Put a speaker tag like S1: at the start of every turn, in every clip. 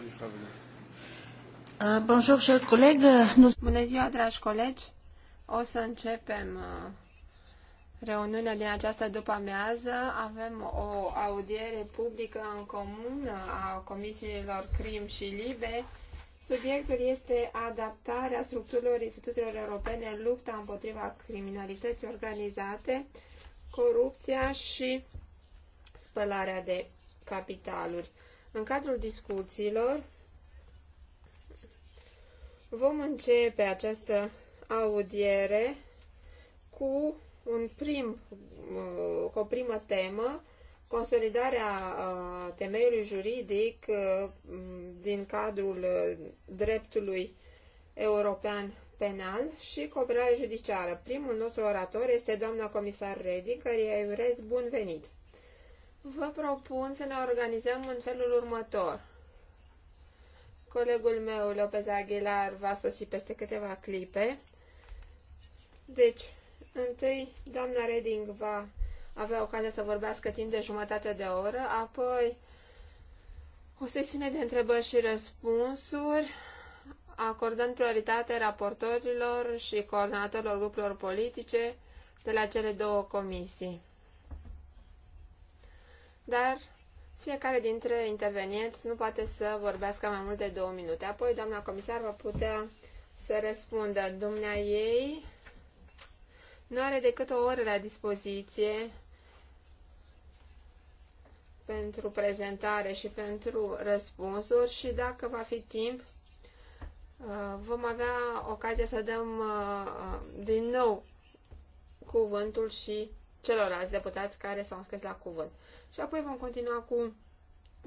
S1: Uh,
S2: bonjour, chers collègues. Bună ziua, dragi colegi. O să începem uh, reuniunea din această după-amiază. Avem o audiere publică în comun a comisiilor CRIM și LIBE. Subiectul este adaptarea structurilor instituțiilor europene în lupta împotriva criminalității organizate, corupția și spălarea de capitaluri. În cadrul discuțiilor vom începe această audiere cu un prim, uh, cu o primă temă, consolidarea uh, temeiului juridic uh, din cadrul dreptului european penal și cooperare judiciară. Primul nostru orator este doamna comisar Redi, care îi urez bun venit. Vă propun să ne organizăm în felul următor. Colegul meu, Lopez Aguilar, va sosi peste câteva clipe. Deci, întâi, doamna Reding va avea ocazia să vorbească timp de jumătate de oră, apoi o sesiune de întrebări și răspunsuri, acordând prioritate raportorilor și coordonatorilor grupurilor politice de la cele două comisii dar fiecare dintre intervenienți nu poate să vorbească mai mult de două minute. Apoi doamna comisar va putea să răspundă. Dumnea ei nu are decât o oră la dispoziție pentru prezentare și pentru răspunsuri și dacă va fi timp, uh, vom avea ocazia să dăm uh, uh, din nou cuvântul și celorlalți deputați care s-au înscris la cuvânt. Și apoi vom continua cu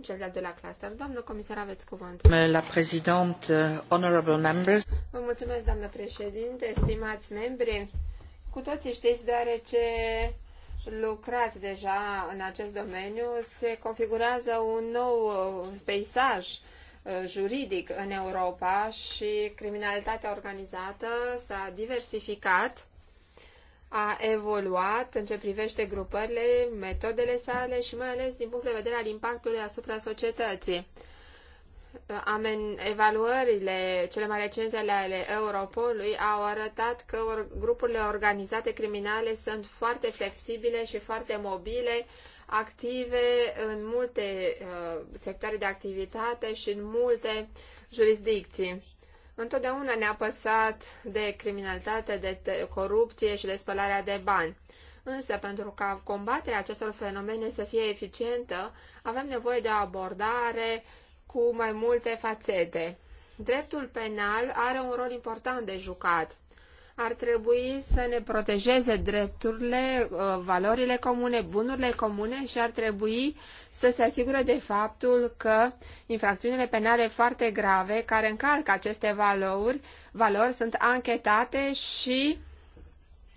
S2: cel de-al doilea cluster. Doamnă comisar, aveți cuvântul. La prezident, honorable members. Vă mulțumesc, doamnă președinte, estimați membri. Cu toții știți, deoarece lucrați deja în acest domeniu, se configurează un nou peisaj uh, juridic în Europa și criminalitatea organizată s-a diversificat a evoluat în ce privește grupările, metodele sale și mai ales din punct de vedere al impactului asupra societății. Amen, evaluările cele mai recente ale Europolului au arătat că or, grupurile organizate criminale sunt foarte flexibile și foarte mobile, active în multe uh, sectoare de activitate și în multe jurisdicții. Întotdeauna ne-a păsat de criminalitate, de, corupție și de spălarea de bani. Însă, pentru ca combaterea acestor fenomene să fie eficientă, avem nevoie de o abordare cu mai multe fațete. Dreptul penal are un rol important de jucat ar trebui să ne protejeze drepturile, uh, valorile comune, bunurile comune și ar trebui să se asigure de faptul că infracțiunile penale foarte grave care încalcă aceste valori, valori sunt anchetate și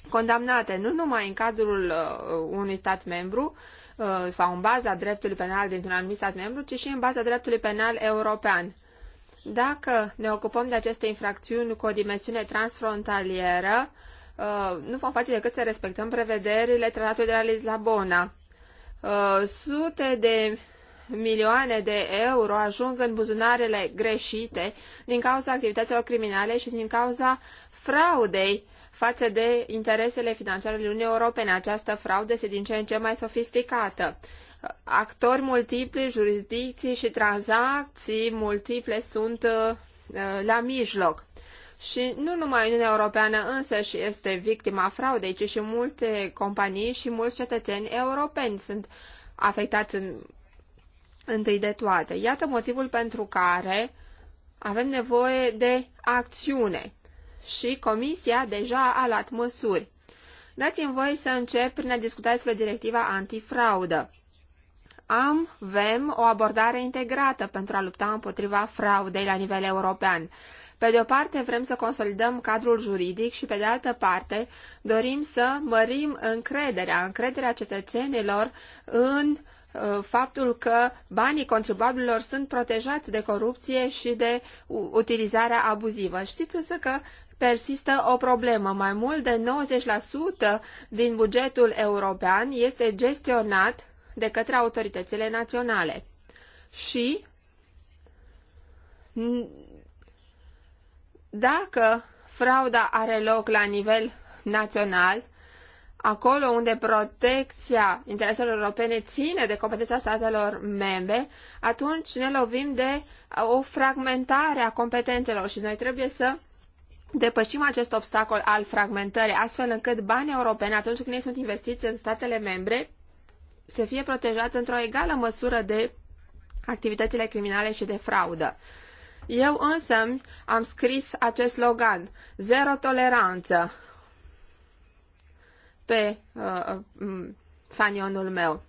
S2: condamnate nu numai în cadrul uh, unui stat membru uh, sau în baza dreptului penal dintr-un anumit stat membru, ci și în baza dreptului penal european. Dacă ne ocupăm de aceste infracțiuni cu o dimensiune transfrontalieră, uh, nu vom face decât să respectăm prevederile tratatului de la Lisabona. Uh, sute de milioane de euro ajung în buzunarele greșite din cauza activităților criminale și din cauza fraudei față de interesele financiare ale Uniunii Europene. Această fraudă este din ce în ce mai sofisticată actori multipli, jurisdicții și tranzacții multiple sunt uh, uh, la mijloc. Și nu numai Uniunea Europeană însă și este victima fraudei, ci și multe companii și mulți cetățeni europeni sunt afectați în, întâi de toate. Iată motivul pentru care avem nevoie de acțiune și Comisia deja a luat măsuri. Dați-mi voi să încep prin a discuta despre directiva antifraudă am, vem o abordare integrată pentru a lupta împotriva fraudei la nivel european. Pe de o parte vrem să consolidăm cadrul juridic și pe de altă parte dorim să mărim încrederea, încrederea cetățenilor în uh, faptul că banii contribuabililor sunt protejați de corupție și de utilizarea abuzivă. Știți însă că persistă o problemă. Mai mult de 90% din bugetul european este gestionat de către autoritățile naționale. Și dacă frauda are loc la nivel național, acolo unde protecția intereselor europene ține de competența statelor membre, atunci ne lovim de o fragmentare a competențelor și noi trebuie să depășim acest obstacol al fragmentării, astfel încât banii europeni, atunci când ei sunt investiți în statele membre, să fie protejați într-o egală măsură de activitățile criminale și de fraudă. Eu însă am scris acest slogan, zero toleranță, pe uh, uh fanionul meu.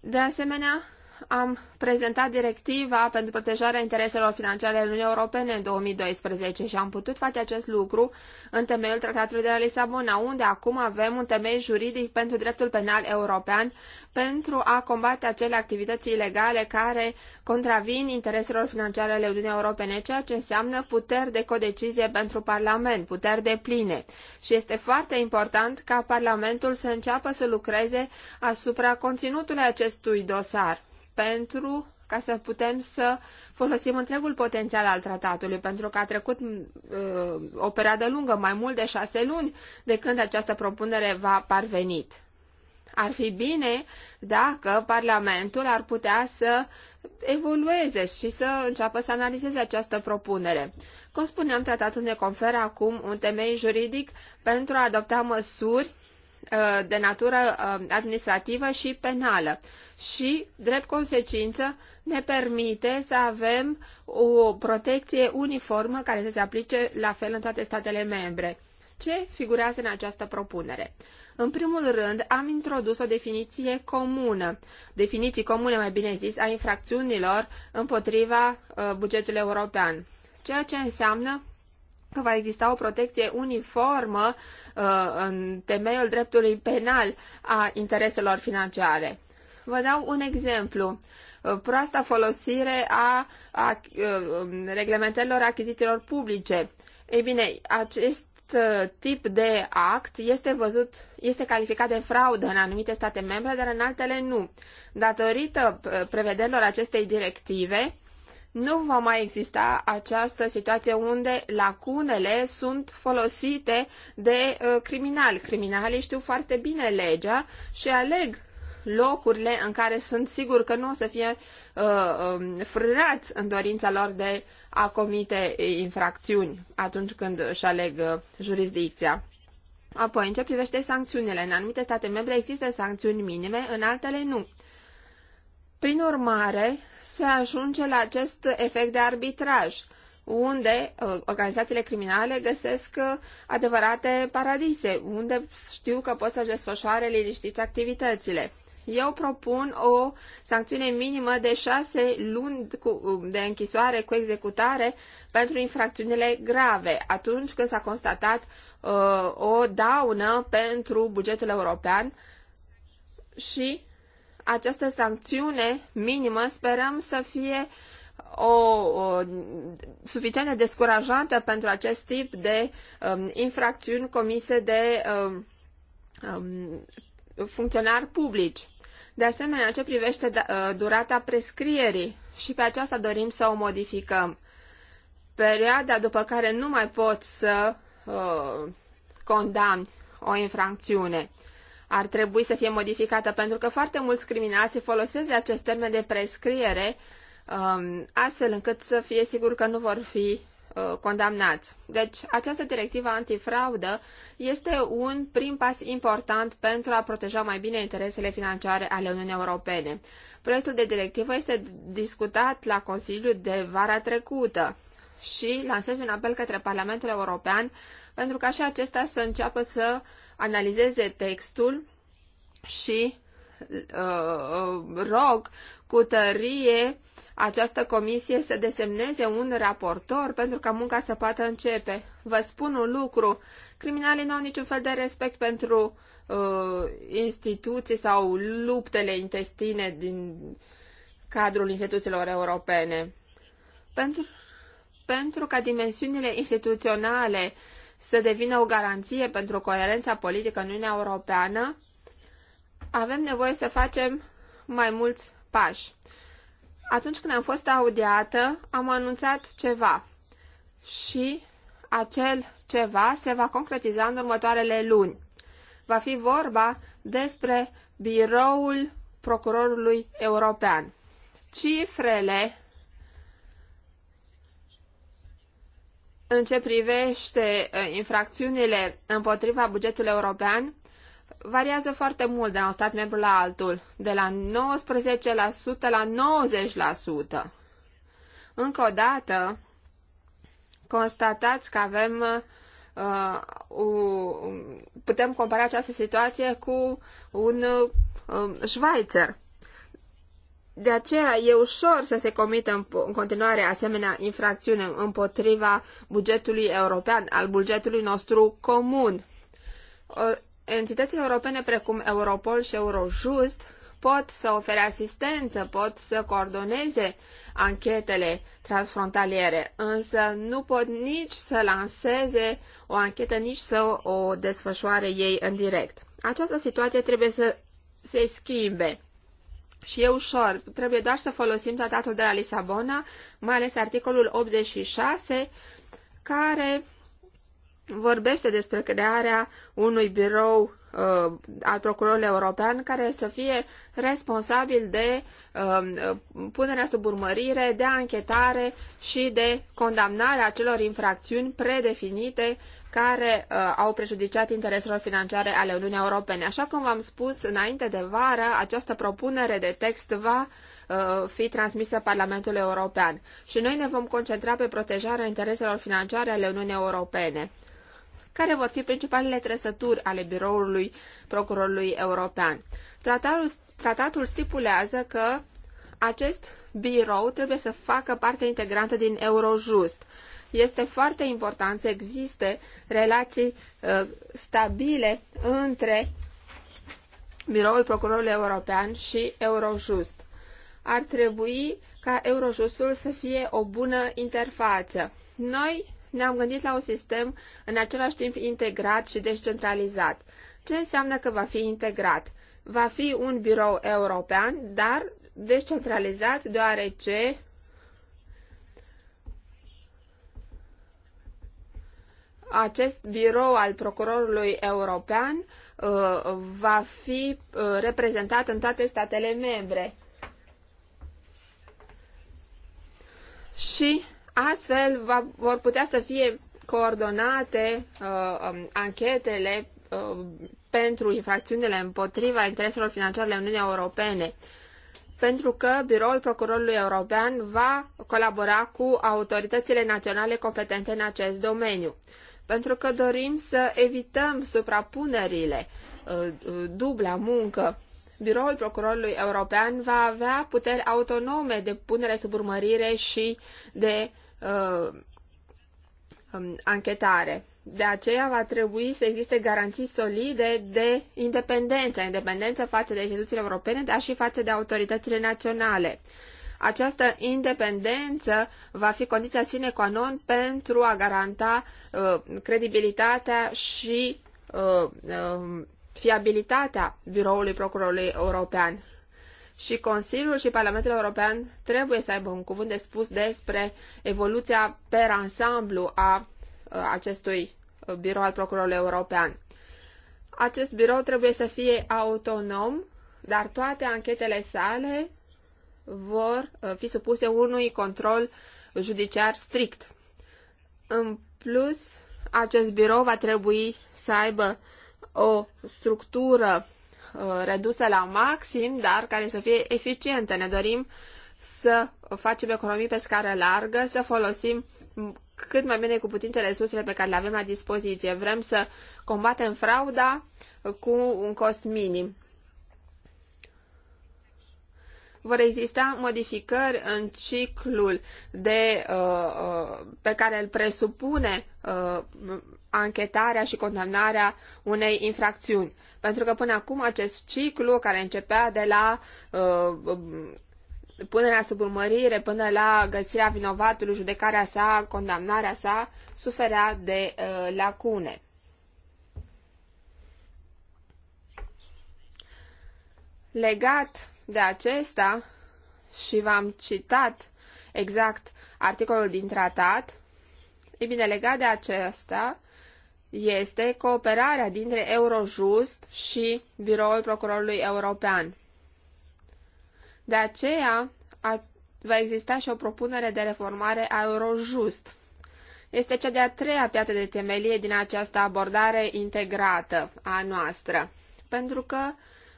S2: De asemenea, am prezentat directiva pentru protejarea intereselor financiare ale Uniunii Europene în 2012 și am putut face acest lucru în temeiul Tratatului de la Lisabona, unde acum avem un temei juridic pentru dreptul penal european pentru a combate acele activități ilegale care contravin intereselor financiare ale Uniunii Europene, ceea ce înseamnă puteri de codecizie pentru Parlament, puteri de pline. Și este foarte important ca Parlamentul să înceapă să lucreze asupra conținutului acestui dosar pentru ca să putem să folosim întregul potențial al tratatului, pentru că a trecut uh, o perioadă lungă, mai mult de șase luni, de când această propunere va parvenit. Ar fi bine dacă Parlamentul ar putea să evolueze și să înceapă să analizeze această propunere. Cum spuneam, tratatul ne conferă acum un temei juridic pentru a adopta măsuri Uh, de natură uh, administrativă și penală și, drept consecință, ne permite să avem o protecție uniformă care să se aplice la fel în toate statele membre. Ce figurează în această propunere? În primul rând, am introdus o definiție comună, definiții comune, mai bine zis, a infracțiunilor împotriva uh, bugetului european, ceea ce înseamnă că va exista o protecție uniformă uh, în temeiul dreptului penal a intereselor financiare. Vă dau un exemplu. Uh, proasta folosire a, a uh, reglementărilor achizițiilor publice. Ei bine, acest tip de act este văzut, este calificat de fraudă în anumite state membre, dar în altele nu. Datorită prevederilor acestei directive, nu va mai exista această situație unde lacunele sunt folosite de uh, criminali. Criminalii știu foarte bine legea și aleg locurile în care sunt sigur că nu o să fie uh, um, frânați în dorința lor de a comite infracțiuni atunci când își aleg uh, jurisdicția. Apoi, în ce privește sancțiunile, în anumite state membre există sancțiuni minime, în altele nu. Prin urmare, se ajunge la acest efect de arbitraj, unde uh, organizațiile criminale găsesc uh, adevărate paradise, unde știu că pot să-și desfășoare liniștiți activitățile. Eu propun o sancțiune minimă de șase luni uh, de închisoare cu executare pentru infracțiunile grave, atunci când s-a constatat uh, o daună pentru bugetul european și această sancțiune minimă sperăm să fie o, o suficient de descurajantă pentru acest tip de um, infracțiuni comise de um, um, funcționari publici. De asemenea, ce privește da, uh, durata prescrierii și pe aceasta dorim să o modificăm. Perioada după care nu mai poți să uh, condamni o infracțiune ar trebui să fie modificată, pentru că foarte mulți criminali se folosesc de acest termen de prescriere um, astfel încât să fie sigur că nu vor fi uh, condamnați. Deci, această directivă antifraudă este un prim pas important pentru a proteja mai bine interesele financiare ale Uniunii Europene. Proiectul de directivă este discutat la Consiliu de vara trecută și lansez un apel către Parlamentul European pentru ca și acesta să înceapă să uh, analizeze textul și uh, uh, rog cu tărie această comisie să desemneze un raportor pentru ca munca să poată începe. Vă spun un lucru, criminalii nu au niciun fel de respect pentru uh, instituții sau luptele intestine din cadrul instituțiilor europene. Pentru, pentru ca dimensiunile instituționale uh, să devină o garanție pentru coerența politică în Uniunea Europeană, avem nevoie să facem mai mulți pași. Atunci când am fost audiată, am anunțat ceva și acel ceva se va concretiza în următoarele luni. Va fi vorba despre biroul procurorului european. Cifrele În ce privește ă, infracțiunile împotriva bugetului european, variază foarte mult de la un stat membru la altul, de la 19% la 90%. Încă o dată, constatați că avem ă, putem compara această situație cu un Schweizer. Ă, de aceea e ușor să se comită în continuare asemenea infracțiune împotriva bugetului european, al bugetului nostru comun. Entitățile europene precum Europol și Eurojust pot să ofere asistență, pot să coordoneze anchetele transfrontaliere, însă nu pot nici să lanseze o anchetă, nici să o desfășoare ei în direct. Această situație trebuie să se schimbe. Și e ușor, trebuie doar să folosim tratatul de la Lisabona, mai ales articolul 86, care vorbește despre crearea unui birou uh, al procurorului european care să fie responsabil de um, uh, punerea sub urmărire, de anchetare și de condamnarea acelor infracțiuni predefinite care uh, au prejudiciat intereselor financiare ale Uniunii Europene. Așa cum v-am spus înainte de vară, această propunere de text va uh, fi transmisă Parlamentului European și noi ne vom concentra pe protejarea intereselor financiare ale Uniunii Europene care vor fi principalele trăsături ale biroului procurorului european. Tratatul, tratatul stipulează că acest birou trebuie să facă parte integrantă din Eurojust. Este foarte important să existe relații uh, stabile între biroul procurorului european și Eurojust. Ar trebui ca Eurojustul să fie o bună interfață. Noi ne-am gândit la un sistem în același timp integrat și descentralizat. Ce înseamnă că va fi integrat? Va fi un birou european, dar descentralizat, deoarece acest birou al procurorului european uh, va fi uh, reprezentat în toate statele membre. Și Astfel va, vor putea să fie coordonate uh, um, anchetele uh, pentru infracțiunile împotriva intereselor financiare ale Uniunii Europene, pentru că Biroul Procurorului European va colabora cu autoritățile naționale competente în acest domeniu, pentru că dorim să evităm suprapunerile, uh, uh dubla muncă. Biroul Procurorului European va avea puteri autonome de punere sub urmărire și de uh, um, anchetare. De aceea va trebui să existe garanții solide de independență, independență față de instituțiile europene, dar și față de autoritățile naționale. Această independență va fi condiția sine qua non pentru a garanta uh, credibilitatea și uh, uh, fiabilitatea biroului procurorului european și Consiliul și Parlamentul European trebuie să aibă un cuvânt de spus despre evoluția per ansamblu a acestui birou al procurorului european. Acest birou trebuie să fie autonom, dar toate anchetele sale vor fi supuse unui control judiciar strict. În plus, acest birou va trebui să aibă o structură Uh, reduse la maxim, dar care să fie eficiente Ne dorim să facem economii pe scară largă, să folosim cât mai bine cu putință resursele pe care le avem la dispoziție. Vrem să combatem frauda cu un cost minim. Vor exista modificări în ciclul de, uh, uh, pe care îl presupune anchetarea și condamnarea unei infracțiuni. Pentru că până acum acest ciclu care începea de la uh, um, punerea sub urmărire până la găsirea vinovatului, judecarea sa, condamnarea sa, suferea de uh, lacune. Legat de acesta, și v-am citat exact articolul din tratat, e bine, legat de acesta, este cooperarea dintre Eurojust și Biroul Procurorului European. De aceea a, va exista și o propunere de reformare a Eurojust. Este cea de-a treia piată de temelie din această abordare integrată a noastră, pentru că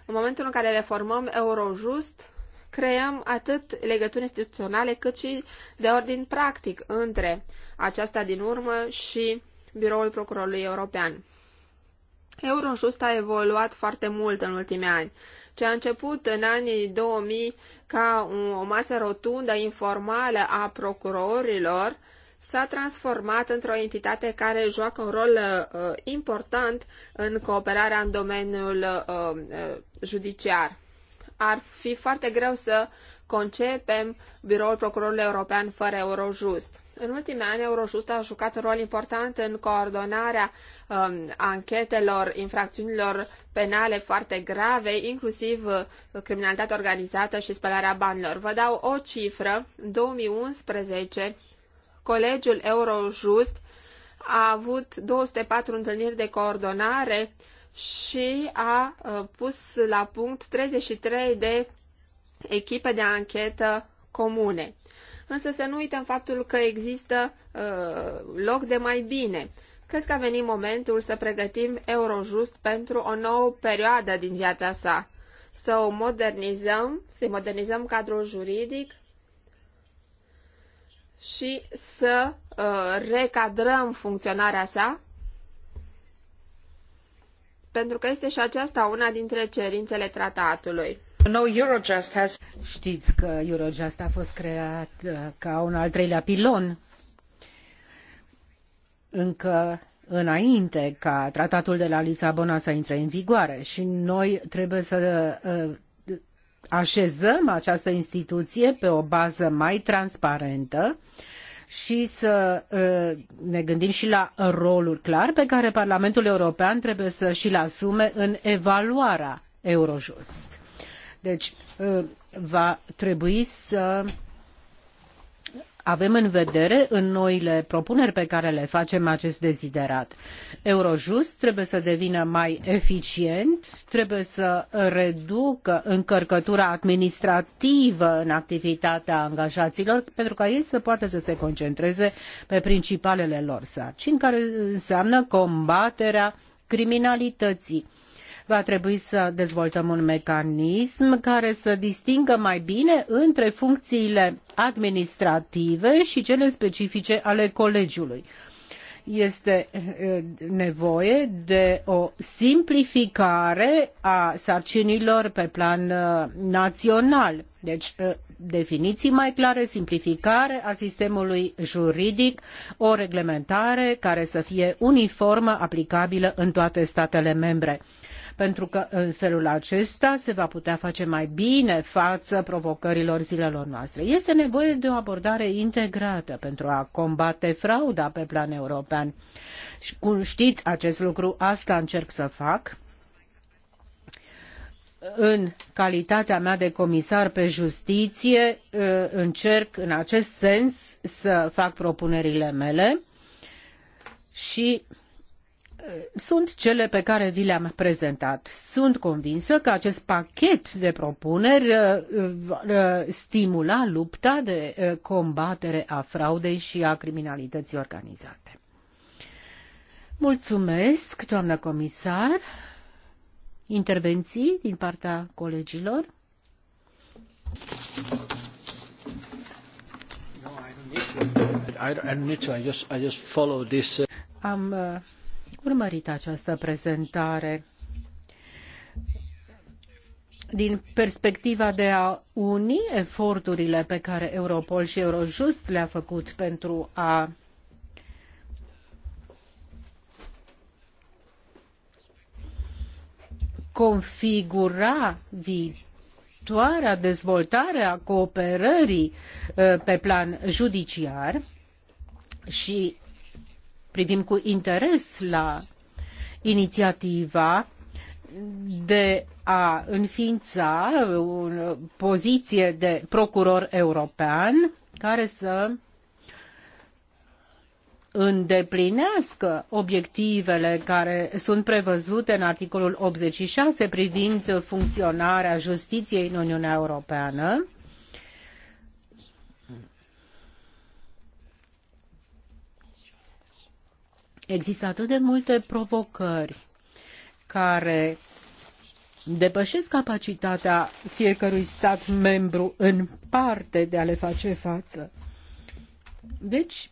S2: în momentul în care reformăm Eurojust, creăm atât legături instituționale cât și de ordin practic între aceasta din urmă și biroul procurorului european. Eurojust a evoluat foarte mult în ultimii ani. Ce a început în anii 2000 ca o masă rotundă informală a procurorilor, s-a transformat într-o entitate care joacă un rol uh, important în cooperarea în domeniul uh, uh judiciar. Ar fi foarte greu să concepem biroul procurorului european fără Eurojust. În ultimii ani, Eurojust a jucat un rol important în coordonarea um, anchetelor infracțiunilor penale foarte grave, inclusiv uh, criminalitatea organizată și spălarea banilor. Vă dau o cifră. În 2011, Colegiul Eurojust a avut 204 întâlniri de coordonare și a uh, pus la punct 33 de echipe de anchetă comune însă să nu uităm faptul că există uh, loc de mai bine. Cred că a venit momentul să pregătim Eurojust pentru o nouă perioadă din viața sa, să o modernizăm, să modernizăm cadrul juridic și să uh, recadrăm funcționarea sa pentru că este și aceasta una dintre cerințele tratatului.
S3: Știți că Eurojust a fost creat uh, ca un al treilea pilon încă înainte ca tratatul de la Lisabona să intre în vigoare și noi trebuie să uh, așezăm această instituție pe o bază mai transparentă și să uh, ne gândim și la rolul clar pe care Parlamentul European trebuie să și-l asume în evaluarea Eurojust. Deci ă, va trebui să avem în vedere în noile propuneri pe care le facem acest deziderat. Eurojust trebuie să devină mai eficient, trebuie să reducă încărcătura administrativă în activitatea angajaților pentru ca ei să poată să se concentreze pe principalele lor sarcini, care înseamnă combaterea criminalității Va trebui să dezvoltăm un mecanism care să distingă mai bine între funcțiile administrative și cele specifice ale colegiului este eh, nevoie de o simplificare a sarcinilor pe plan eh, național. Deci, eh, definiții mai clare, simplificare a sistemului juridic, o reglementare care să fie uniformă, aplicabilă în toate statele membre pentru că în felul acesta se va putea face mai bine față provocărilor zilelor noastre. Este nevoie de o abordare integrată pentru a combate frauda pe plan european. Și cum știți acest lucru, asta încerc să fac în calitatea mea de comisar pe justiție ă, încerc în acest sens să fac propunerile mele și sunt cele pe care vi le-am prezentat. Sunt convinsă că acest pachet de propuneri uh, va uh, stimula lupta de uh, combatere a fraudei și a criminalității organizate. Mulțumesc, doamnă comisar. Intervenții din partea colegilor? Am urmărit această prezentare din perspectiva de a uni eforturile pe care Europol și Eurojust le-a făcut pentru a configura viitoarea dezvoltare a cooperării uh, pe plan judiciar și privim cu interes la inițiativa de a înființa o poziție de procuror european care să îndeplinească obiectivele care sunt prevăzute în articolul 86 privind funcționarea justiției în Uniunea Europeană Există atât de multe provocări care depășesc capacitatea fiecărui stat membru în parte de a le face față. Deci,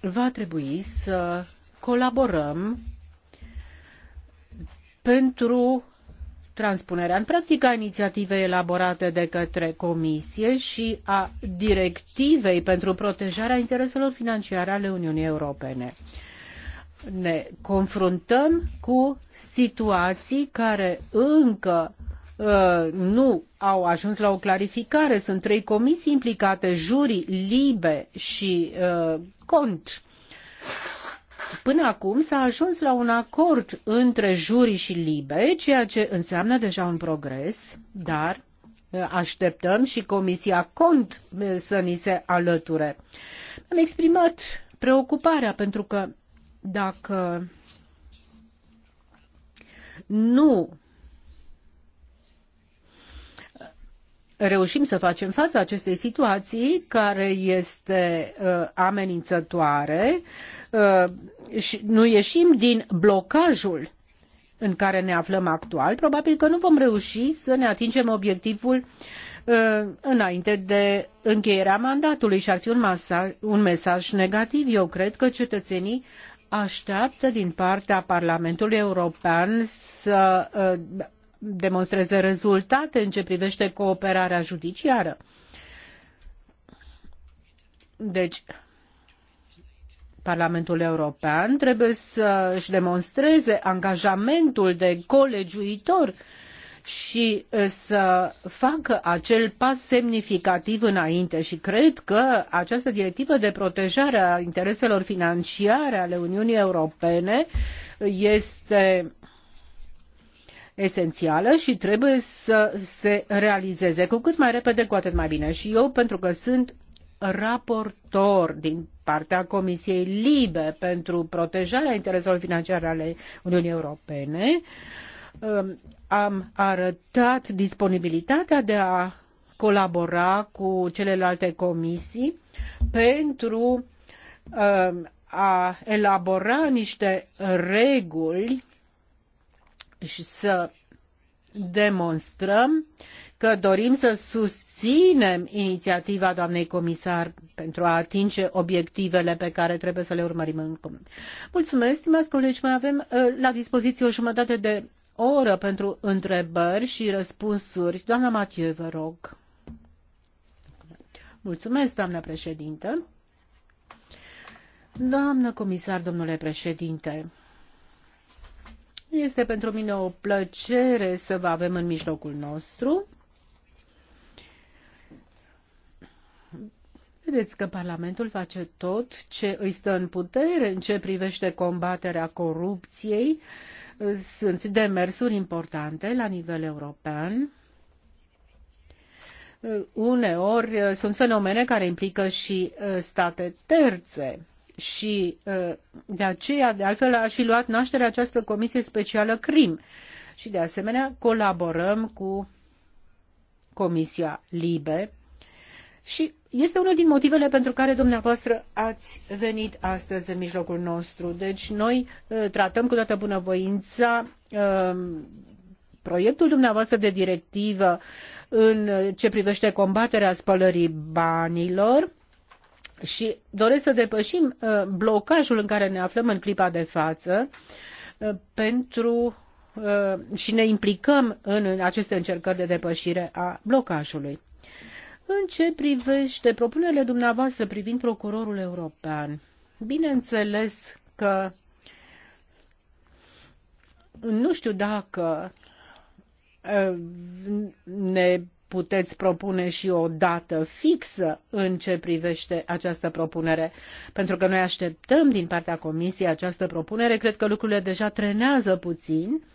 S3: va trebui să colaborăm pentru transpunerea în practică a inițiativei elaborate de către Comisie și a directivei pentru protejarea intereselor financiare ale Uniunii Europene ne confruntăm cu situații care încă uh, nu au ajuns la o clarificare. Sunt trei comisii implicate, juri, libe și uh, cont. Până acum s-a ajuns la un acord între juri și libe, ceea ce înseamnă deja un progres, dar uh, așteptăm și Comisia Cont uh, să ni se alăture. Am exprimat preocuparea pentru că dacă nu reușim să facem față acestei situații care este uh, amenințătoare uh, și nu ieșim din blocajul în care ne aflăm actual, probabil că nu vom reuși să ne atingem obiectivul uh, înainte de încheierea mandatului și ar fi un, masaj, un mesaj negativ. Eu cred că cetățenii așteaptă din partea Parlamentului European să uh, demonstreze rezultate în ce privește cooperarea judiciară. Deci, Parlamentul European trebuie să-și demonstreze angajamentul de colegiuitor uh, și să facă acel pas semnificativ înainte și cred că această directivă de protejare a intereselor financiare ale Uniunii Europene este esențială și trebuie să se realizeze cu cât mai repede, cu atât mai bine. Și eu, pentru că sunt raportor din partea Comisiei Libe pentru protejarea intereselor financiare ale Uniunii Europene, uh, Um, am arătat disponibilitatea de a colabora cu celelalte comisii pentru um, a elabora niște reguli și să demonstrăm că dorim să susținem inițiativa doamnei comisar pentru a atinge obiectivele pe care trebuie să le urmărim în comun. Mulțumesc, stimați colegi, mai avem uh, la dispoziție o jumătate de oră pentru întrebări și răspunsuri. Doamna Mathieu, vă rog. Mulțumesc, doamna președintă. Doamnă comisar, domnule președinte, este pentru mine o plăcere să vă avem în mijlocul nostru Credeți că Parlamentul face tot ce îi stă în putere în ce privește combaterea corupției. Sunt demersuri importante la nivel european. Uneori uh, sunt fenomene care implică și uh, state terțe și uh, de aceea, de altfel, a și luat naștere această comisie specială CRIM. Și de asemenea colaborăm cu Comisia LIBE și este unul din motivele pentru care dumneavoastră ați venit astăzi în mijlocul nostru. Deci noi uh, tratăm cu toată bunăvoința uh, proiectul dumneavoastră de directivă în ce privește combaterea spălării banilor și doresc să depășim uh, blocajul în care ne aflăm în clipa de față pentru și ne implicăm în aceste încercări de depășire a blocajului. În ce privește propunerile dumneavoastră privind procurorul european, bineînțeles că nu știu dacă uh, ne puteți propune și o dată fixă în ce privește această propunere, pentru că noi așteptăm din partea Comisiei această propunere. Cred că lucrurile deja trenează puțin. Uh,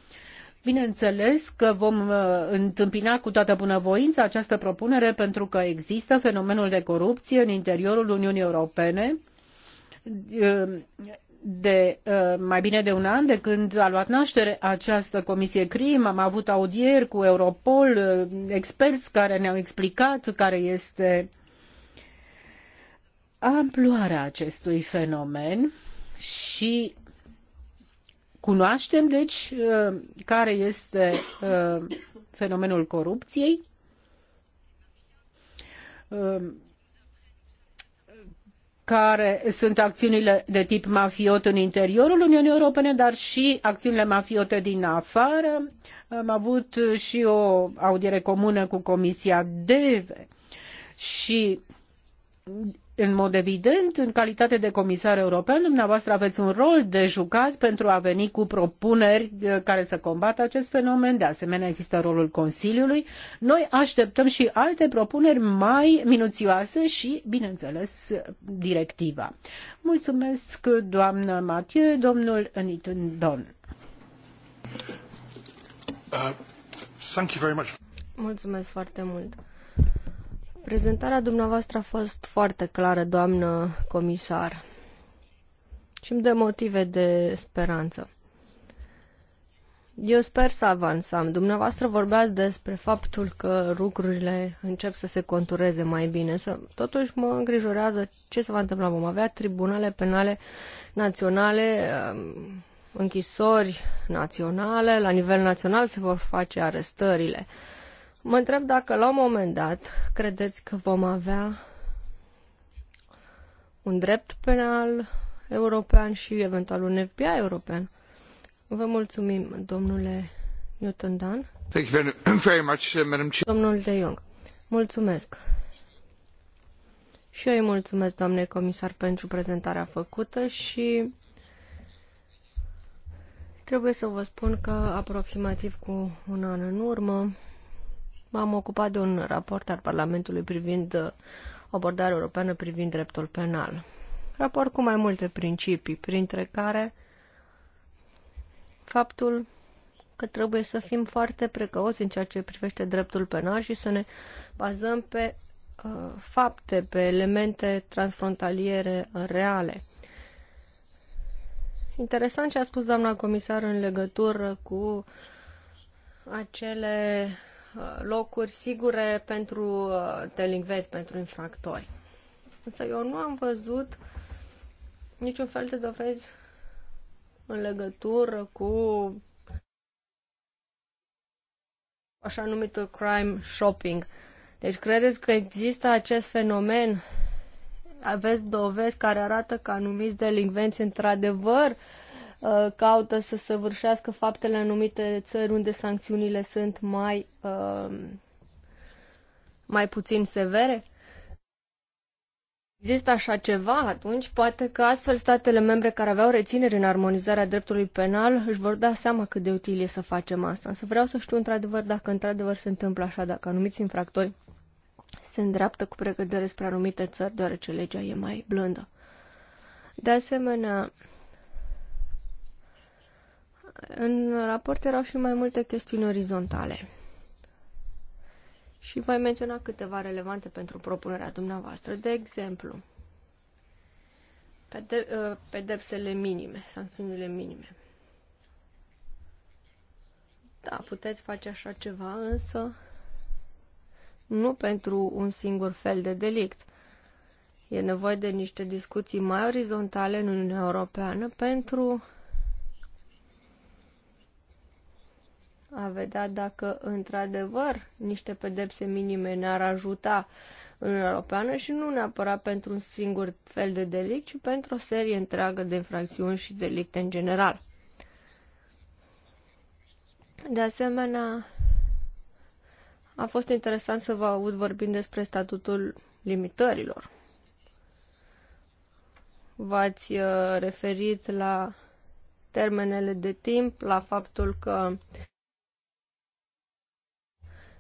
S3: Bineînțeles că vom uh, întâmpina cu toată bunăvoința această propunere pentru că există fenomenul de corupție în interiorul Uniunii Europene uh, de uh, mai bine de un an de când a luat naștere această comisie CRIM. Am avut audieri cu Europol, experți care ne-au explicat care este amploarea acestui fenomen și Cunoaștem, deci, uh, care este uh, fenomenul corupției. Uh, care sunt acțiunile de tip mafiot în interiorul Uniunii Europene, dar și acțiunile mafiote din afară. Am avut și o audiere comună cu Comisia DEVE și în mod evident, în calitate de comisar european, dumneavoastră aveți un rol de jucat pentru a veni cu propuneri uh, care să combată acest fenomen. De asemenea, există rolul Consiliului. Noi așteptăm și alte propuneri mai minuțioase și, bineînțeles, directiva. Mulțumesc, doamnă Mathieu, domnul Nitin Don. Uh, thank you very much.
S1: Mulțumesc foarte mult. Prezentarea dumneavoastră a fost foarte clară, doamnă comisar, și îmi dă motive de speranță. Eu sper să avansăm. Dumneavoastră vorbeați despre faptul că lucrurile încep să se contureze mai bine. Să, totuși mă îngrijorează ce se va întâmpla. Vom avea tribunale penale naționale, um, închisori naționale, la nivel național se vor face arestările. Uh, Mă întreb dacă la un moment dat credeți că vom avea un drept penal european și eventual un FBI european. Vă mulțumim, domnule Newton Dan. Thank you very, much, uh, Madam Domnul De Jong. Mulțumesc. Și eu îi mulțumesc, doamne comisar, pentru prezentarea făcută și trebuie să vă spun că aproximativ cu un an în urmă m-am ocupat de un raport al Parlamentului privind uh, abordarea europeană privind dreptul penal. Raport cu mai multe principii, printre care faptul că trebuie să fim foarte precauți în ceea ce privește dreptul penal și să ne bazăm pe uh, fapte, pe elemente transfrontaliere reale. Interesant ce a spus doamna comisar în legătură cu acele locuri sigure pentru uh, delinvenți, pentru infractori. Însă eu nu am văzut niciun fel de dovezi în legătură cu așa numitul crime shopping. Deci credeți că există acest fenomen? Aveți dovezi care arată că anumiți delinvenți într-adevăr uh, Uh, caută să săvârșească faptele în anumite țări unde sancțiunile sunt mai, uh, mai puțin severe? Există așa ceva, atunci poate că astfel statele membre care aveau rețineri în armonizarea dreptului penal își vor da seama cât de util e să facem asta. Însă vreau să știu într-adevăr dacă într-adevăr se întâmplă așa, dacă anumiți infractori se îndreaptă cu pregădere spre anumite țări, deoarece legea e mai blândă. De asemenea, în raport erau și mai multe chestiuni orizontale. Și voi menționa câteva relevante pentru propunerea dumneavoastră. De exemplu, pede- ă, pedepsele minime, sancțiunile minime. Da, puteți face așa ceva, însă nu pentru un singur fel de delict. E nevoie de niște discuții mai orizontale în Uniunea Europeană pentru vedea dacă într-adevăr niște pedepse minime ne-ar ajuta în Europeană și nu neapărat pentru un singur fel de delict, ci pentru o serie întreagă de infracțiuni și delicte în general. De asemenea, a fost interesant să vă aud vorbind despre statutul limitărilor. V-ați uh, referit la termenele de timp, la faptul că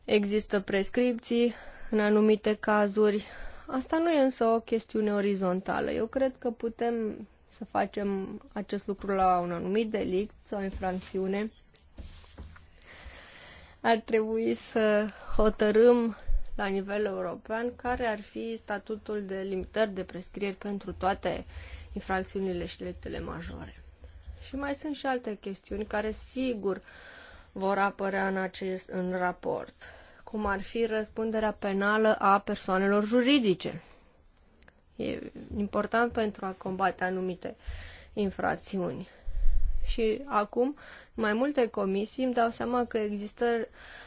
S1: există prescripții în anumite cazuri. Asta nu e însă o chestiune orizontală. Eu cred că putem să facem acest lucru la un anumit delict sau infracțiune. Ar trebui să hotărâm la nivel european care ar fi statutul de limitări de prescrieri pentru toate infracțiunile și delictele majore. Și mai sunt și alte chestiuni care, sigur, uh, vor apărea în, acest, în raport, cum ar fi răspunderea penală a persoanelor juridice. E important pentru a combate anumite infracțiuni. Și acum, mai multe comisii îmi dau seama că există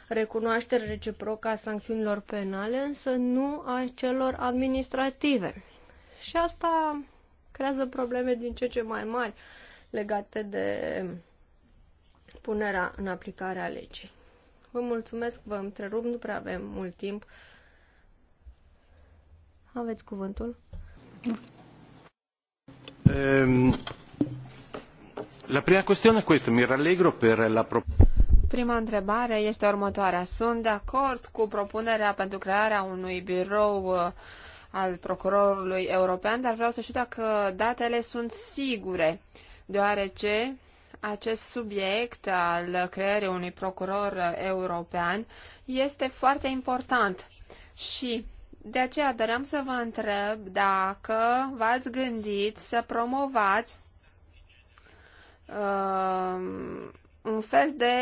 S1: recunoaștere reciprocă a sancțiunilor penale, însă nu a celor administrative. Și asta creează probleme din ce ce mai mari legate de punerea în aplicare a legii. Vă mulțumesc, vă întrerup, nu prea avem mult timp. Aveți cuvântul? Um, la prima chestiune este, mi rallegro per la pro...
S2: Prima întrebare este următoarea. Sunt de acord cu propunerea pentru crearea unui birou uh, al procurorului european, dar vreau să știu dacă datele sunt sigure, deoarece acest subiect al creării unui procuror european este foarte important și de aceea doream să vă întreb dacă v-ați gândit să promovați uh, un fel de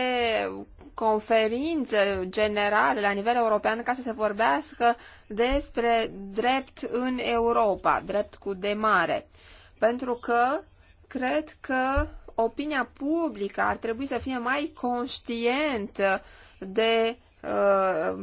S2: conferință generală la nivel european ca să se vorbească despre drept în Europa, drept cu demare. Pentru că cred că opinia publică ar trebui să fie mai conștientă de uh,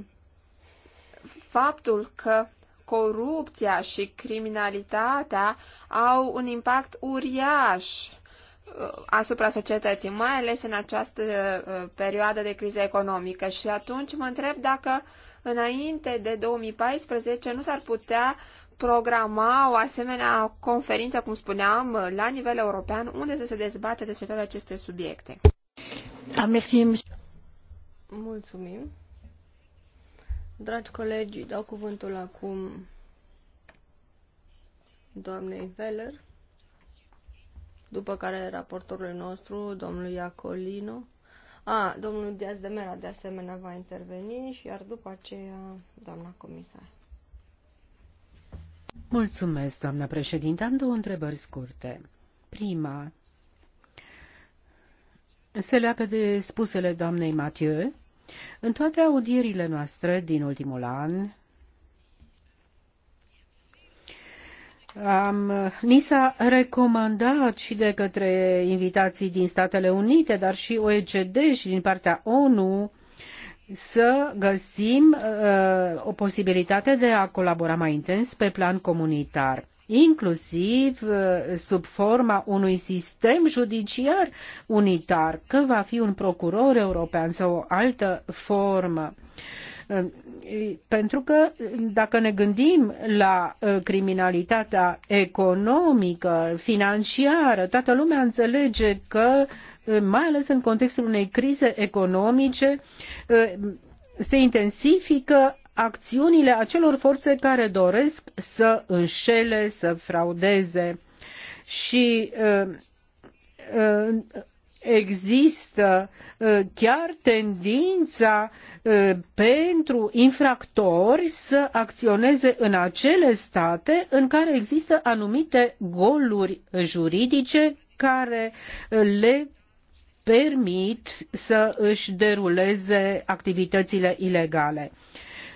S2: faptul că corupția și criminalitatea au un impact uriaș uh, asupra societății, mai ales în această uh, perioadă de criză economică. Și atunci mă întreb dacă înainte de 2014 nu s-ar putea programa o asemenea conferință, cum spuneam, la nivel european, unde să se dezbate despre toate aceste subiecte. Ah, Mulțumim. Dragi colegi, dau cuvântul
S1: acum doamnei Veller, după care raportorul nostru, domnul Iacolino. A, domnul Diaz de Mera de asemenea va interveni și iar după aceea doamna comisar.
S3: Mulțumesc, doamna președinte. Am două întrebări scurte. Prima se leagă de spusele doamnei Mathieu. În toate audierile noastre din ultimul an, Am, ni s-a recomandat și de către invitații din Statele Unite, dar și OECD și din partea ONU să găsim uh, o posibilitate de a colabora mai intens pe plan comunitar inclusiv uh, sub forma unui sistem judiciar unitar, că va fi un procuror european sau o altă formă. Uh, pentru că dacă ne gândim la uh, criminalitatea economică, financiară, toată lumea înțelege că uh, mai ales în contextul unei crize economice, se intensifică acțiunile acelor forțe care doresc să înșele, să fraudeze. Și există chiar tendința pentru infractori să acționeze în acele state în care există anumite goluri juridice care le permit să își deruleze activitățile ilegale.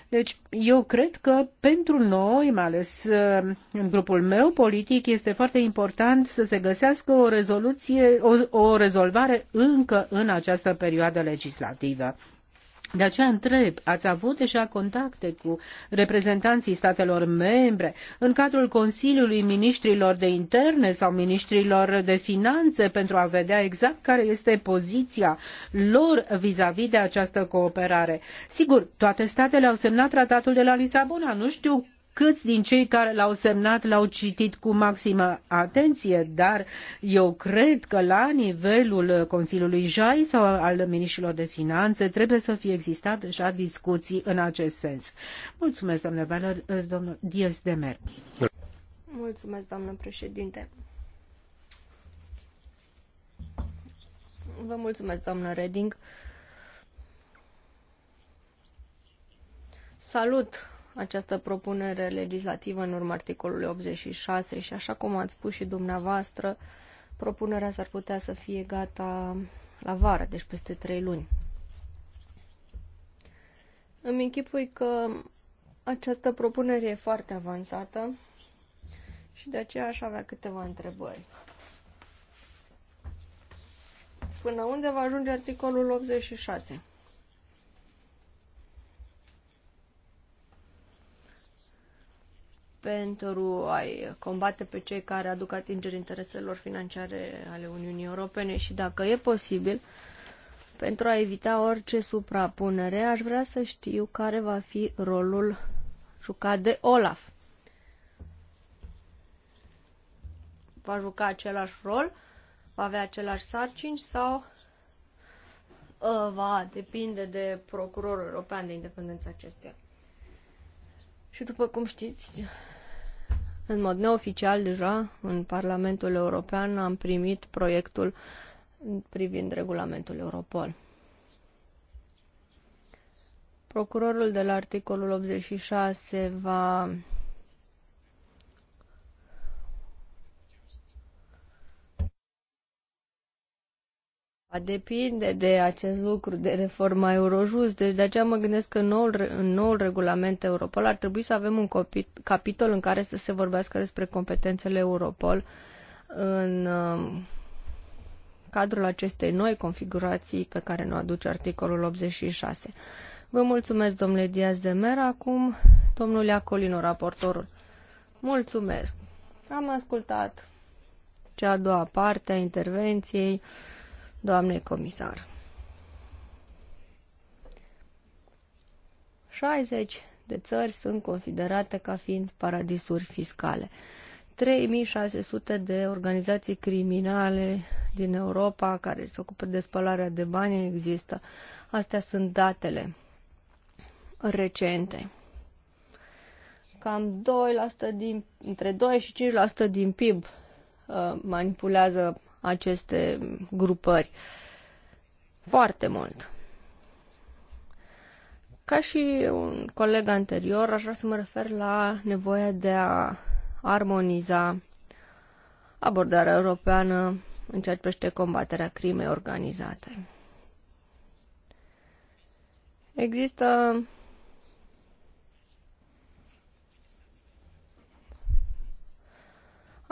S3: Deci, eu cred că pentru noi, mai ales uh, în grupul meu politic, este foarte important să se găsească o rezoluție, o, o rezolvare încă în această perioadă legislativă. De aceea întreb, ați avut deja contacte cu reprezentanții statelor membre în cadrul Consiliului Ministrilor de Interne sau Ministrilor de Finanțe pentru a vedea exact care este poziția lor vis-a-vis -vis de această cooperare? Sigur, toate statele au semnat tratatul de la Lisabona. Nu știu câți din cei care l-au semnat l-au citit cu maximă atenție, dar eu cred că la nivelul Consiliului Jai sau al Ministrilor de Finanțe trebuie să fie existat deja discuții în acest sens. Mulțumesc, doamne Valer, domnul Diez de Mer.
S1: Mulțumesc, doamnă președinte. Vă mulțumesc, doamnă Reding. Salut această propunere legislativă în urma articolului 86 și așa cum ați spus și dumneavoastră, propunerea s-ar putea să fie gata la vară, deci peste trei luni. Îmi închipui că această propunere e foarte avansată și de aceea aș avea câteva întrebări. Până unde va ajunge articolul 86? pentru a-i combate pe cei care aduc atingeri intereselor financiare ale Uniunii Europene și dacă e posibil, pentru a evita orice suprapunere, aș vrea să știu care va fi rolul jucat de Olaf. Va juca același rol, va avea același sarcini sau ă, va depinde de procurorul european de independență acestea. Și după cum știți, în mod neoficial deja, în Parlamentul European am primit proiectul privind regulamentul Europol. Procurorul de la articolul 86 va depinde de acest lucru, de reforma Eurojust. Deci de aceea mă gândesc că în noul, în noul regulament Europol ar trebui să avem un copit, capitol în care să se vorbească despre competențele Europol în um, cadrul acestei noi configurații pe care ne aduce articolul 86. Vă mulțumesc, domnule Diaz de Mera. Acum, domnul Iacolino, raportorul. Mulțumesc. Am ascultat cea a doua parte a intervenției. Doamne, comisar. 60 de țări sunt considerate ca fiind paradisuri fiscale. 3600 de organizații criminale din Europa care se ocupă de spălarea de bani există. Astea sunt datele recente. Cam 2% din, între 2 și 5% din PIB uh, manipulează aceste grupări. Foarte mult. Ca și un coleg anterior, aș vrea să mă refer la nevoia de a armoniza abordarea europeană în ceea ce privește combaterea crimei organizate. Există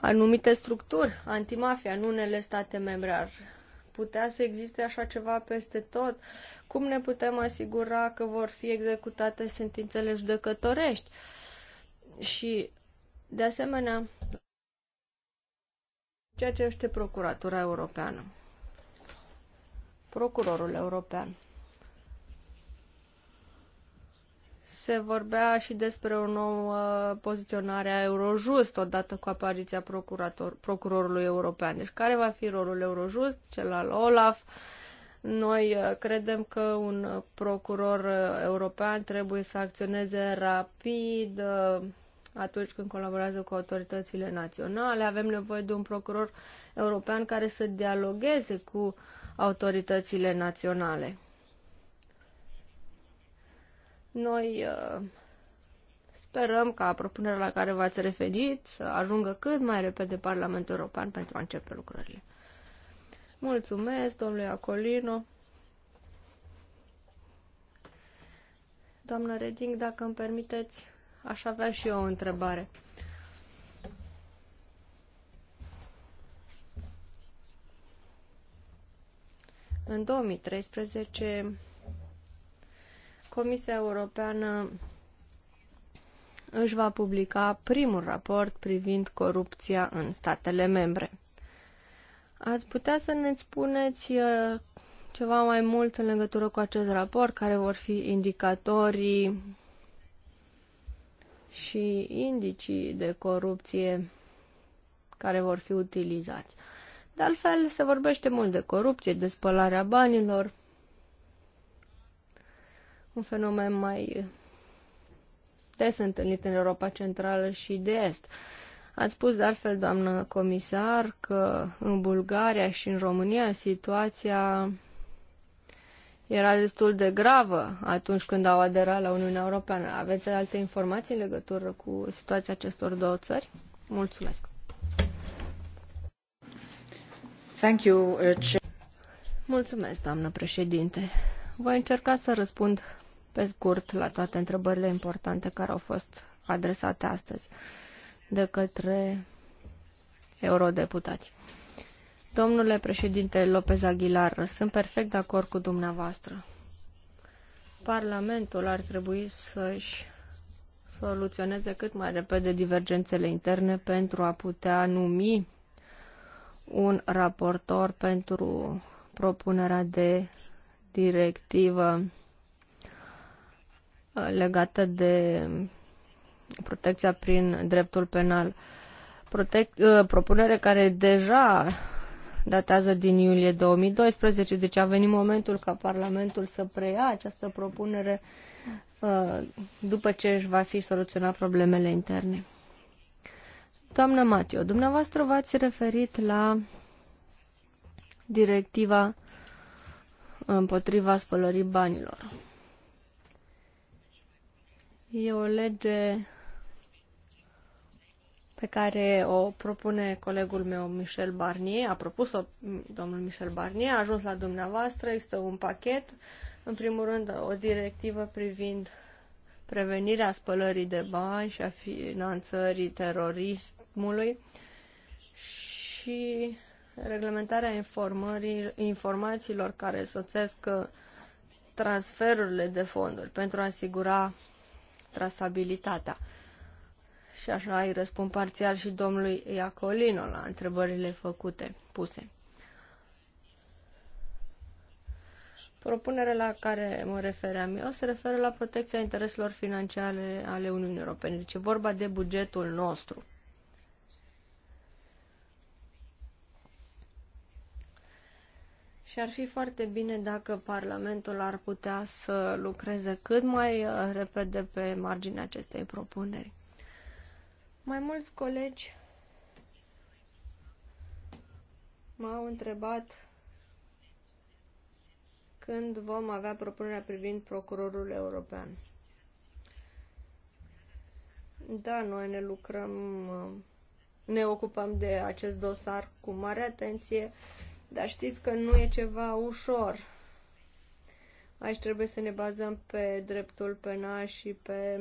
S1: anumite structuri antimafia în unele state membre. Ar putea să existe așa ceva peste tot? Cum ne putem asigura că vor fi executate sentințele judecătorești? Și, de asemenea, ceea ce este Procuratura Europeană. Procurorul European. se vorbea și despre o nouă poziționare a Eurojust odată cu apariția procurator, procurorului european. Deci care va fi rolul Eurojust, cel al Olaf? Noi uh, credem că un procuror uh, european trebuie să acționeze rapid uh, atunci când colaborează cu autoritățile naționale. Avem nevoie de un procuror european care să dialogueze cu autoritățile naționale. Noi uh, sperăm ca propunerea la care v-ați referit să ajungă cât mai repede Parlamentul European pentru a începe lucrările. Mulțumesc, domnule Acolino. Doamnă Reding, dacă îmi permiteți, aș avea și eu o întrebare. În 2013 Comisia Europeană își va publica primul raport privind corupția în statele membre. Ați putea să ne spuneți uh, ceva mai mult în legătură cu acest raport, care vor fi indicatorii și indicii de corupție care vor fi utilizați. De altfel, se vorbește mult de corupție, de spălarea banilor, un fenomen mai des întâlnit în Europa Centrală și de Est. Ați spus de altfel, doamnă comisar, că în Bulgaria și în România situația era destul de gravă atunci când au aderat la Uniunea Europeană. Aveți alte informații în legătură cu situația acestor două țări? Mulțumesc! Thank you, uh, Mulțumesc, doamnă președinte. Voi încerca să răspund pe scurt la toate întrebările importante care au fost adresate astăzi de către eurodeputați. Domnule președinte Lopez Aguilar, sunt perfect de acord cu dumneavoastră. Parlamentul ar trebui să-și soluționeze cât mai repede divergențele interne pentru a putea numi un raportor pentru propunerea de directivă legată de protecția prin dreptul penal. Protec, uh, propunere care deja datează din iulie 2012, deci a venit momentul ca Parlamentul să preia această propunere uh, după ce își va fi soluționat problemele interne. Doamnă Matio, dumneavoastră v-ați referit la directiva împotriva spălării banilor. E o lege pe care o propune colegul meu Michel Barnier, a propus-o domnul Michel Barnier, a ajuns la dumneavoastră, există un pachet, în primul rând o directivă privind prevenirea spălării de bani și a finanțării terorismului și reglementarea informării, informațiilor care soțesc transferurile de fonduri pentru a asigura trasabilitatea. Și așa îi răspund parțial și domnului Iacolino la întrebările făcute, puse. Propunerea la care mă refeream eu se referă la protecția intereselor financiare ale Uniunii Europene. Deci e vorba de bugetul nostru. Și ar fi foarte bine dacă Parlamentul ar putea să lucreze cât mai uh, repede pe marginea acestei propuneri. Mai mulți colegi m-au întrebat când vom avea propunerea privind procurorul european. Da, noi ne lucrăm, uh, ne ocupăm de acest dosar cu mare atenție. Dar știți că nu e ceva ușor. Aici trebuie să ne bazăm pe dreptul penal și pe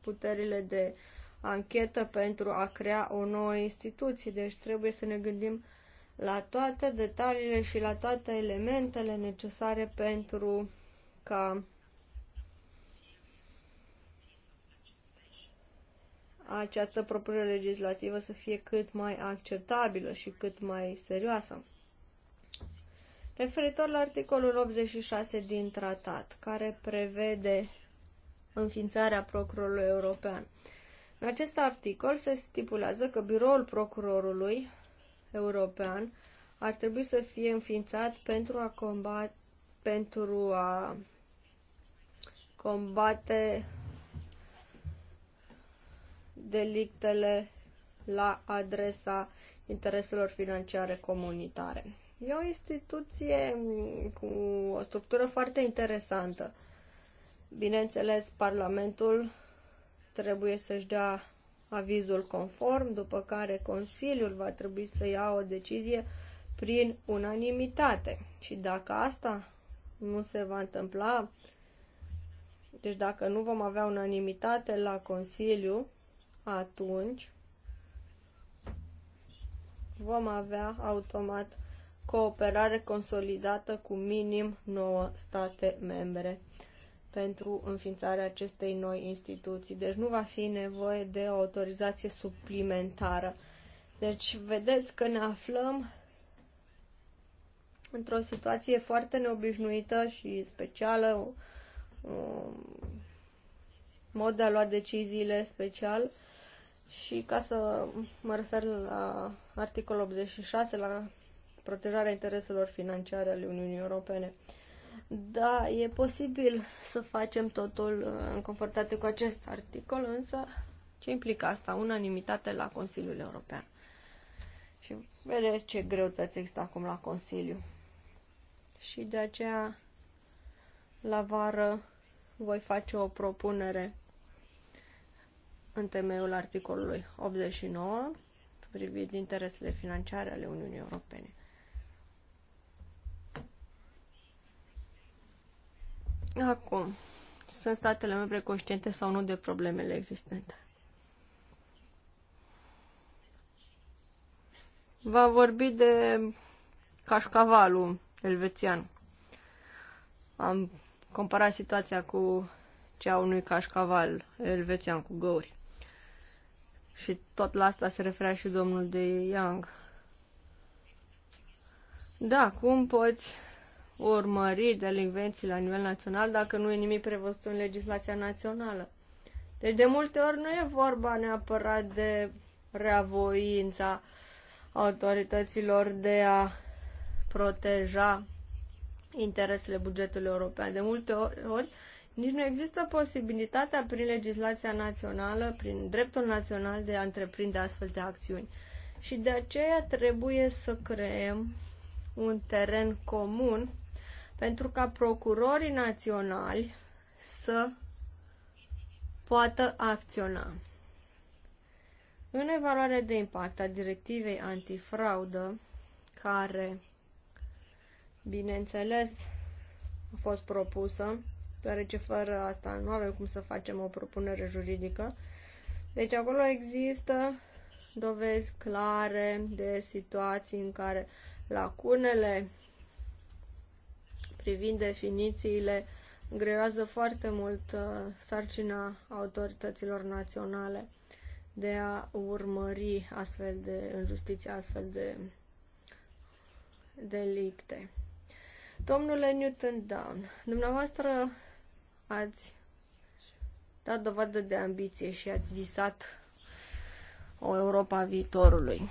S1: puterile de anchetă pentru a crea o nouă instituție. Deci trebuie să ne gândim la toate detaliile și la toate elementele necesare pentru ca această propunere legislativă să fie cât mai acceptabilă și cât mai serioasă. Referitor la articolul 86 din tratat, care prevede înființarea procurorului european. În acest articol se stipulează că biroul procurorului european ar trebui să fie înființat pentru a combate pentru a combate delictele la adresa intereselor financiare comunitare. E o instituție cu o structură foarte interesantă. Bineînțeles, Parlamentul trebuie să-și dea avizul conform, după care Consiliul va trebui să ia o decizie prin unanimitate. Și dacă asta nu se va întâmpla, deci dacă nu vom avea unanimitate la Consiliu, atunci vom avea automat cooperare consolidată cu minim 9 state membre pentru înființarea acestei noi instituții. Deci nu va fi nevoie de o autorizație suplimentară. Deci vedeți că ne aflăm într-o situație foarte neobișnuită și specială, um, mod de a lua deciziile special și ca să mă refer la articolul 86, la protejarea intereselor financiare ale Uniunii Europene. Da, e posibil să facem totul uh, în confortate cu acest articol, însă ce implică asta? Unanimitate la Consiliul European. Și vedeți ce greutăți există acum la Consiliu. Și de aceea, la vară, voi face o propunere în temeiul articolului 89 privind interesele financiare ale Uniunii Europene. Acum, sunt statele membre conștiente sau nu de problemele existente? Va vorbi de cașcavalul elvețian. Am comparat situația cu cea unui cașcaval elvețian cu găuri. Și tot la asta se referea și domnul de Young. Da, cum poți urmări delinvenții la nivel național dacă nu e nimic prevăzut în legislația națională? Deci de multe ori nu e vorba neapărat de reavoința autorităților de a proteja interesele bugetului european. De multe ori nici nu există posibilitatea prin legislația națională, prin dreptul național de a întreprinde astfel de acțiuni. Și de aceea trebuie să creăm un teren comun pentru ca procurorii naționali să poată acționa. În evaluare de impact a directivei antifraudă, care, bineînțeles, a fost propusă deoarece fără asta nu avem cum să facem o propunere juridică. Deci acolo există dovezi clare de situații în care lacunele privind definițiile greează foarte mult uh, sarcina autorităților naționale de a urmări astfel de în justiție astfel de delicte. Domnule Newton Down, dumneavoastră ați dat dovadă de ambiție și ați visat o Europa a viitorului.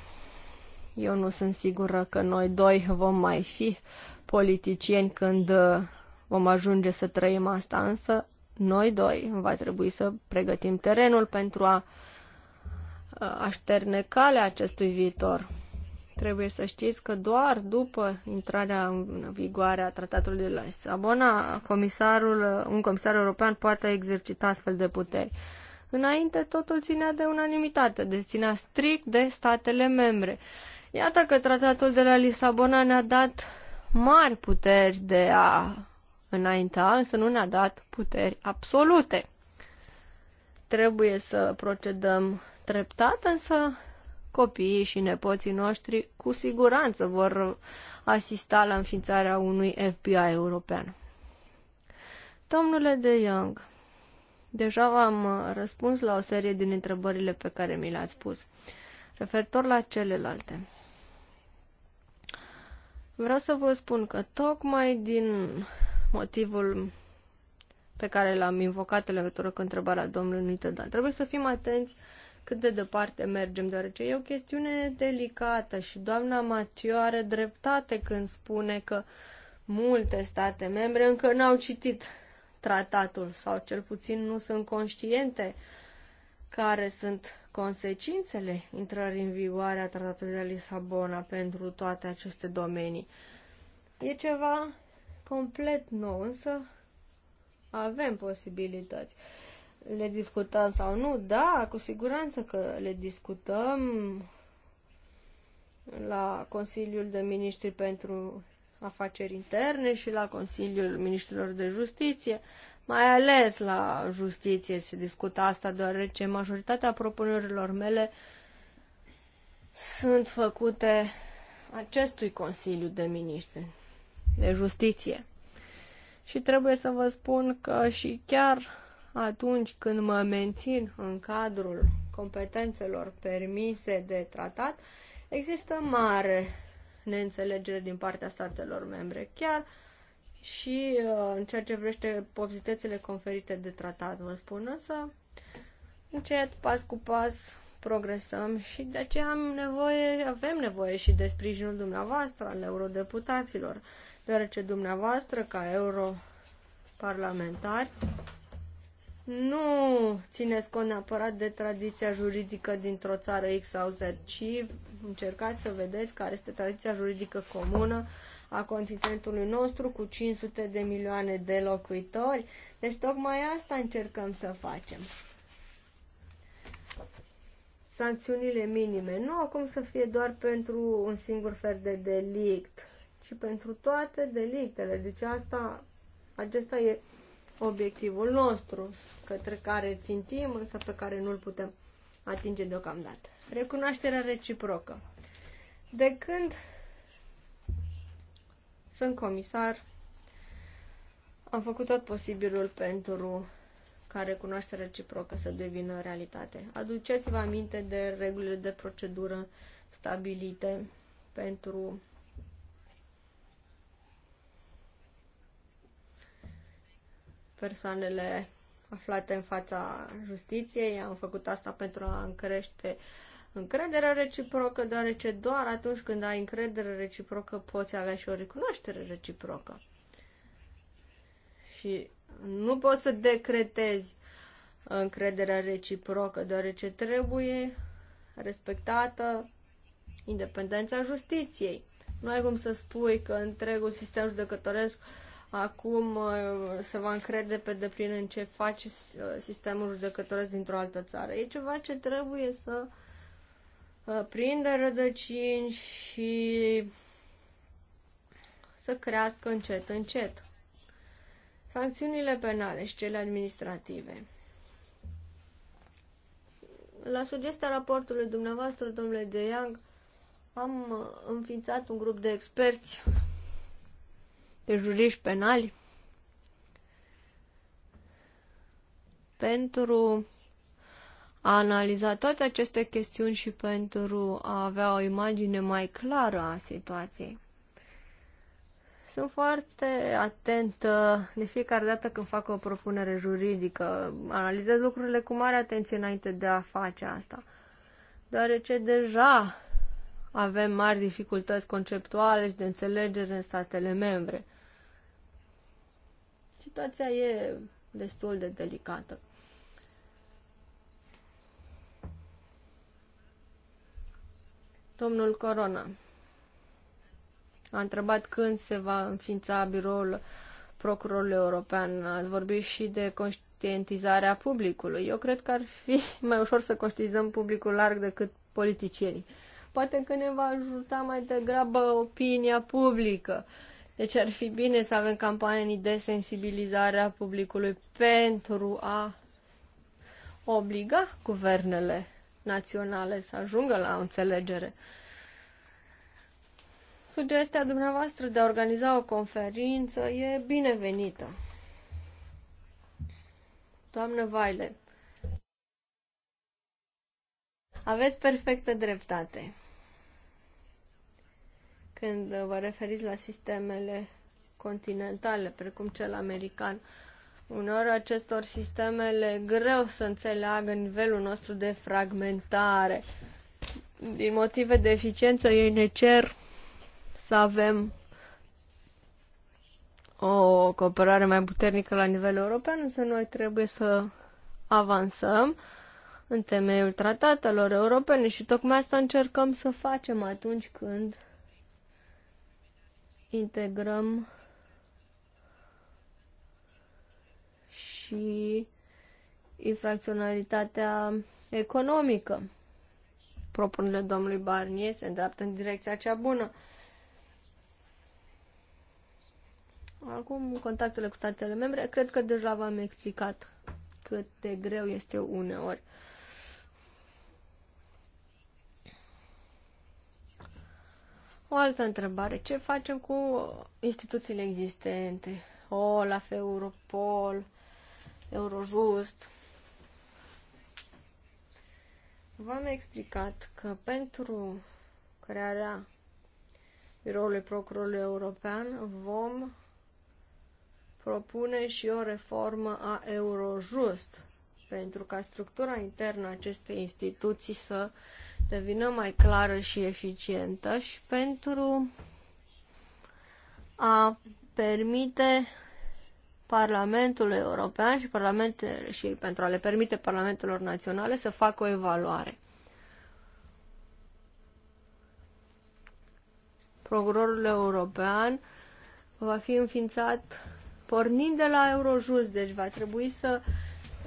S1: Eu nu sunt sigură că noi doi vom mai fi politicieni când uh, vom ajunge să trăim asta, însă noi doi va trebui să pregătim terenul pentru a uh, așterne calea acestui viitor. Trebuie să știți că doar după intrarea în vigoare a tratatului de la Sabona, comisarul, un comisar european poate exercita astfel de puteri. Înainte totul ținea de unanimitate, destina strict de statele membre. Iată că tratatul de la Lisabona ne-a dat mari puteri de a înainta, însă nu ne-a dat puteri absolute. Trebuie să procedăm treptat, însă copiii și nepoții noștri cu siguranță vor asista la înființarea unui FBI european. Domnule de Young, deja v-am uh, răspuns la o serie din întrebările pe care mi le-ați pus. Referitor la celelalte, vreau să vă spun că tocmai din motivul pe care l-am invocat în legătură cu întrebarea domnului Nitedan, trebuie să fim atenți uh, cât de departe mergem, deoarece e o chestiune delicată și doamna Matiu are dreptate când spune că multe state membre încă n-au citit tratatul sau cel puțin nu sunt conștiente care sunt consecințele intrării în vigoare a tratatului de Lisabona pentru toate aceste domenii. E ceva complet nou, însă avem posibilități le discutăm sau nu, da, cu siguranță că le discutăm la Consiliul de Ministri pentru Afaceri Interne și la Consiliul Ministrilor de Justiție. Mai ales la justiție se discută asta, deoarece majoritatea propunerilor mele sunt făcute acestui Consiliu de Ministri de Justiție. Și trebuie să vă spun că și chiar atunci când mă mențin în cadrul competențelor permise de tratat, există mare neînțelegere din partea statelor membre, chiar și uh, în ceea ce privește posibilitățile conferite de tratat, vă spun, însă încet, pas cu pas, progresăm și de aceea am nevoie, avem nevoie și de sprijinul dumneavoastră al eurodeputaților, deoarece dumneavoastră, ca europarlamentari, nu țineți cont neapărat de tradiția juridică dintr-o țară X sau Z, ci încercați să vedeți care este tradiția juridică comună a continentului nostru cu 500 de milioane de locuitori. Deci tocmai asta încercăm să facem. Sancțiunile minime nu acum să fie doar pentru un singur fel de delict, ci pentru toate delictele. Deci asta, acesta e obiectivul nostru, către care țintim, însă pe care nu-l putem atinge deocamdată. Recunoașterea reciprocă. De când sunt comisar, am făcut tot posibilul pentru ca recunoașterea reciprocă să devină realitate. Aduceți-vă aminte de regulile de procedură stabilite pentru persoanele aflate în fața justiției. Am făcut asta pentru a încrește încrederea reciprocă, deoarece doar atunci când ai încredere reciprocă poți avea și o recunoaștere reciprocă. Și nu poți să decretezi încrederea reciprocă, deoarece trebuie respectată independența justiției. Nu ai cum să spui că întregul sistem judecătoresc uh, acum uh, se va încrede pe deplin în ce face uh, sistemul judecătoresc dintr-o altă țară. E ceva ce trebuie să uh, prindă rădăcini și să crească încet, încet. Sancțiunile penale și cele administrative. La sugestia raportului dumneavoastră, domnule De Young, am înființat un grup de experți de juriști penali pentru a analiza toate aceste chestiuni și pentru a avea o imagine mai clară a situației. Sunt foarte atentă de fiecare dată când fac o propunere juridică. Analizez lucrurile cu mare atenție înainte de a face asta. Deoarece deja avem mari dificultăți conceptuale și de înțelegere în statele membre. Situația e destul de delicată. Domnul Corona a întrebat când se va înființa biroul procurorului european. Ați vorbit și de conștientizarea publicului. Eu cred că ar fi mai ușor să conștientizăm publicul larg decât politicienii. Uh, Poate că ne va ajuta mai degrabă opinia publică. Deci ar fi bine să avem campanii de sensibilizare a publicului pentru a obliga guvernele naționale să ajungă la o înțelegere. Sugestia dumneavoastră de a organiza o conferință e binevenită. Doamnă Vaile, aveți perfectă dreptate când vă referiți la sistemele continentale, precum cel american. Uneori acestor sistemele greu să înțeleagă nivelul nostru de fragmentare. Din motive de eficiență, ei ne cer să avem o cooperare mai puternică la nivel european, însă noi trebuie să avansăm în temeiul tratatelor europene și tocmai asta încercăm să facem atunci când integrăm și infracționalitatea economică. Propunerile domnului Barnier se îndreaptă în direcția cea bună. Acum, contactele cu statele membre, cred că deja v-am explicat cât de greu este uneori. Uh, O altă întrebare. Ce facem cu instituțiile existente? OLAF, Europol, Eurojust. V-am explicat că pentru crearea biroului procurorului european vom propune și o reformă a Eurojust pentru ca structura internă a acestei instituții să uh, devină mai clară și eficientă și pentru a permite Parlamentul European și, parlamente, și pentru a le permite Parlamentelor Naționale să facă o evaluare. Procurorul European va fi înființat pornind de la Eurojust, deci va trebui să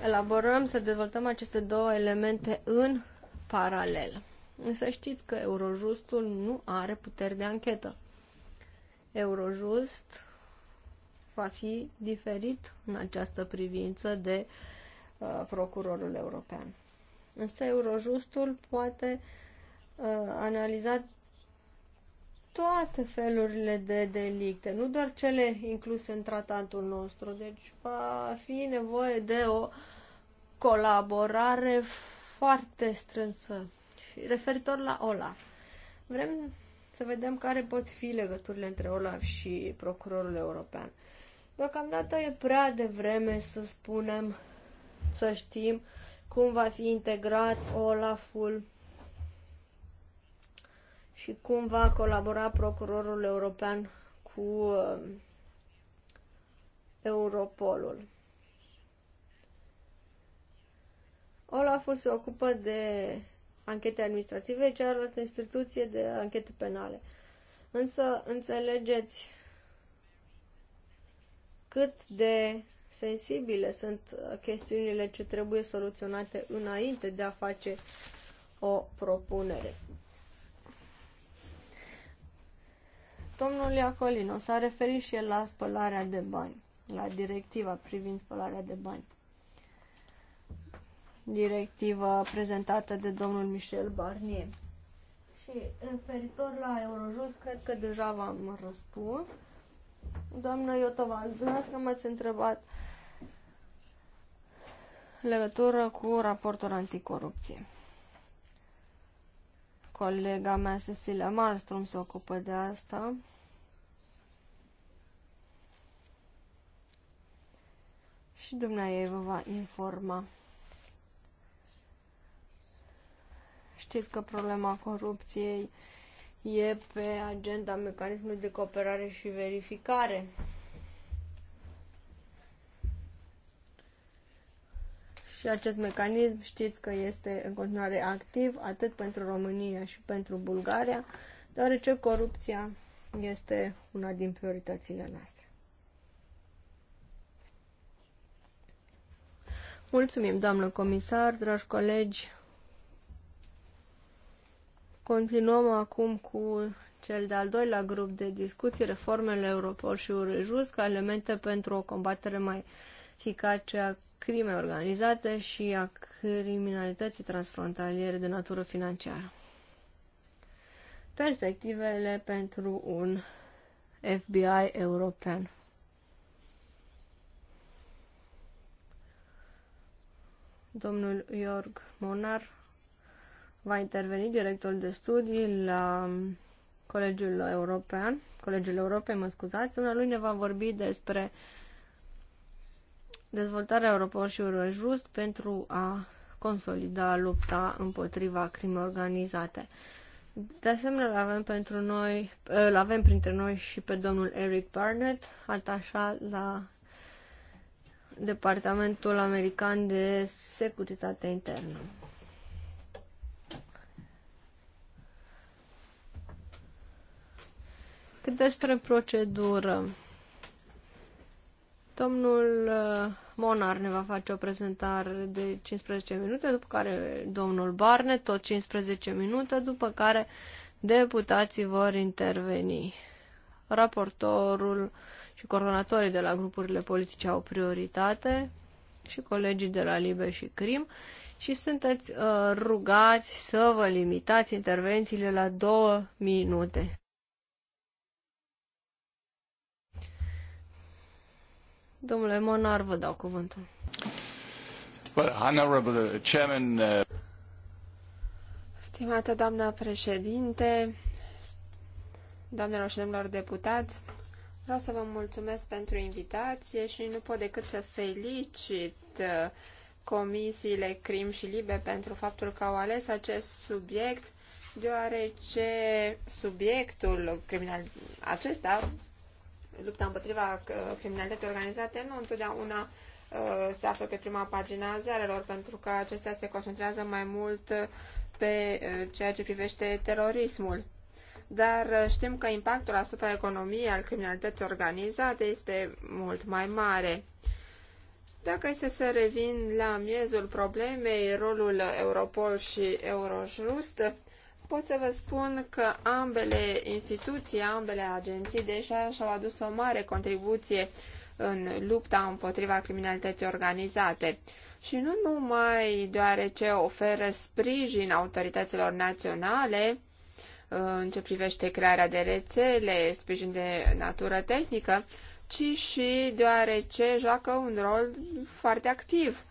S1: elaborăm, să dezvoltăm aceste două elemente în paralel. Însă știți că Eurojustul nu are puteri de anchetă. Eurojust va fi diferit în această privință de uh, procurorul european. Însă Eurojustul poate uh, analiza toate felurile de delicte, nu doar cele incluse în tratatul nostru. Deci va fi nevoie de o colaborare foarte strânsă referitor la Olaf, vrem să vedem care pot fi legăturile între Olaf și procurorul european. Deocamdată e prea devreme să spunem, să știm cum va fi integrat Olaful și cum va colabora procurorul european cu uh, Europolul. Olaful se ocupă de anchete administrative, cealaltă instituție de anchete penale. Însă înțelegeți cât de sensibile sunt chestiunile ce trebuie soluționate înainte de a face o propunere. Domnul Iacolino s-a referit și el la spălarea de bani, la directiva privind spălarea de bani directivă prezentată de domnul Michel Barnier. Și referitor la Eurojust, cred că deja v-am răspuns. Doamna Iotova, dumneavoastră m-ați întrebat legătură cu raportul anticorupție. Colega mea, Cecilia Malmström, se ocupă de asta. Și dumneavoastră vă va informa. știți că problema corupției e pe agenda mecanismului de cooperare și verificare. Și acest mecanism știți că este în continuare activ atât pentru România și pentru Bulgaria, deoarece corupția este una din prioritățile noastre. Mulțumim, doamnă comisar, dragi colegi. Continuăm acum cu cel de-al doilea grup de discuții, reformele Europol și Urejus, ca elemente pentru o combatere mai eficace a crimei organizate și a criminalității transfrontaliere de natură financiară. Perspectivele pentru un FBI european. Domnul Iorg Monar va interveni directorul de studii la Colegiul European, Colegiul Europei, mă scuzați, în lui ne va vorbi despre dezvoltarea europorșilor just pentru a consolida lupta împotriva crimei organizate. De asemenea, îl avem pentru noi, îl avem printre noi și pe domnul Eric Barnett, atașat la Departamentul American de Securitate Internă. Cât despre procedură, domnul uh, Monar ne va face o prezentare de 15 minute, după care domnul Barne tot 15 minute, după care deputații vor interveni. Raportorul și coordonatorii de la grupurile politice au prioritate și colegii de la Libe și Crim și sunteți uh, rugați să vă limitați intervențiile la două minute. Domnule
S2: Monar, vă dau cuvântul.
S3: Well, honorable chairman, uh...
S2: Stimată doamnă președinte, doamnelor și domnilor deputați, vreau să vă mulțumesc pentru invitație și nu pot decât să felicit uh, comisiile CRIM și LIBE pentru faptul că au ales acest subiect, deoarece subiectul criminal acesta lupta împotriva uh, criminalității organizate nu întotdeauna uh, se află pe prima pagina ziarelor, pentru că acestea se concentrează mai mult pe uh, ceea ce privește terorismul. Dar știm că impactul asupra economiei al criminalității organizate este mult mai mare. Dacă este să revin la miezul problemei, rolul Europol și Eurojust, pot să vă spun că ambele instituții, ambele agenții deja și-au adus o mare contribuție în lupta împotriva criminalității organizate. Și nu numai deoarece oferă sprijin autorităților naționale uh, în ce privește crearea de rețele, sprijin de natură tehnică, ci și deoarece joacă un rol foarte activ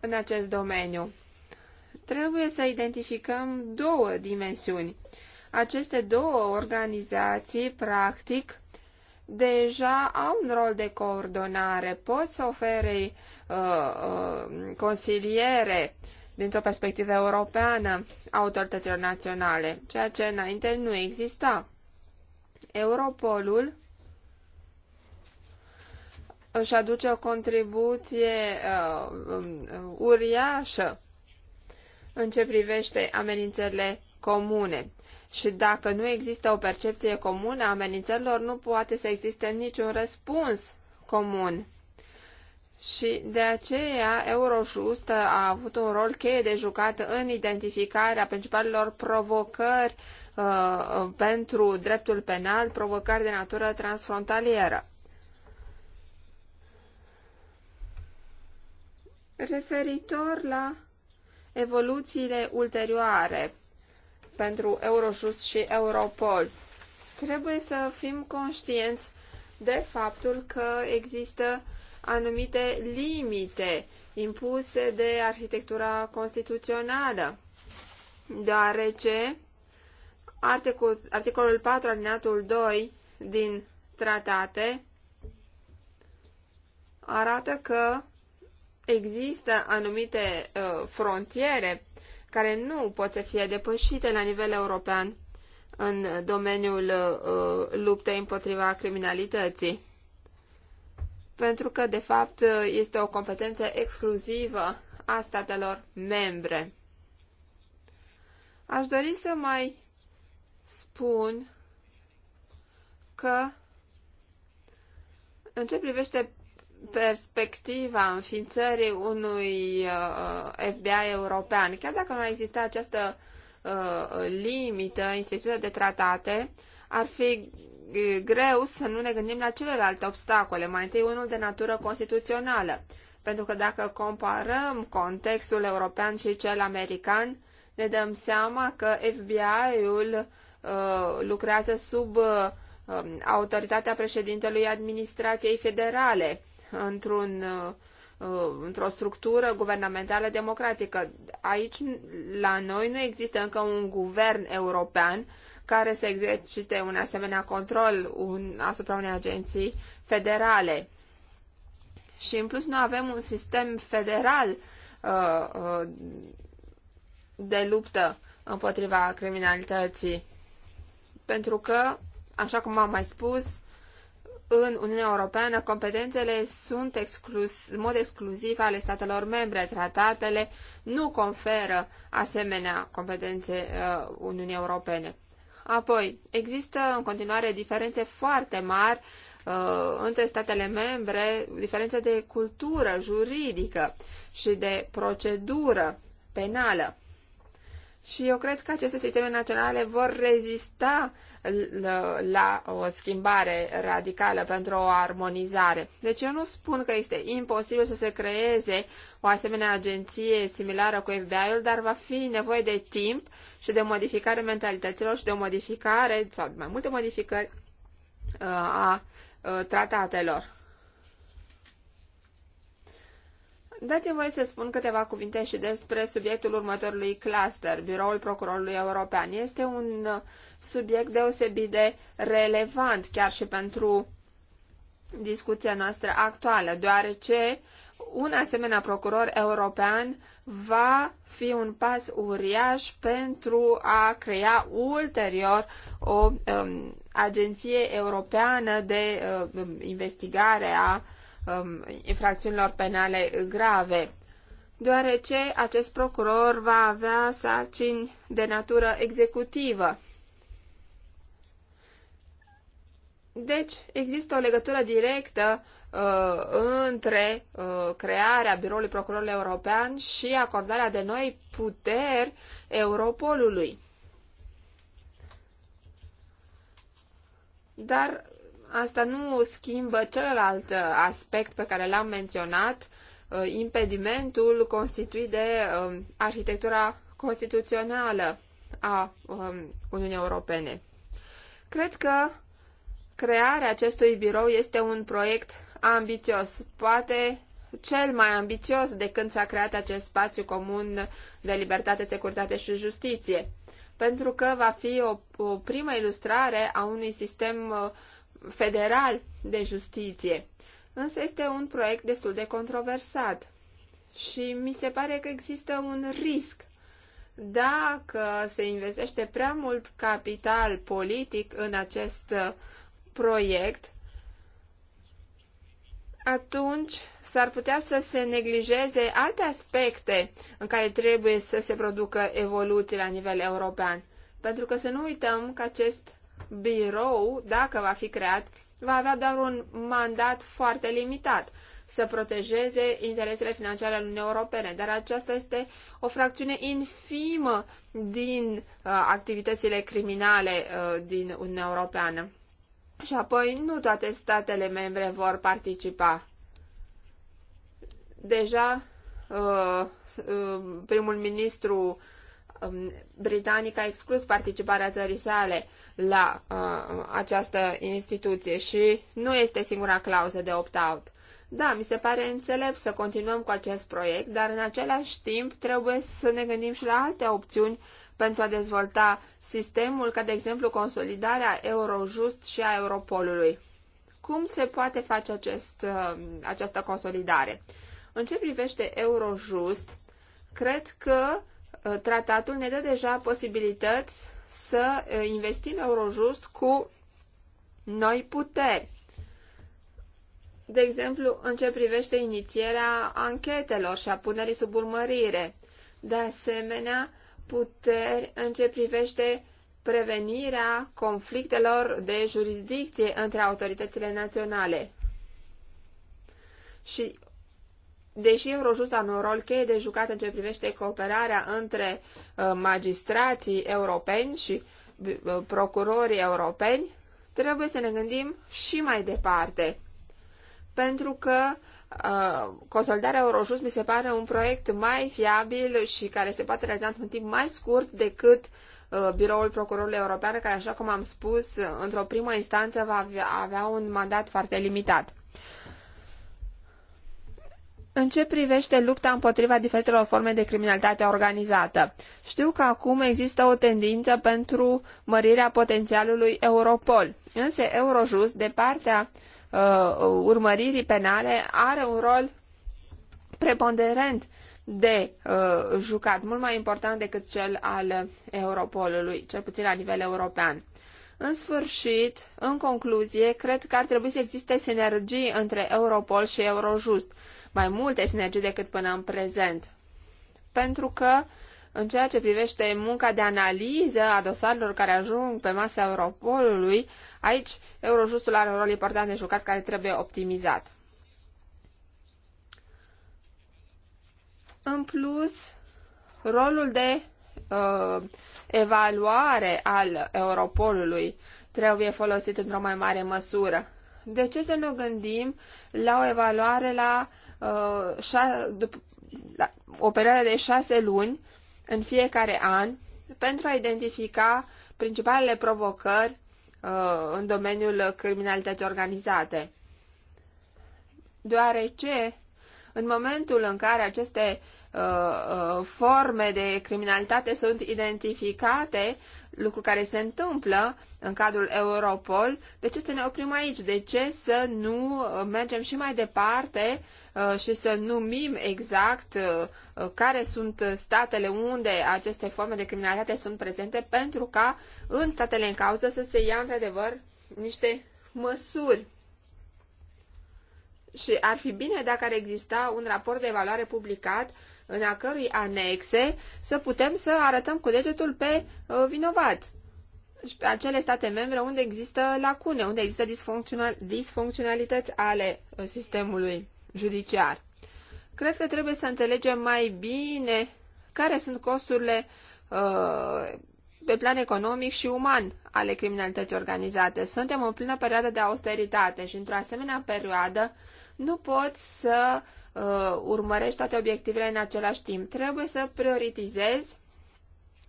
S2: în acest domeniu trebuie să identificăm două dimensiuni. Aceste două organizații, practic, deja au un rol de coordonare, pot să ofere uh, uh, consiliere dintr-o perspectivă europeană autorităților naționale, ceea ce înainte nu exista. Europolul își aduce o contribuție uh, um, uriașă în ce privește amenințările comune. Și dacă nu există o percepție comună a amenințărilor, nu poate să existe niciun răspuns comun. Și de aceea Eurojust a avut un rol cheie de jucat în identificarea principalelor provocări uh, uh pentru dreptul penal, provocări de natură transfrontalieră. Referitor la evoluțiile ulterioare pentru Eurojust și Europol. Trebuie să fim conștienți de faptul că există anumite limite impuse de arhitectura constituțională, deoarece articolul 4 alineatul 2 din tratate arată că există anumite uh, frontiere care nu pot să fie depășite la nivel european în domeniul uh, luptei împotriva criminalității. Pentru că, de fapt, uh, este o competență exclusivă a statelor membre. Aș dori să mai spun că în ce privește perspectiva înființării unui uh, FBI european, chiar dacă nu a exista această uh, limită instituită de tratate, ar fi greu să nu ne gândim la celelalte obstacole, mai întâi unul de natură constituțională. Pentru că dacă comparăm contextul european și cel american, ne dăm seama că FBI-ul uh, lucrează sub uh, um, autoritatea președintelui administrației federale într-un uh, într-o structură guvernamentală democratică. Aici, la noi, nu există încă un guvern european care să exercite un asemenea control un, asupra unei agenții federale. Și, în plus, nu avem un sistem federal uh, uh, de luptă împotriva criminalității. Pentru că, așa cum am mai spus, în Uniunea Europeană competențele sunt exclus, în mod exclusiv ale statelor membre. Tratatele nu conferă asemenea competențe uh, Uniunii Europene. Apoi, există în continuare diferențe foarte mari uh, între statele membre, diferențe de cultură juridică și de procedură penală. Și eu cred că aceste sisteme naționale vor rezista la o schimbare radicală pentru o armonizare. Deci eu nu spun că este imposibil să se creeze o asemenea agenție similară cu FBI-ul, dar va fi nevoie de timp și de modificare mentalităților și de o modificare sau mai multe modificări uh, a uh, tratatelor. Dați-mi voi să spun câteva cuvinte și despre subiectul următorului cluster, Biroul Procurorului European. Este un subiect deosebit de relevant chiar și pentru discuția noastră actuală, deoarece un asemenea procuror european va fi un pas uriaș pentru a crea ulterior o um, agenție europeană de um, investigare a uh, um, infracțiunilor penale grave, deoarece acest procuror va avea sarcini de natură executivă. Deci, există o legătură directă uh, între uh, crearea Biroului Procurorului European și acordarea de noi puteri Europolului. Dar Asta nu schimbă celălalt uh, aspect pe care l-am menționat, uh, impedimentul constituit de um, arhitectura constituțională a um, Uniunii Europene. Cred că crearea acestui birou este un proiect ambițios, poate cel mai ambițios de când s-a creat acest spațiu comun de libertate, securitate și justiție, pentru că va fi o, o primă ilustrare a unui sistem uh, federal de justiție. Însă este un proiect destul de controversat și mi se pare că există un risc. Dacă se investește prea mult capital politic în acest uh, proiect, atunci s-ar putea să se neglijeze alte aspecte în care trebuie să se producă evoluții la nivel european. Pentru că să nu uităm că acest birou, dacă va fi creat, va avea doar un mandat foarte limitat să protejeze interesele financiare ale Uniunii Europene, dar aceasta este o fracțiune infimă din uh, activitățile criminale uh, din Uniunea Europeană. Și apoi, nu toate statele membre vor participa. Deja, uh, uh, primul ministru uh, um, britanică a exclus participarea țării sale la uh, această instituție și nu este singura clauză de opt-out. Da, mi se pare înțelept să continuăm cu acest proiect, dar în același timp trebuie să ne gândim și la alte opțiuni pentru a dezvolta sistemul, ca de exemplu consolidarea Eurojust și a Europolului. Cum se poate face acest, uh, această consolidare? În ce privește Eurojust, cred că Uh, tratatul ne dă deja posibilități să uh, investim Eurojust cu noi puteri. De exemplu, în ce privește inițierea anchetelor și a punerii sub urmărire. De asemenea, puteri în ce privește prevenirea conflictelor de jurisdicție între autoritățile naționale. Și Deși Eurojust are un rol cheie de jucat în ce privește cooperarea între uh, magistrații europeni și uh, procurorii europeni, trebuie să ne gândim și mai departe. Pentru că uh, consolidarea Eurojust mi se pare un proiect mai fiabil și care se poate realiza într-un timp mai scurt decât uh, Biroul Procurorului European, care, așa cum am spus, într-o primă instanță va avea un mandat foarte limitat. În ce privește lupta împotriva diferitelor forme de criminalitate organizată? Știu că acum există o tendință pentru mărirea potențialului Europol, însă Eurojust, de partea uh, urmăririi penale, are un rol preponderent de uh, jucat, mult mai important decât cel al Europolului, cel puțin la nivel european. În sfârșit, în concluzie, cred că ar trebui să existe sinergii între Europol și Eurojust mai multe sinergii decât până în prezent. Pentru că în ceea ce privește munca de analiză a dosarelor care ajung pe masa Europolului, aici Eurojustul are un rol important de jucat care trebuie optimizat. În plus, rolul de uh, evaluare al Europolului trebuie folosit într-o mai mare măsură. De ce să nu gândim la o evaluare la uh, Uh, o perioadă de șase luni în fiecare an pentru a identifica principalele provocări uh, în domeniul criminalității organizate. Deoarece, în momentul în care aceste uh, forme de criminalitate sunt identificate, lucru care se întâmplă în cadrul Europol, de ce să ne oprim aici? De ce să nu uh, mergem și mai departe uh, și să numim exact uh, care sunt statele unde aceste forme de criminalitate sunt prezente pentru ca în statele în cauză să se ia într-adevăr niște măsuri. Și ar fi bine dacă ar exista un raport de evaluare publicat în a cărui anexe să putem să arătăm cu degetul pe uh, vinovați. Și pe acele state membre unde există lacune, unde există disfuncțional, disfuncționalități ale uh, sistemului judiciar. Cred că trebuie să înțelegem mai bine care sunt costurile uh, pe plan economic și uman ale criminalității organizate. Suntem în plină perioadă de austeritate și într-o asemenea perioadă nu pot să uh, uh, urmărești toate obiectivele în același timp. Trebuie să prioritizezi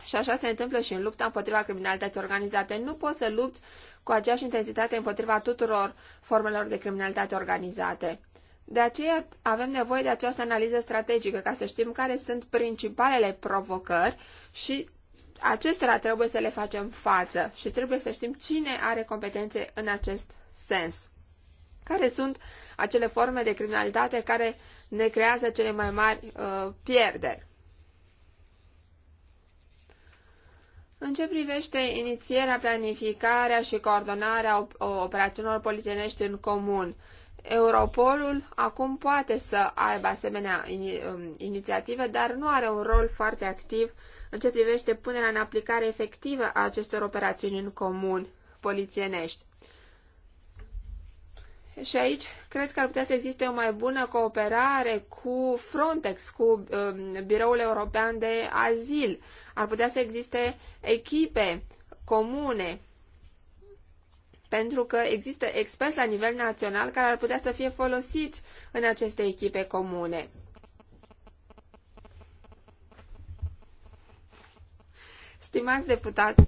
S2: și așa se întâmplă și în lupta împotriva criminalității organizate. Nu poți să lupți cu aceeași intensitate împotriva tuturor formelor de criminalitate organizate. De aceea avem nevoie de această analiză strategică ca să știm care sunt principalele provocări și acestora trebuie să le facem față și trebuie să știm cine are competențe în acest sens care sunt acele forme de criminalitate care ne creează cele mai mari uh, pierderi. În ce privește inițierea, planificarea și coordonarea operațiunilor polițienești în comun, Europolul acum poate să aibă asemenea um, inițiative, dar nu are un rol foarte activ în ce privește punerea în aplicare efectivă a acestor operațiuni în comun polițienești. Și aici cred că ar putea să existe o mai bună cooperare cu Frontex, cu um, Biroul European de Azil. Ar putea să existe echipe comune, pentru că există experți la nivel național care ar putea să fie folosiți în aceste echipe comune. Stimați deputați,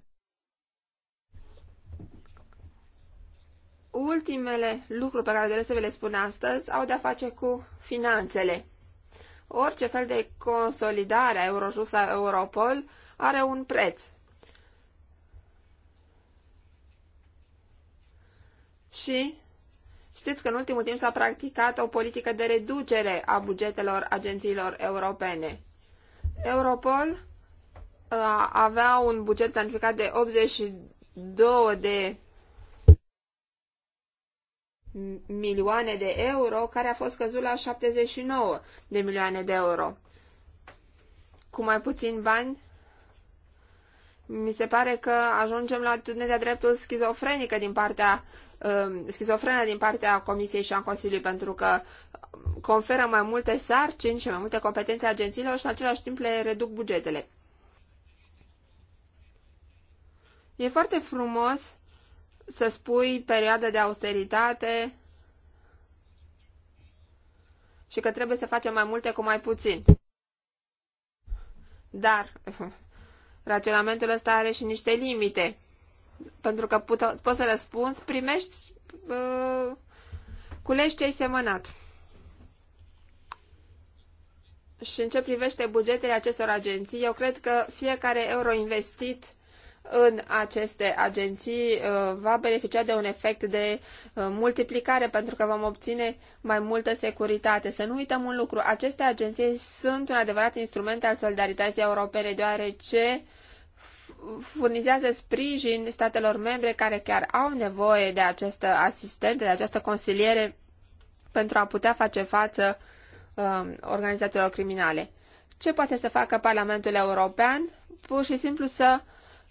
S2: ultimele lucruri pe care doresc să vi le spun astăzi au de-a face cu finanțele. Orice fel de consolidare a Eurojust sau Europol are un preț. Și știți că în ultimul timp s-a practicat o politică de reducere a bugetelor agențiilor europene. Europol uh, avea un buget planificat de 82 de milioane de euro, care a fost căzut la 79 de milioane de euro. Cu mai puțin bani, mi se pare că ajungem la atitudine de dreptul schizofrenică din partea um, schizofrenă din partea Comisiei și a Consiliului, pentru că um, conferă mai multe sarcini și mai multe competențe agențiilor și în același timp le reduc bugetele. E foarte frumos să spui perioadă de austeritate și că trebuie să facem mai multe cu mai puțin. Dar raționamentul ăsta are și niște limite. Pentru că poți să răspunzi, primești, uh, culegi ce-ai semănat. Și în ce privește bugetele acestor agenții, eu cred că fiecare euro investit în aceste agenții uh, va beneficia de un efect de uh, multiplicare pentru că vom obține mai multă securitate. Să nu uităm un lucru, aceste agenții sunt un adevărat instrument al solidarității europene, deoarece furnizează sprijin statelor membre care chiar au nevoie de această asistență, de această consiliere pentru a putea face față um, organizațiilor criminale. Ce poate să facă Parlamentul European? Pur și simplu să uh,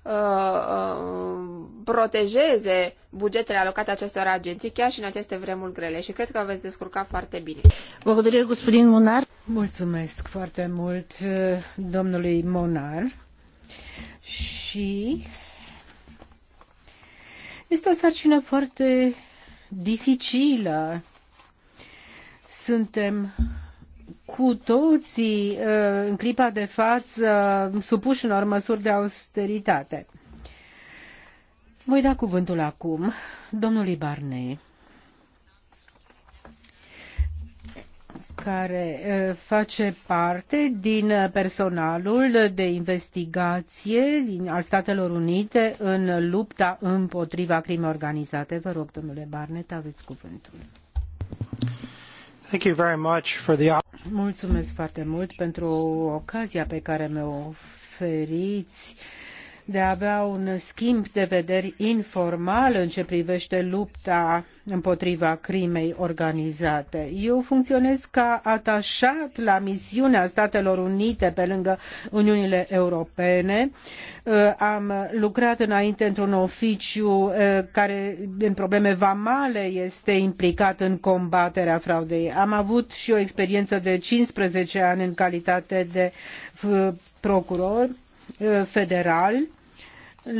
S2: Uh, uh, protejeze bugetele alocate acestor agenții chiar și în aceste vremuri grele și cred că veți descurca foarte bine.
S3: Vă Mulțumesc foarte mult uh, domnului Monar și este o sarcină foarte dificilă. Suntem cu toții uh, în clipa de față supuși unor măsuri de austeritate. Voi da cuvântul acum domnului Barney, care uh, face parte din personalul de investigație din, al Statelor Unite în lupta împotriva crimei organizate. Vă rog, domnule Barnet, aveți cuvântul. Mulțumesc foarte mult pentru ocazia pe care mi-o oferiți de a avea un schimb de vederi informal în ce privește lupta împotriva crimei organizate. Eu funcționez ca atașat la misiunea Statelor Unite pe lângă Uniunile Europene. Uh, am lucrat înainte într-un oficiu uh, care în probleme vamale este implicat în combaterea fraudei. Am avut și o experiență de 15 ani în calitate de uh, procuror federal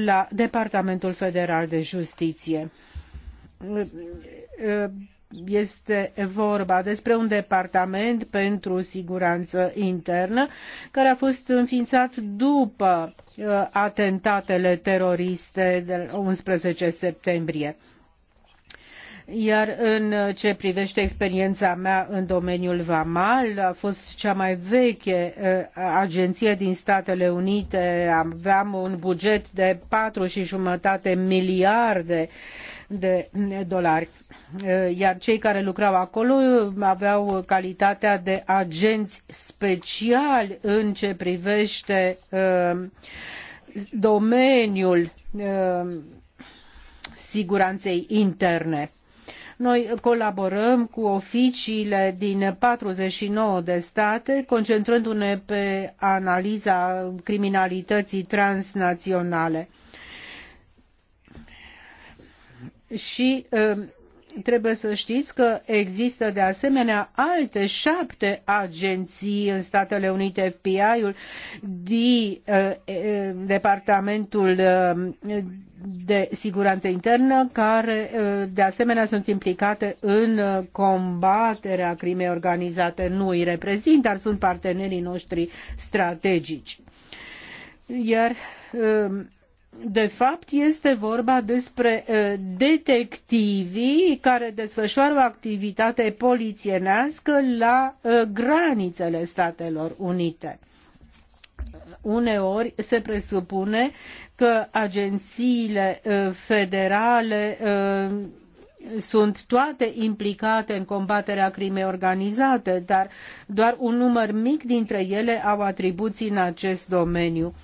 S3: la Departamentul Federal de Justiție este vorba despre un departament pentru siguranță internă care a fost înființat după uh, atentatele teroriste de 11 septembrie. Iar în ce privește experiența mea în domeniul VAMAL, a fost cea mai veche uh, agenție din Statele Unite. Aveam un buget de patru și jumătate miliarde uh, de dolari. Eh, iar cei care lucrau acolo aveau calitatea de agenți speciali în ce privește eh, domeniul eh, siguranței interne. Noi colaborăm cu oficiile din 49 de state, concentrându-ne pe analiza criminalității transnaționale și um, trebuie să știți că există de asemenea alte șapte agenții în Statele Unite, FBI-ul, de uh, Departamentul um, de Siguranță Internă, care uh, de asemenea sunt implicate în uh, combaterea crimei organizate. Nu îi reprezint, dar sunt partenerii noștri strategici. Iar um, de fapt, este vorba despre detectivii care desfășoară o activitate polițienească la granițele Statelor Unite. Uneori se presupune că agențiile federale sunt toate implicate în combaterea crimei organizate, dar doar un număr mic dintre ele au atribuții în acest domeniu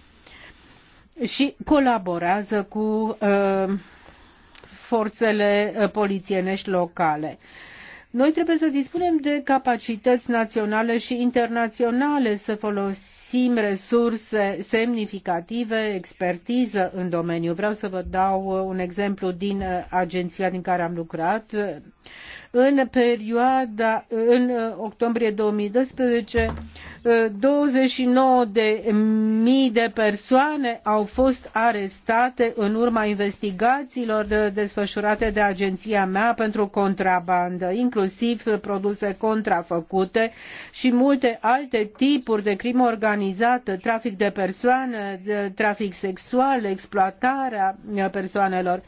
S3: și colaborează cu uh, forțele uh, polițienești locale. Noi trebuie să dispunem de capacități naționale și internaționale să folosim resurse semnificative, expertiză în domeniu. Vreau să vă dau uh, un exemplu din agenția din care am lucrat. În perioada în uh, octombrie 2012 29 uh, de mii de persoane au fost arestate în urma investigațiilor uh, desfășurate de agenția mea pentru contrabandă, inclusiv produse contrafăcute și multe alte tipuri de crimă organizată, trafic de persoane, trafic sexual, exploatarea persoanelor. Uh,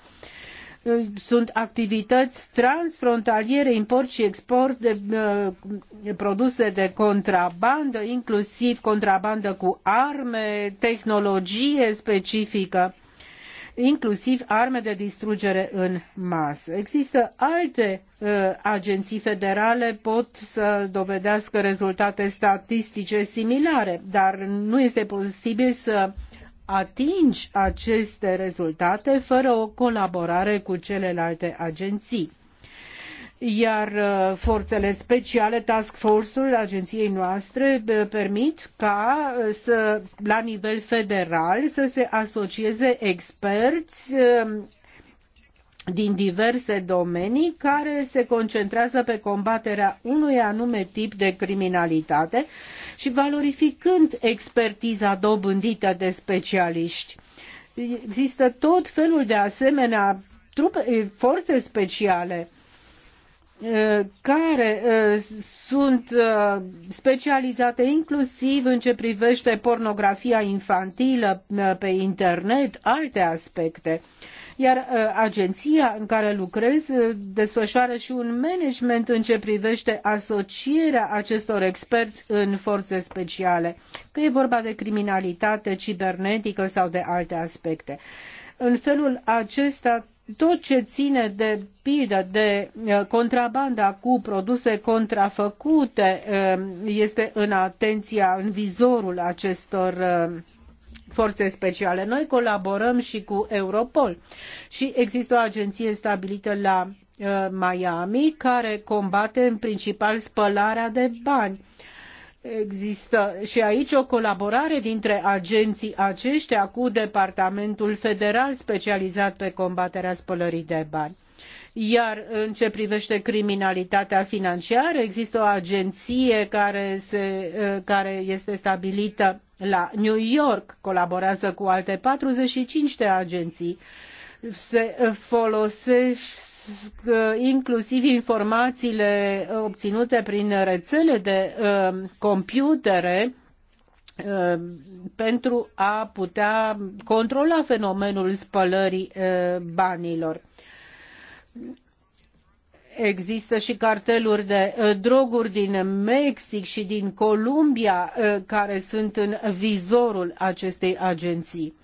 S3: sunt activități transfrontaliere, import și export de uh, produse de contrabandă, inclusiv contrabandă cu arme, tehnologie specifică inclusiv arme de distrugere în masă. Există alte uh, agenții federale pot să dovedească rezultate statistice similare, dar nu este posibil să atingi aceste rezultate fără o colaborare cu celelalte agenții iar uh, forțele speciale, task force-ul agenției noastre, uh, permit ca uh, să, la nivel federal să se asocieze experți um, din diverse domenii care se concentrează pe combaterea unui anume tip de criminalitate și valorificând expertiza dobândită de specialiști. Există tot felul de asemenea trupe, eh, forțe speciale eh, care eh, sunt specializate inclusiv în ce privește pornografia infantilă pe internet, alte aspecte iar uh, agenția în care lucrez uh, desfășoară și un management în ce privește asocierea acestor experți în forțe speciale, că e vorba de criminalitate cibernetică sau de alte aspecte. În felul acesta tot ce ține de pildă de uh, contrabanda cu produse contrafăcute este în atenția, în vizorul acestor forțe speciale. Noi colaborăm și cu Europol și există o agenție stabilită la uh, Miami care combate în principal spălarea de bani. Există și aici o colaborare dintre agenții aceștia cu Departamentul Federal specializat pe combaterea spălării de bani iar în ce privește criminalitatea financiară există o agenție care, se, uh, care este stabilită la New York, colaborează cu alte 45 de agenții, se folosesc uh, inclusiv informațiile uh, obținute prin rețele de uh, computere pentru a putea controla fenomenul spălării banilor există și carteluri de uh, droguri din Mexic și din Columbia uh, care sunt în vizorul acestei agenții.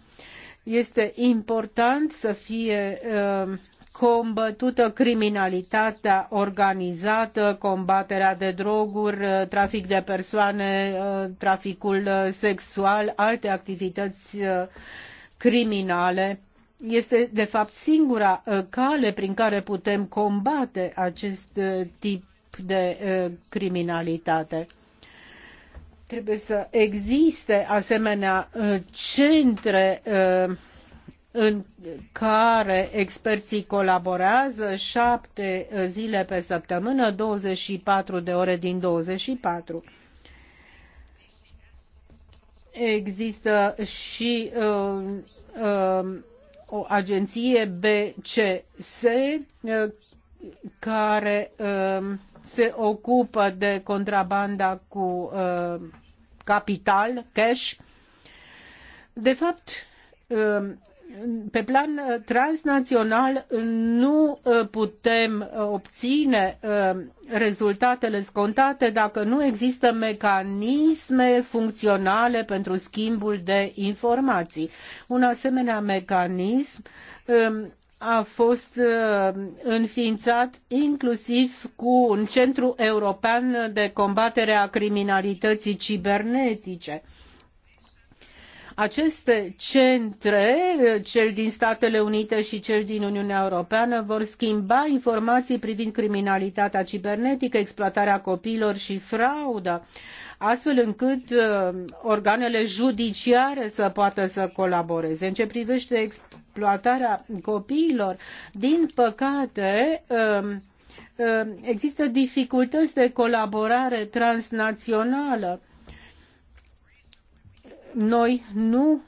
S3: Este important să fie uh, combătută criminalitatea organizată, combaterea de droguri, trafic de persoane, traficul sexual, alte activități criminale este de fapt singura uh, cale prin care putem combate acest uh, tip de uh, criminalitate. Trebuie să existe asemenea centre în care experții colaborează șapte zile pe săptămână, 24 de ore din 24. Există și uh, uh, o agenție BCS eh, care eh, se ocupă de contrabanda cu eh, capital, cash. De fapt, pe plan uh, transnațional uh, nu uh, putem obține rezultatele scontate dacă nu există mecanisme funcționale pentru schimbul de informații. Un asemenea mecanism um, a fost înființat inclusiv cu un centru european de combatere a criminalității cibernetice. Aceste centre, cel din Statele Unite și cel din Uniunea Europeană, vor schimba informații privind criminalitatea cibernetică, exploatarea copiilor și frauda, astfel încât uh, organele judiciare să poată să colaboreze. În ce privește exploatarea copiilor, din păcate, um, um, există dificultăți de colaborare transnațională noi nu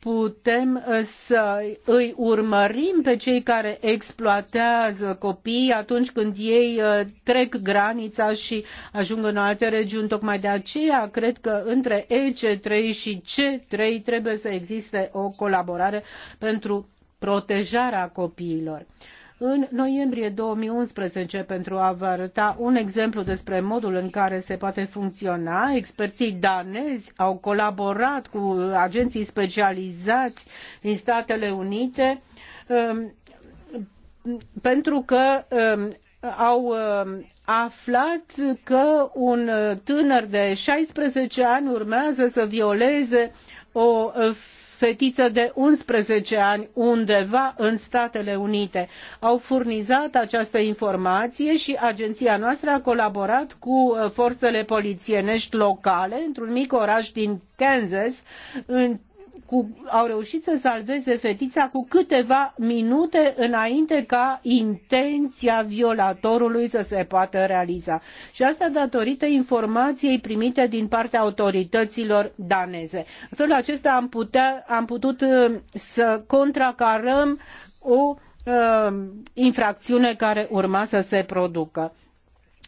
S3: putem uh, să îi urmărim pe cei care exploatează copiii atunci când ei uh, trec granița și ajung în alte regiuni. Tocmai de aceea cred că între EC3 și C3 trebuie să existe o colaborare pentru protejarea copiilor în noiembrie 2011 pentru a vă arăta un exemplu despre modul în care se poate funcționa. Experții danezi au colaborat cu agenții specializați din Statele Unite um, pentru că um, au um, aflat că un tânăr de 16 ani urmează să violeze o fetiță de 11 ani undeva în Statele Unite. Au furnizat această informație și agenția noastră a colaborat cu uh, forțele polițienești locale într-un mic oraș din Kansas în cu, au reușit să salveze fetița cu câteva minute înainte ca intenția violatorului să se poată realiza. Și asta datorită informației primite din partea autorităților daneze. În felul acesta am, putea, am putut uh, să contracarăm o uh, infracțiune care urma să se producă.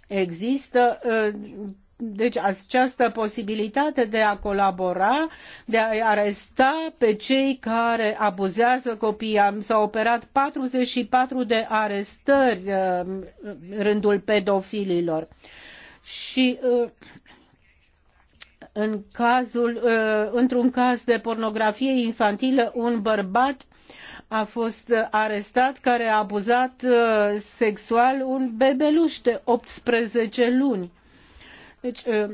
S3: Există uh, deci această posibilitate de a colabora, de a aresta pe cei care abuzează copiii. s-au operat 44 de arestări uh, în rândul pedofililor. Și uh, în cazul, uh, într-un caz de pornografie infantilă, un bărbat a fost arestat care a abuzat sexual un bebeluș de 18 luni deci, ă,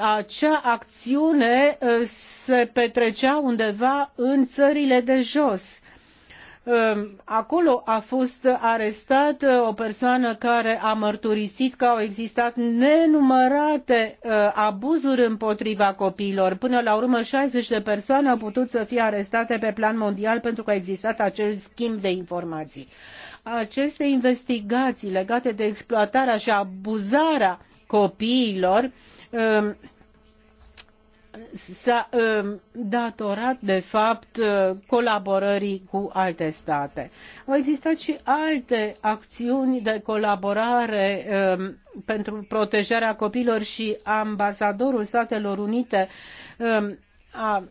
S3: acea acțiune ă, se petrecea undeva în țările de jos. Ă, acolo a fost arestată o persoană care a mărturisit că au existat nenumărate abuzuri împotriva copiilor. Până la urmă, 60 de persoane au putut să fie arestate pe plan mondial pentru că a existat acel schimb de informații. Aceste investigații legate de exploatarea și abuzarea copiilor um, s-a um, datorat, de fapt, uh, colaborării cu alte state. Au existat și alte acțiuni de colaborare um, pentru protejarea copiilor și ambasadorul Statelor Unite a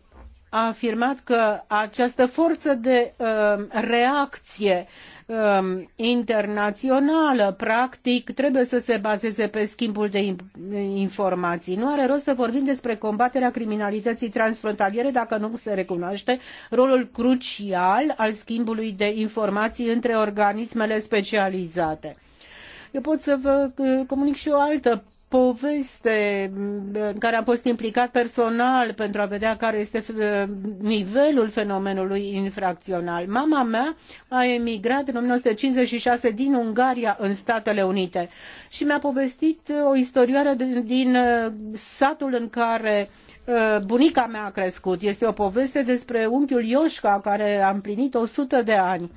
S3: a afirmat că această forță de uh, reacție Um, internațională, practic, trebuie să se bazeze pe schimbul de informații. Nu are rost să vorbim despre combaterea criminalității transfrontaliere dacă nu se recunoaște rolul crucial al schimbului de informații între organismele specializate. Eu pot să vă uh, comunic și o altă poveste în care am fost implicat personal pentru a vedea care este uh, nivelul fenomenului infracțional. Mama mea a emigrat în 1956 din Ungaria în Statele Unite și mi-a povestit o istorioară din, din uh, satul în care uh, bunica mea a crescut. Este o poveste despre unchiul Ioșca care a împlinit 100 de ani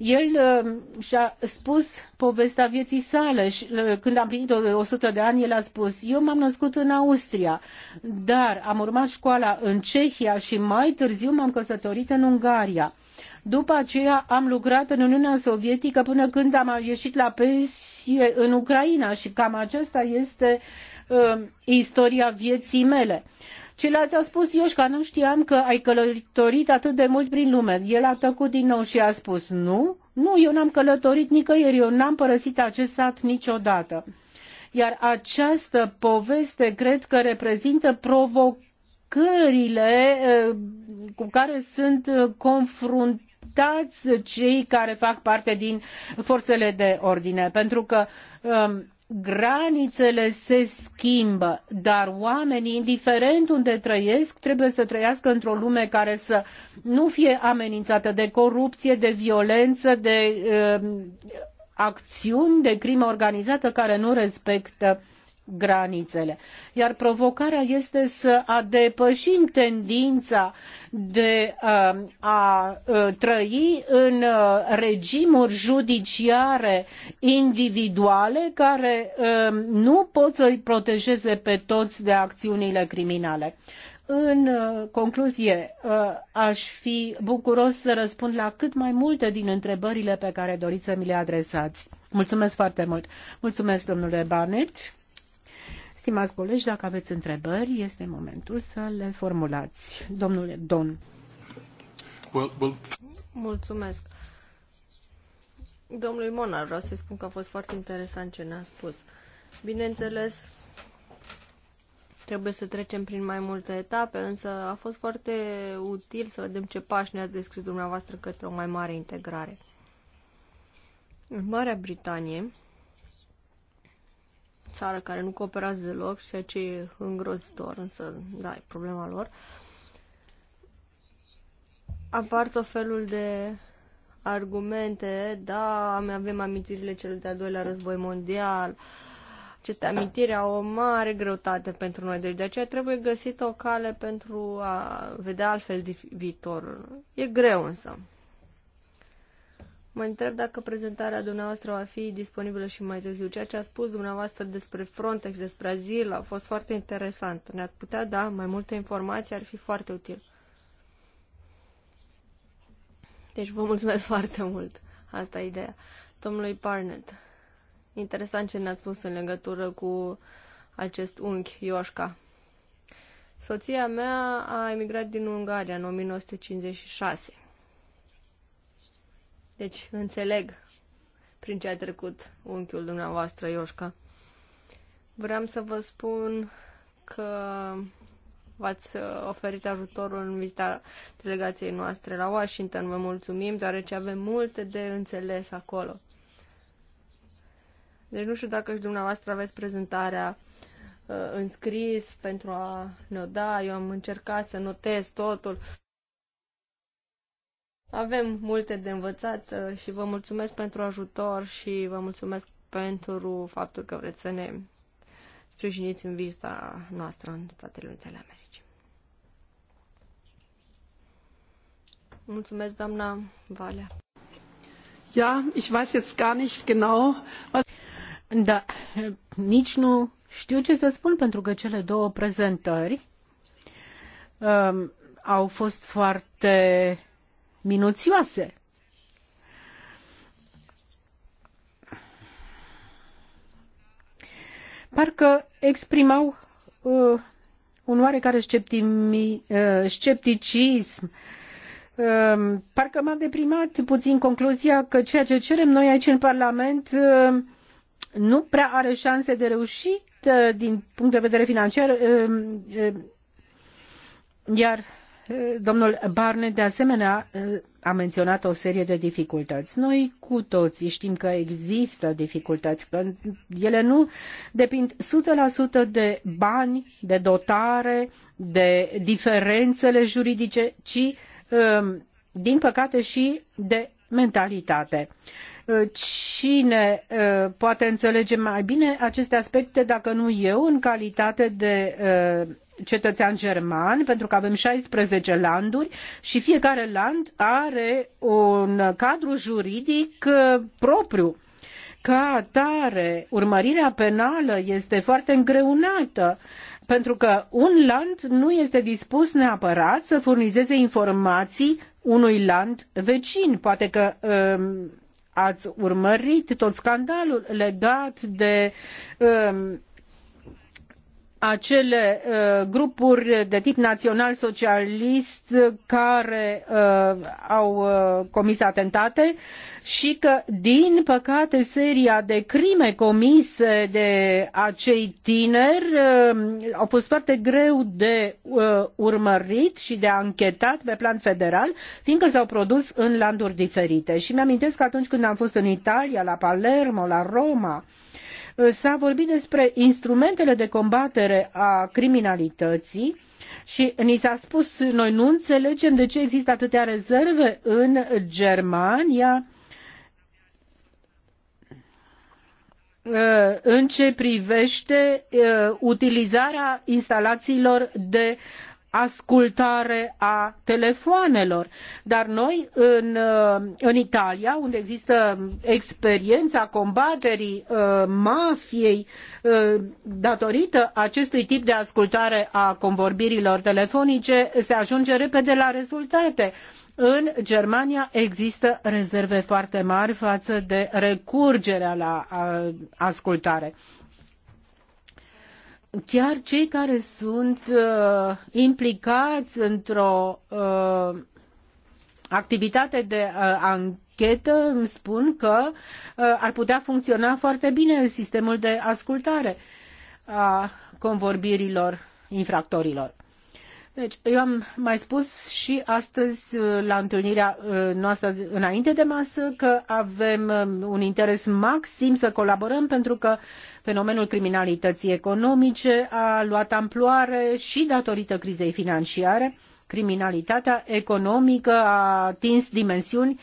S3: el uh, și-a spus povestea vieții sale și uh, când am plinit 100 de ani, el a spus, eu m-am născut în Austria, dar am urmat școala în Cehia și mai târziu m-am căsătorit în Ungaria. După aceea am lucrat în Uniunea Sovietică până când am ieșit la pensie în Ucraina și cam aceasta este uh, istoria vieții mele. Uh, Ceilalți au spus, Ioșca, nu știam că ai călătorit atât de mult prin lume. El a tăcut din nou și a spus, nu, nu, eu n-am călătorit nicăieri, eu n-am părăsit acest sat niciodată. Iar această poveste cred că reprezintă provocările eh, cu care sunt eh, confruntați cei care fac parte din forțele de ordine. Pentru că eh, granițele se schimbă, dar oamenii, indiferent unde trăiesc, trebuie să trăiască într-o lume care să nu fie amenințată de corupție, de violență, de uh, acțiuni de crimă organizată care nu respectă granițele. Iar provocarea este să a depășim tendința de um, a, a uh, trăi în uh, regimuri judiciare individuale care um, nu pot să-i protejeze pe toți de acțiunile criminale. În uh, concluzie, aș fi bucuros să răspund la cât mai multe din întrebările pe care doriți să mi le adresați. Mulțumesc foarte mult. Mulțumesc, domnule Barnett. Stimați colegi, dacă aveți întrebări, este momentul să le formulați. Domnule Don.
S2: Well, well.
S1: Mulțumesc. Domnului Monar, vreau să spun că a fost foarte interesant ce ne-a spus. Bineînțeles, trebuie să trecem prin mai multe etape, însă a fost foarte util să vedem ce pași ne-a descris dumneavoastră către o mai mare integrare. În Marea Britanie, țară care nu cooperează deloc, ceea ce e îngrozitor, însă, da, e problema lor. Apar tot felul de argumente, da, avem amintirile cele de-al doilea război mondial, aceste amintiri au o mare greutate pentru noi, deci de aceea trebuie găsit o cale pentru a vedea altfel viitorul. E greu însă, Mă întreb dacă prezentarea dumneavoastră va fi disponibilă și mai târziu. Ceea ce a spus dumneavoastră despre Frontex, despre azil, a fost foarte interesant. Ne-ați putea da mai multe informații, ar fi foarte util. Deci vă mulțumesc foarte mult. Asta e ideea. Domnului Parnet, interesant ce ne-ați spus în legătură cu acest unchi, Ioșca. Soția mea a emigrat din Ungaria în 1956 deci înțeleg prin ce a trecut unchiul dumneavoastră, Ioșca. Vreau să vă spun că v-ați oferit ajutorul în vizita delegației noastre la Washington. Vă mulțumim, deoarece avem multe de înțeles acolo. Deci nu știu dacă și dumneavoastră aveți prezentarea uh, înscris pentru a ne da. Eu am încercat să notez totul. Avem multe de învățat uh, și vă mulțumesc pentru ajutor și vă mulțumesc pentru faptul că vreți să ne sprijiniți în vizita noastră în Statele Unite ale Americii. Mulțumesc, doamna Valea. Ja,
S3: ich weiß jetzt gar nicht genau, was... Da, nici nu știu ce să spun pentru că cele două prezentări um, au fost foarte minuțioase. Parcă exprimau uh, un oarecare sceptimi, uh, scepticism. Uh, parcă m-a deprimat puțin concluzia că ceea ce cerem noi aici în Parlament uh, nu prea are șanse de uh, din punct de vedere financiar, uh, uh, iar Domnul Barne, de asemenea, a menționat o serie de dificultăți. Noi cu toții știm că există dificultăți, că ele nu depind 100% de bani, de dotare, de diferențele juridice, ci, um, din păcate, și de mentalitate. Uh, cine uh, poate înțelege mai bine aceste aspecte dacă nu eu în calitate de uh, cetățean german, pentru că avem 16 landuri și fiecare land are un cadru juridic propriu. Ca atare, urmărirea penală este foarte îngreunată pentru că un land nu este dispus neapărat să furnizeze informații unui land vecin. Poate că um, ați urmărit tot scandalul legat de um, acele uh, grupuri de tip național socialist care uh, au uh, comis atentate și că din păcate seria de crime comise de acei tineri uh, au fost foarte greu de uh, urmărit și de anchetat pe plan federal, fiindcă s-au produs în landuri diferite. Și mi-amintesc că atunci când am fost în Italia, la Palermo, la Roma, Uh, s-a vorbit despre instrumentele de combatere a criminalității și ni s-a spus, noi nu înțelegem de ce există atâtea rezerve în Germania uh, în ce privește uh, utilizarea instalațiilor de ascultare a telefoanelor. Dar noi, în, în Italia, unde există experiența combaterii uh, mafiei uh, datorită acestui tip de ascultare a convorbirilor telefonice, se ajunge repede la rezultate. În Germania există rezerve foarte mari față de recurgerea la uh, ascultare chiar cei care sunt uh, implicați într-o uh, activitate de uh, anchetă îmi spun că uh, ar putea funcționa foarte bine sistemul de ascultare a convorbirilor infractorilor. Deci, eu am mai spus și astăzi uh, la întâlnirea uh, noastră înainte de masă că avem uh, un interes maxim să colaborăm pentru că fenomenul criminalității economice a luat amploare și datorită crizei financiare. Criminalitatea economică a atins dimensiuni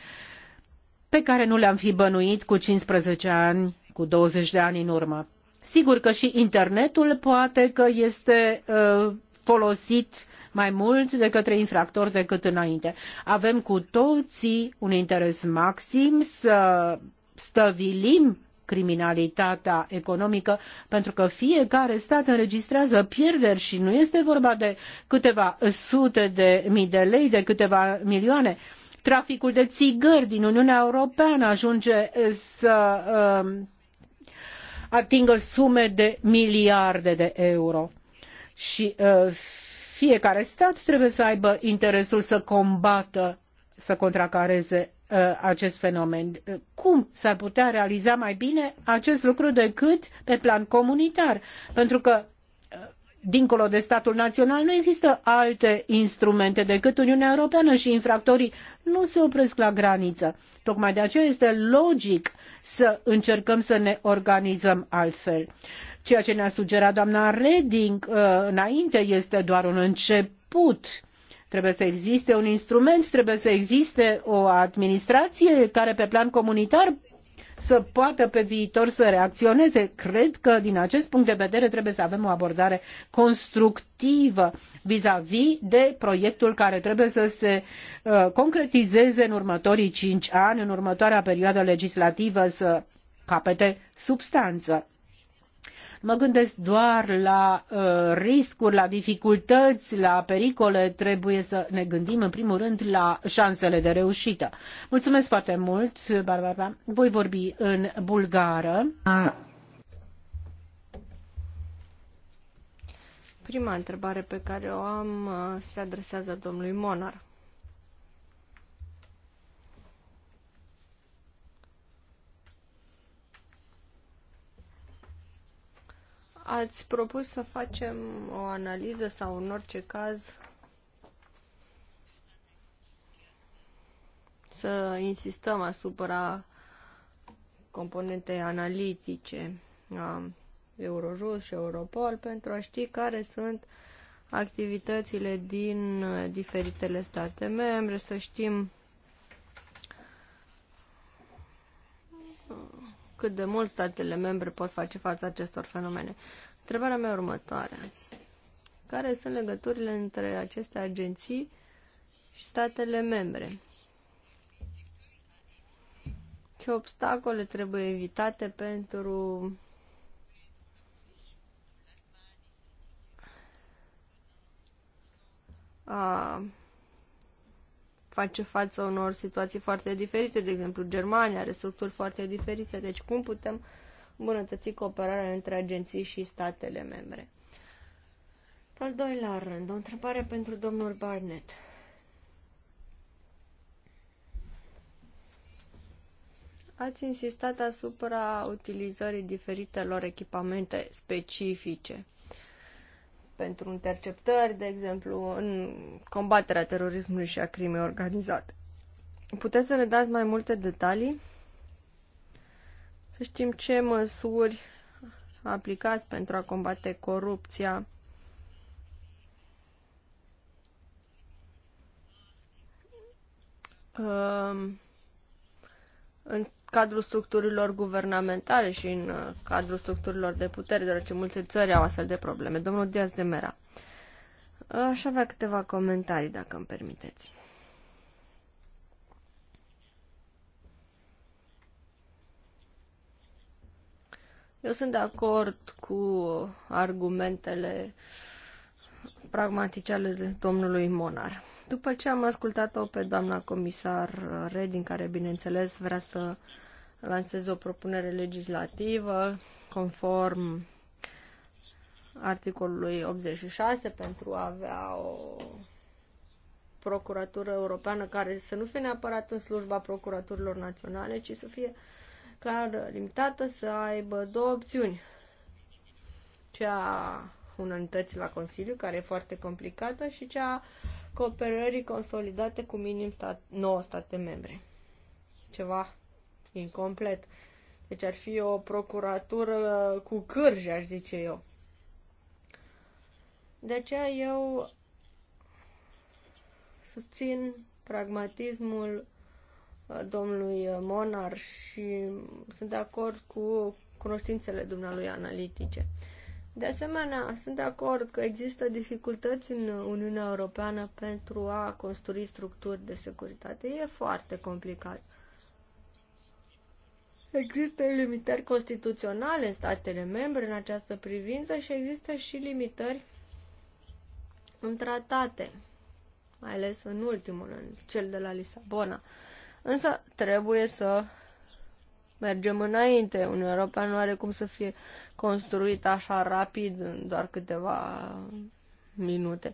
S3: pe care nu le-am fi bănuit cu 15 ani, cu 20 de ani în urmă. Sigur că și internetul poate că este uh, folosit mai mult de către infractori decât înainte. Avem cu toții un interes maxim să stăvilim criminalitatea economică, pentru că fiecare stat înregistrează pierderi și nu este vorba de câteva sute de mii de lei, de câteva milioane. Traficul de țigări din Uniunea Europeană ajunge să uh, atingă sume de miliarde de euro. Și uh, fiecare stat trebuie să aibă interesul să combată, să contracareze uh, acest fenomen. Cum s-ar putea realiza mai bine acest lucru decât pe plan comunitar? Pentru că uh, dincolo de statul național nu există alte instrumente decât Uniunea Europeană și infractorii nu se opresc la graniță. Tocmai de aceea este logic să încercăm să ne organizăm altfel. Ceea ce ne-a sugerat doamna Reding uh, înainte este doar un început trebuie să existe un instrument, trebuie să existe o administrație care pe plan comunitar să poată pe viitor să reacționeze. Cred că din acest punct de vedere trebuie să avem o abordare constructivă vis-a-vis de proiectul care trebuie să se uh, concretizeze în următorii cinci ani, în următoarea perioadă legislativă să capete substanță. Mă gândesc doar la uh, riscuri, la dificultăți, la pericole. Trebuie să ne gândim în primul rând la șansele de reușită. Mulțumesc foarte mult, Barbara. Voi vorbi în bulgară.
S2: A
S1: Prima întrebare pe care o am uh, se adresează domnului Monar. Ați propus să facem o analiză sau în orice caz să insistăm asupra componentei analitice a Eurojust și Europol pentru a ști care sunt activitățile din diferitele state membre, să știm cât de mult statele membre pot face față acestor fenomene. Întrebarea mea următoare. Care sunt legăturile între aceste agenții și statele membre? Ce obstacole trebuie evitate pentru a face față unor situații foarte diferite, de exemplu Germania are structuri foarte diferite, deci cum putem îmbunătăți cooperarea între agenții și statele membre. Al doilea rând, o întrebare pentru domnul Barnett. Ați insistat asupra utilizării diferitelor echipamente specifice pentru interceptări, de exemplu, în combaterea terorismului și a crimei organizate. Puteți să ne dați mai multe detalii? Să știm ce măsuri aplicați pentru a combate corupția. În cadrul structurilor guvernamentale și în uh, cadrul structurilor de putere, deoarece multe țări au astfel de probleme. Domnul Diaz de Mera. Aș avea câteva comentarii, dacă îmi permiteți. Eu sunt de acord cu argumentele pragmatice ale domnului Monar. După ce am ascultat-o pe doamna comisar Redin, care, bineînțeles, vrea să lanseze o propunere legislativă conform articolului 86 pentru a avea o procuratură europeană care să nu fie neapărat în slujba procuraturilor naționale, ci să fie clar limitată, să aibă două opțiuni. Cea unanimătății la Consiliu, care e foarte complicată, și cea uh, cooperării consolidate cu minim stat, 9 state membre. Ceva incomplet. Deci ar fi o procuratură cu cârje, aș zice eu. De aceea eu susțin pragmatismul uh, domnului Monar și sunt de acord cu cunoștințele dumnealui analitice. De asemenea, sunt de acord că există dificultăți în Uniunea Europeană pentru a construi structuri de securitate. E foarte complicat. Există limitări constituționale în statele membre în această privință și există și limitări în tratate, mai ales în ultimul, în cel de la Lisabona. Însă trebuie să mergem înainte. Uniunea Europeană nu are cum să fie construită așa rapid în doar câteva minute.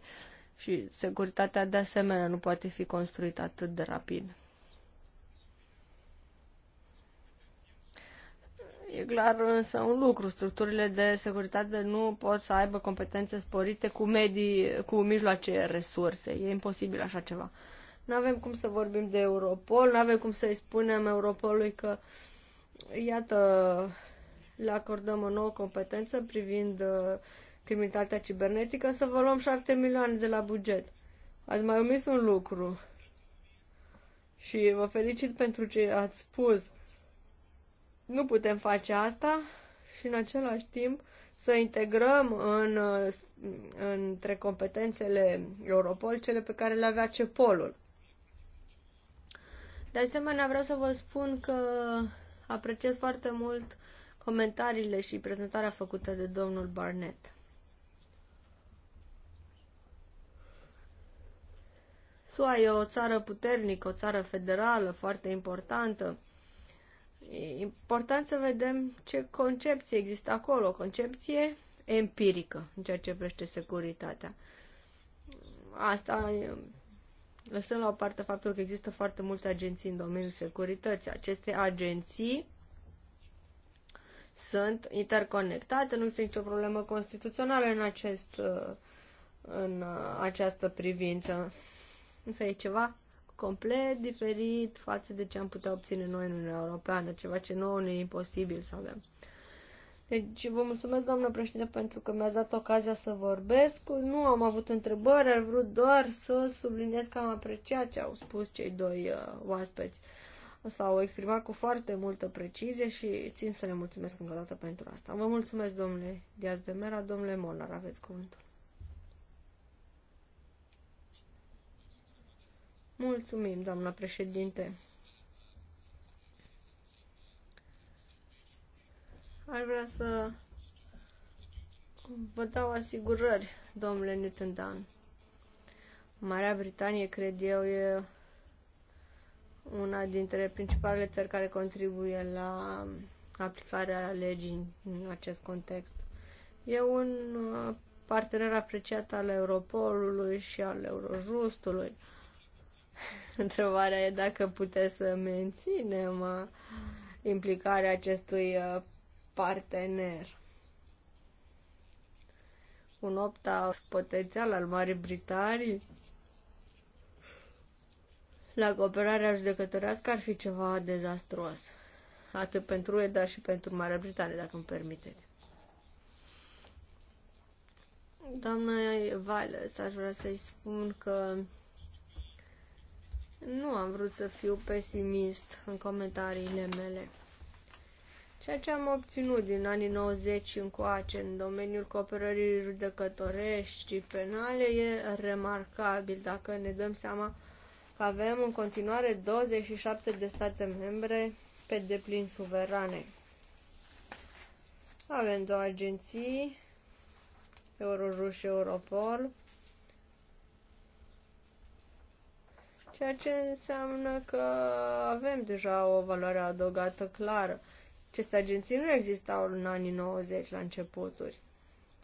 S1: Și securitatea de asemenea nu poate fi construită atât de rapid. E clar însă un lucru, structurile de securitate nu pot să aibă competențe sporite cu medii, cu mijloace resurse. E imposibil așa ceva. Nu avem cum să vorbim de Europol, nu avem cum să-i spunem Europolului că uh, Iată, le acordăm o nouă competență privind uh, criminalitatea cibernetică, să vă luăm 7 milioane de la buget. Ați mai omis un lucru. Și vă felicit pentru ce ați spus. Nu putem face asta și în același timp să integrăm în, uh, între competențele Europol cele pe care le avea Cepolul. De asemenea, vreau să vă spun că Apreciez foarte mult comentariile și prezentarea făcută de domnul Barnett. SUA e o țară puternică, o țară federală, foarte importantă. E important să vedem ce concepție există acolo, o concepție empirică în ceea ce privește securitatea. Asta lăsăm la o parte faptul că există foarte multe agenții în domeniul securității. Aceste agenții sunt interconectate, nu există nicio problemă constituțională în, acest, în această privință. Însă e ceva complet diferit față de ce am putea obține noi în Uniunea Europeană, ceva ce nouă nu e imposibil să avem. Deci vă mulțumesc, doamnă președinte, pentru că mi-ați dat ocazia să vorbesc. Nu am avut întrebări, am vrut doar să subliniez că am apreciat ce au spus cei doi uh, oaspeți. S-au exprimat cu foarte multă precizie și țin să le mulțumesc încă o dată pentru asta. Vă mulțumesc, domnule Diaz de Mera, domnule Molnar, aveți cuvântul. Mulțumim, doamna președinte. Ar vrea să vă dau asigurări, domnule Newton Dan. Marea Britanie, cred eu, e una dintre principalele țări care contribuie la aplicarea legii în acest context. E un uh, partener apreciat al Europolului și al Eurojustului. Întrebarea e dacă puteți să menținem uh, implicarea acestui uh, partener. Un opta potențial al Marii Britanii la cooperarea judecătorească ar fi ceva dezastruos. Atât pentru UE, dar și pentru Marea Britanie, dacă îmi permiteți. Doamna Vales, aș vrea să-i spun că nu am vrut să fiu pesimist în comentariile mele. Ceea ce am obținut din anii 90 încoace în domeniul cooperării judecătorești și penale e remarcabil dacă ne dăm seama că avem în continuare 27 de state membre pe deplin suverane. Avem două agenții, Eurojust și Europol, ceea ce înseamnă că avem deja o valoare adăugată clară. Aceste agenții nu existau în anii 90 la începuturi.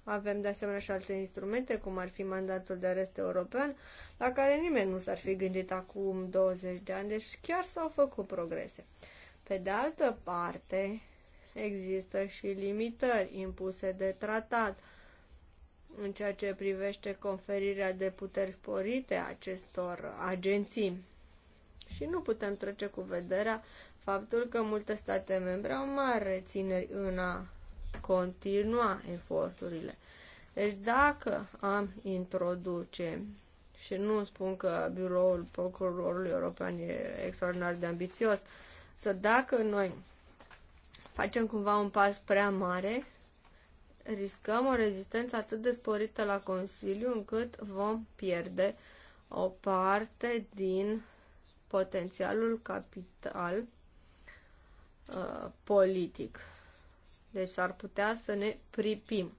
S1: Avem de asemenea și alte instrumente, cum ar fi mandatul de arest european, la care nimeni nu s-ar fi gândit acum 20 de ani, deci chiar s-au făcut progrese. Pe de altă parte, există și limitări impuse de tratat în ceea ce privește conferirea de puteri sporite acestor agenții. Și nu putem trece cu vederea faptul că multe state membre au mari rețineri în a continua eforturile. Deci dacă am introduce, și nu spun că biroul procurorului european e extraordinar de ambițios, să dacă noi facem cumva un pas prea mare, riscăm o rezistență atât de sporită la Consiliu încât vom pierde o parte din potențialul capital Uh, politic. Deci s-ar putea să ne pripim.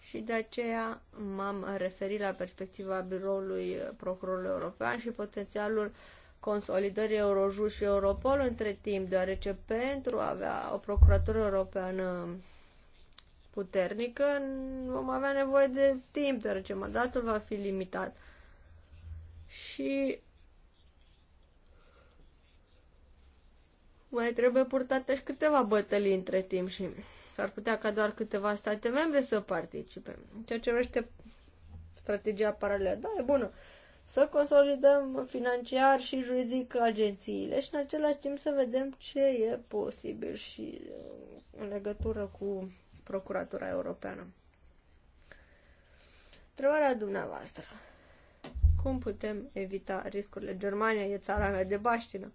S1: Și de aceea m-am referit la perspectiva biroului procurorului european și potențialul consolidării Euroju și Europol între timp, deoarece pentru a avea o procuratură europeană puternică, vom avea nevoie de timp, deoarece mandatul va fi limitat. Și mai trebuie purtate și câteva bătălii între timp și s-ar putea ca doar câteva state membre să participe. Ceea ce vrește strategia paralelă. Da, e bună. Să consolidăm financiar și juridic agențiile și în același timp să vedem ce e posibil și uh, în legătură cu Procuratura Europeană. Întrebarea dumneavoastră. Cum putem evita riscurile? Germania e țara mea de baștină.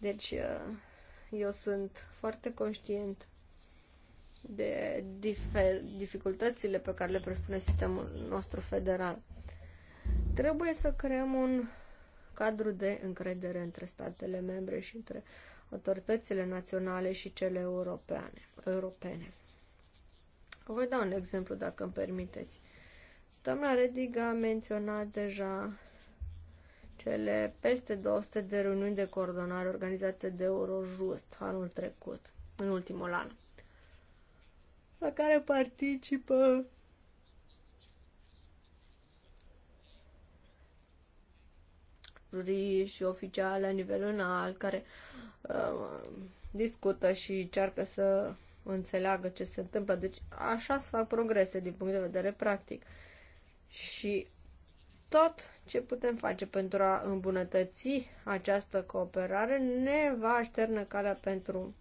S1: Deci, uh, eu sunt foarte conștient de dificultățile pe care le presupune sistemul nostru federal. Trebuie să creăm un cadru de încredere între statele membre și între autoritățile naționale și cele europeane. europene. Voi da un exemplu, dacă îmi permiteți. Doamna Redig a menționat deja cele peste 200 de reuniuni de coordonare organizate de Eurojust anul trecut, în ultimul an, la care participă și oficiali la nivel înalt care uh, discută și încearcă să înțeleagă ce se întâmplă. Deci așa se fac progrese din punct de vedere practic. Și tot ce putem face pentru a îmbunătăți această cooperare ne va șterne calea pentru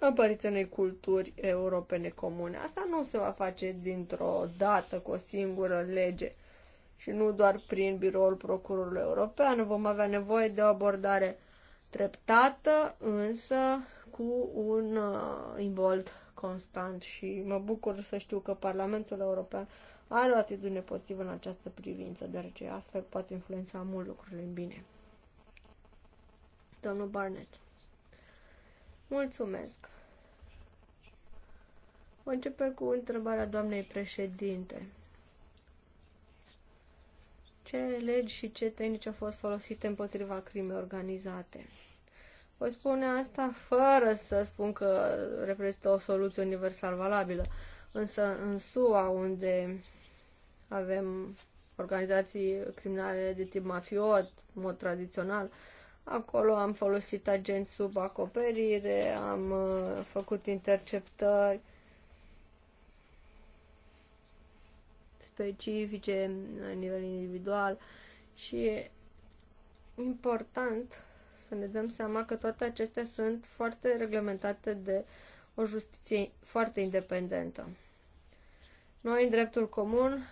S1: apariția unei culturi europene comune. Asta nu se va face dintr-o dată cu o singură lege și nu doar prin biroul procurorului european. Vom avea nevoie de o abordare treptată, însă cu un uh, involt constant și mă bucur să știu că Parlamentul European are o atitudine pozitivă în această privință, deoarece astfel poate influența mult lucrurile în bine. Domnul Barnett. Mulțumesc. Vă începe cu întrebarea doamnei președinte. Ce legi și ce tehnici au fost folosite împotriva crimei organizate? Voi spune asta fără să spun că reprezintă o soluție universal valabilă. Însă în SUA, unde avem organizații criminale de tip mafiot, în mod tradițional. Acolo am folosit agenți sub acoperire, am uh, făcut interceptări specifice la nivel individual și e important să ne dăm seama că toate acestea sunt foarte reglementate de o justiție foarte independentă. Noi, în dreptul comun,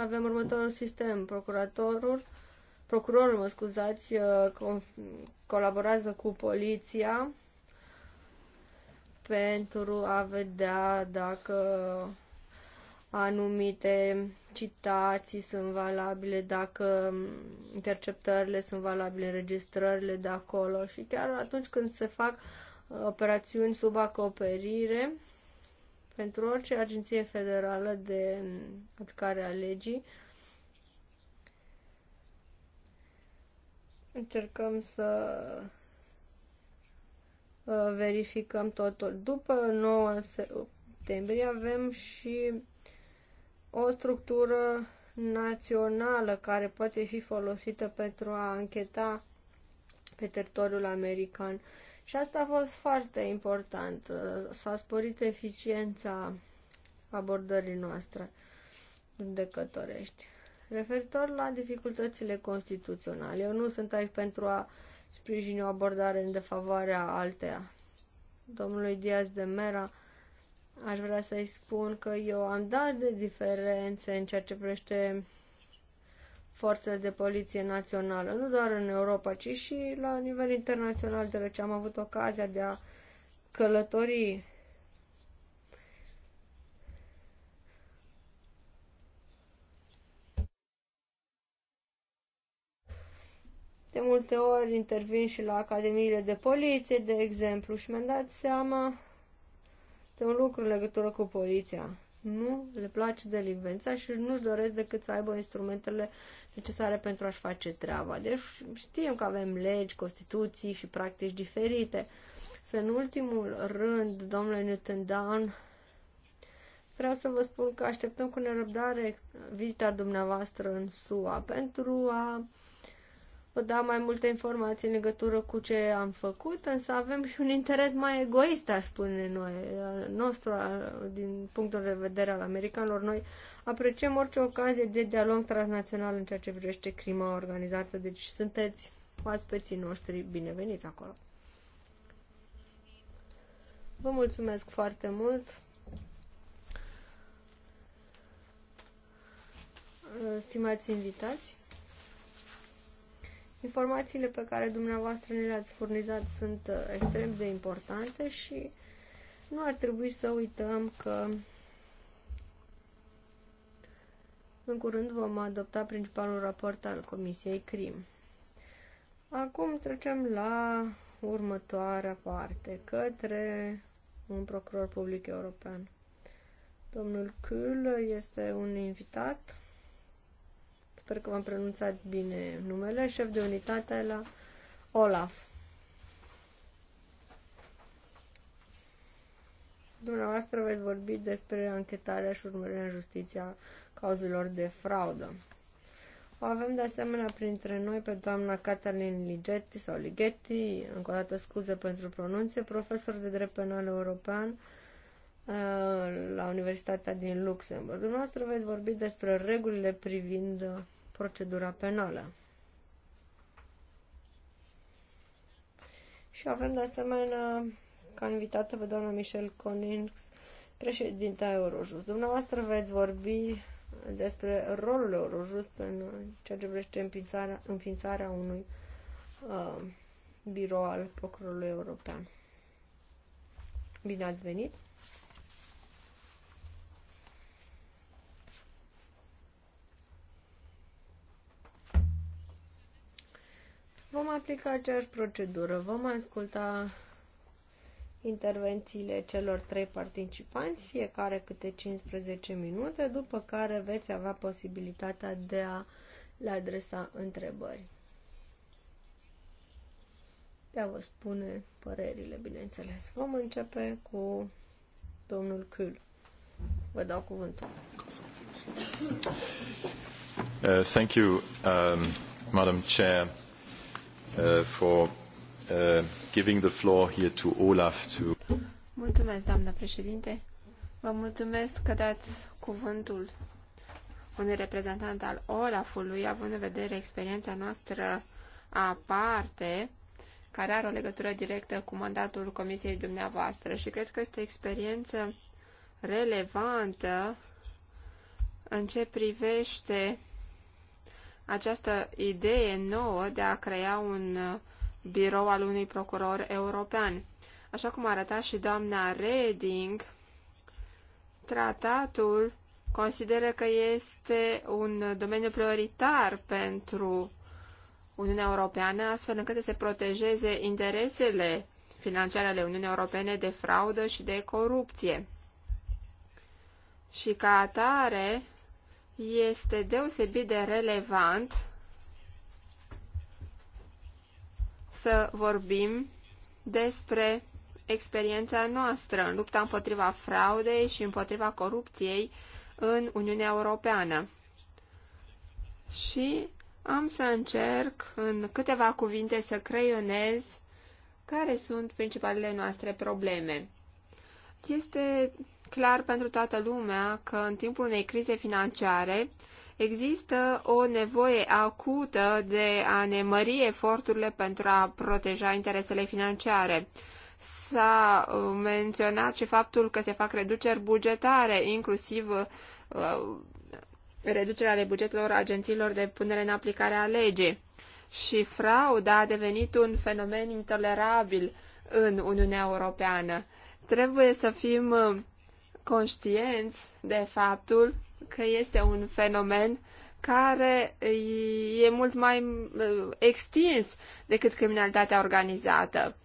S1: avem următorul sistem. Procuratorul, procurorul, mă scuzați, uh, colaborează cu poliția pentru a vedea dacă anumite citații sunt valabile, dacă interceptările sunt valabile, înregistrările de acolo și chiar atunci când se fac uh, operațiuni sub acoperire, pentru orice agenție federală de aplicare a legii. Încercăm să uh, verificăm totul. După 9 septembrie avem și o structură națională care poate fi folosită pentru a încheta pe teritoriul american. Și asta a fost foarte important. S-a sporit eficiența abordării noastre judecătorești. Referitor la dificultățile constituționale, eu nu sunt aici pentru a sprijini o abordare în defavoarea alteia. Domnului Diaz de Mera, aș vrea să-i spun că eu am dat de diferențe în ceea ce privește forțele de poliție națională, nu doar în Europa, ci și la nivel internațional, deoarece am avut ocazia de a călători De multe ori intervin și la academiile de poliție, de exemplu, și mi-am dat seama de un lucru în legătură cu poliția. Nu le place delinvența și nu-și doresc decât să aibă instrumentele necesare pentru a-și face treaba. Deci știm că avem legi, constituții și practici diferite. Să în ultimul rând, domnule Newton Down, vreau să vă spun că așteptăm cu nerăbdare vizita dumneavoastră în SUA pentru a vă da mai multe informații în legătură cu ce am făcut, însă avem și un interes mai egoist, aș spune noi, al nostru, din punctul de vedere al americanilor. Noi apreciem orice ocazie de dialog transnațional în ceea ce privește crima organizată, deci sunteți oaspeții noștri bineveniți acolo. Vă mulțumesc foarte mult! Stimați invitați! Informațiile pe care dumneavoastră ne le-ați furnizat sunt uh, extrem de importante și nu ar trebui să uităm că în curând vom adopta principalul raport al Comisiei CRIM. Acum trecem la următoarea parte, către un procuror public european. Domnul Kühl este un invitat sper că v-am pronunțat bine numele, șef de unitate la OLAF. Dumneavoastră veți vorbi despre anchetarea și urmărirea justiția cauzelor de fraudă. O avem de asemenea printre noi pe doamna Catalin Ligeti sau Ligeti, încă o dată scuze pentru pronunție, profesor de drept penal european Uh, la Universitatea din Luxemburg. Dumneavoastră veți vorbi despre regulile privind uh, procedura penală. Și avem de asemenea ca invitată pe doamna Michel Conings, președinta Eurojust. Dumneavoastră veți vorbi despre rolul Eurojust în ceea ce privește înființarea, înființarea unui uh, birou al procurorului european. Bine ați venit! Vom aplica aceeași procedură. Vom asculta intervențiile celor trei participanți, fiecare câte 15 minute, după care veți avea posibilitatea de a le adresa întrebări. De a vă spune părerile, bineînțeles. Vom începe cu domnul Kühl. Vă dau cuvântul.
S3: Uh, thank you, um, Madam Chair. Uh, for uh, giving the floor here to Olaf to...
S2: Mulțumesc, doamnă președinte. Vă mulțumesc că dați cuvântul unui reprezentant al Olafului, având în vedere experiența noastră aparte, care are o legătură directă cu mandatul comisiei dumneavoastră și cred că este o experiență relevantă în ce privește această idee nouă de a crea un uh, birou al unui procuror european. Așa cum arăta și doamna Reding, tratatul consideră că este un domeniu prioritar pentru Uniunea Europeană, astfel încât să se protejeze interesele financiare ale Uniunii Europene de fraudă și de corupție. Și ca atare, este deosebit de relevant să vorbim despre experiența noastră în lupta împotriva fraudei și împotriva corupției în Uniunea Europeană. Și am să încerc în câteva cuvinte să creionez care sunt principalele noastre probleme. Este clar pentru toată lumea că în timpul unei crize financiare există o nevoie acută de a ne mări eforturile pentru a proteja interesele financiare. S-a uh, menționat și faptul că se fac reduceri bugetare, inclusiv uh, reducerea ale bugetelor agențiilor de punere în aplicare a legii. Și frauda a devenit un fenomen intolerabil în Uniunea Europeană. Trebuie să fim uh, conștienți de faptul că este un fenomen care e mult mai uh, extins decât criminalitatea organizată.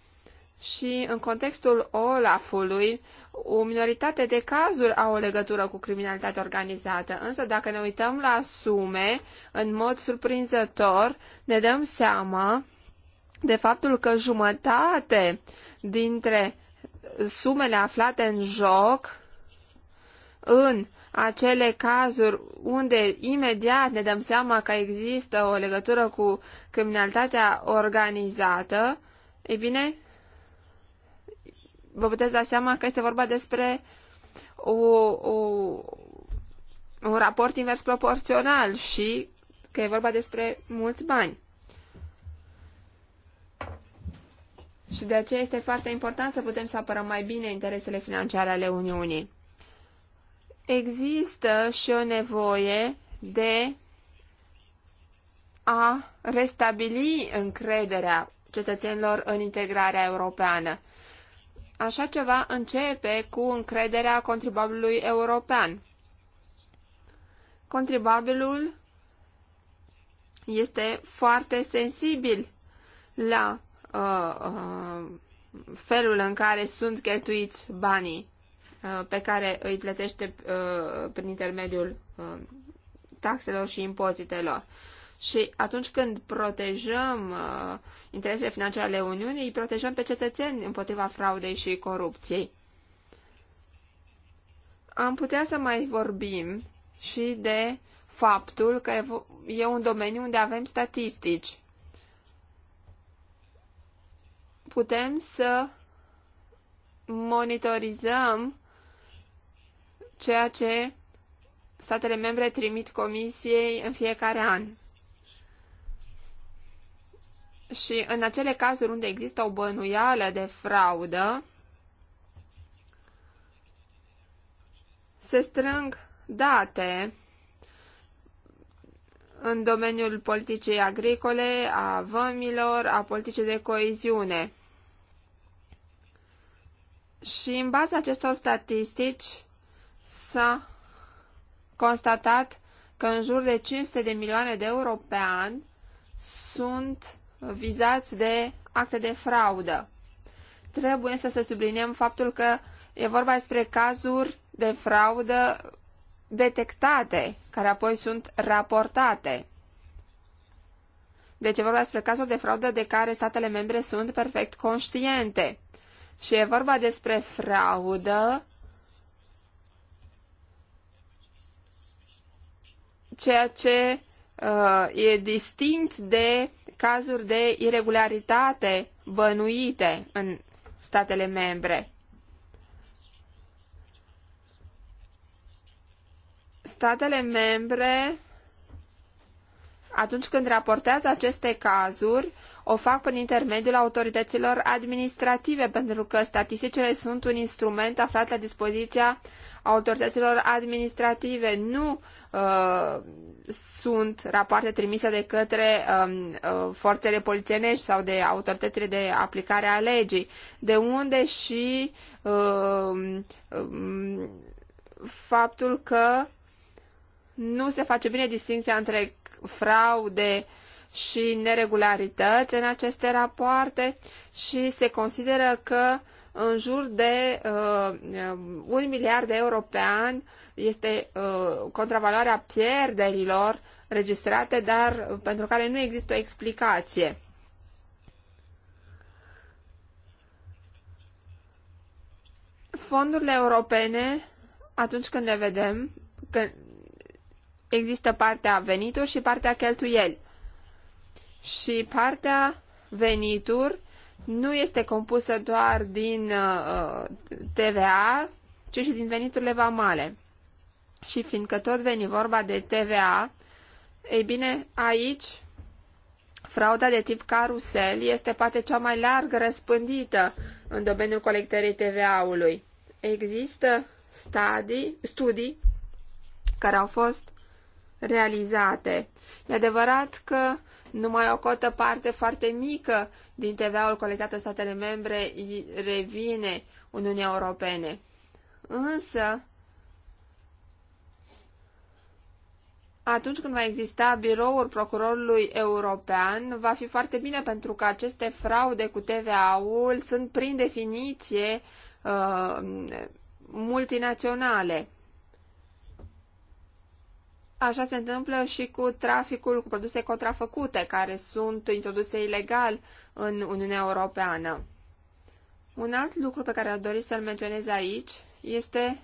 S2: Și în contextul Olafului, o minoritate de cazuri au o legătură cu criminalitatea organizată, însă dacă ne uităm la sume, în mod surprinzător, ne dăm seama de faptul că jumătate dintre sumele aflate în joc în acele cazuri unde imediat ne dăm seama că există o legătură cu criminalitatea organizată, e bine, vă puteți da seama că este vorba despre o, o, un raport invers proporțional și că e vorba despre mulți bani. Și de aceea este foarte important să putem să apărăm mai bine interesele financiare ale Uniunii există și o nevoie de a restabili încrederea cetățenilor în integrarea europeană. Așa ceva începe cu încrederea contribuabilului european. Contribuabilul este foarte sensibil la uh, uh, felul în care sunt cheltuiți banii Uh, pe care îi plătește uh, prin intermediul uh, taxelor și impozitelor. Și atunci când protejăm interesele financiare ale Uniunii, îi protejăm pe cetățeni împotriva fraudei și corupției. Am putea să mai vorbim și de faptul că e un domeniu unde avem statistici. Putem să monitorizăm ceea ce statele membre trimit comisiei în fiecare an. Și în acele cazuri unde există o bănuială de fraudă, se strâng date în domeniul politicii agricole, a vămilor, a politicii de coeziune. Și în baza acestor statistici s-a constatat că în jur de 500 de milioane de euro pe an sunt vizați de acte de fraudă. Trebuie să se subliniem faptul că e vorba despre cazuri de fraudă detectate, care apoi sunt raportate. Deci e vorba despre cazuri de fraudă de care statele membre sunt perfect conștiente. Și e vorba despre fraudă ceea ce uh, e distinct de cazuri de irregularitate bănuite în statele membre. Statele membre, atunci când raportează aceste cazuri, o fac prin intermediul autorităților administrative, pentru că statisticile sunt un instrument aflat la dispoziția uh, autorităților administrative, nu uh, sunt rapoarte trimise de către um, uh, forțele polițienești sau de autoritățile de aplicare a legii, de unde și uh, faptul că nu se face bine distinția între fraude și neregularități în aceste rapoarte și se consideră că uh, în jur de uh, un miliard de euro pe an este uh, contravaloarea pierderilor registrate, dar pentru care nu există o explicație. Fondurile europene, atunci când le vedem, că există partea venituri și partea cheltuieli. Și partea venituri nu este compusă doar din uh, TVA, ci și din veniturile vamale. Și fiindcă tot veni vorba de TVA, ei bine, aici frauda de tip carusel este poate cea mai largă, răspândită în domeniul colectării TVA-ului. Există stadii, studii care au fost realizate. E adevărat că numai o cotă parte foarte mică din TVA-ul colectat în statele membre revine Uniunii Europene. Însă, atunci când va exista biroul procurorului european, va fi foarte bine pentru că aceste fraude cu TVA-ul sunt prin definiție uh, multinaționale. Așa se întâmplă și cu traficul cu produse contrafăcute, care sunt introduse ilegal în Uniunea Europeană. Un alt lucru pe care ar dori să-l menționez aici este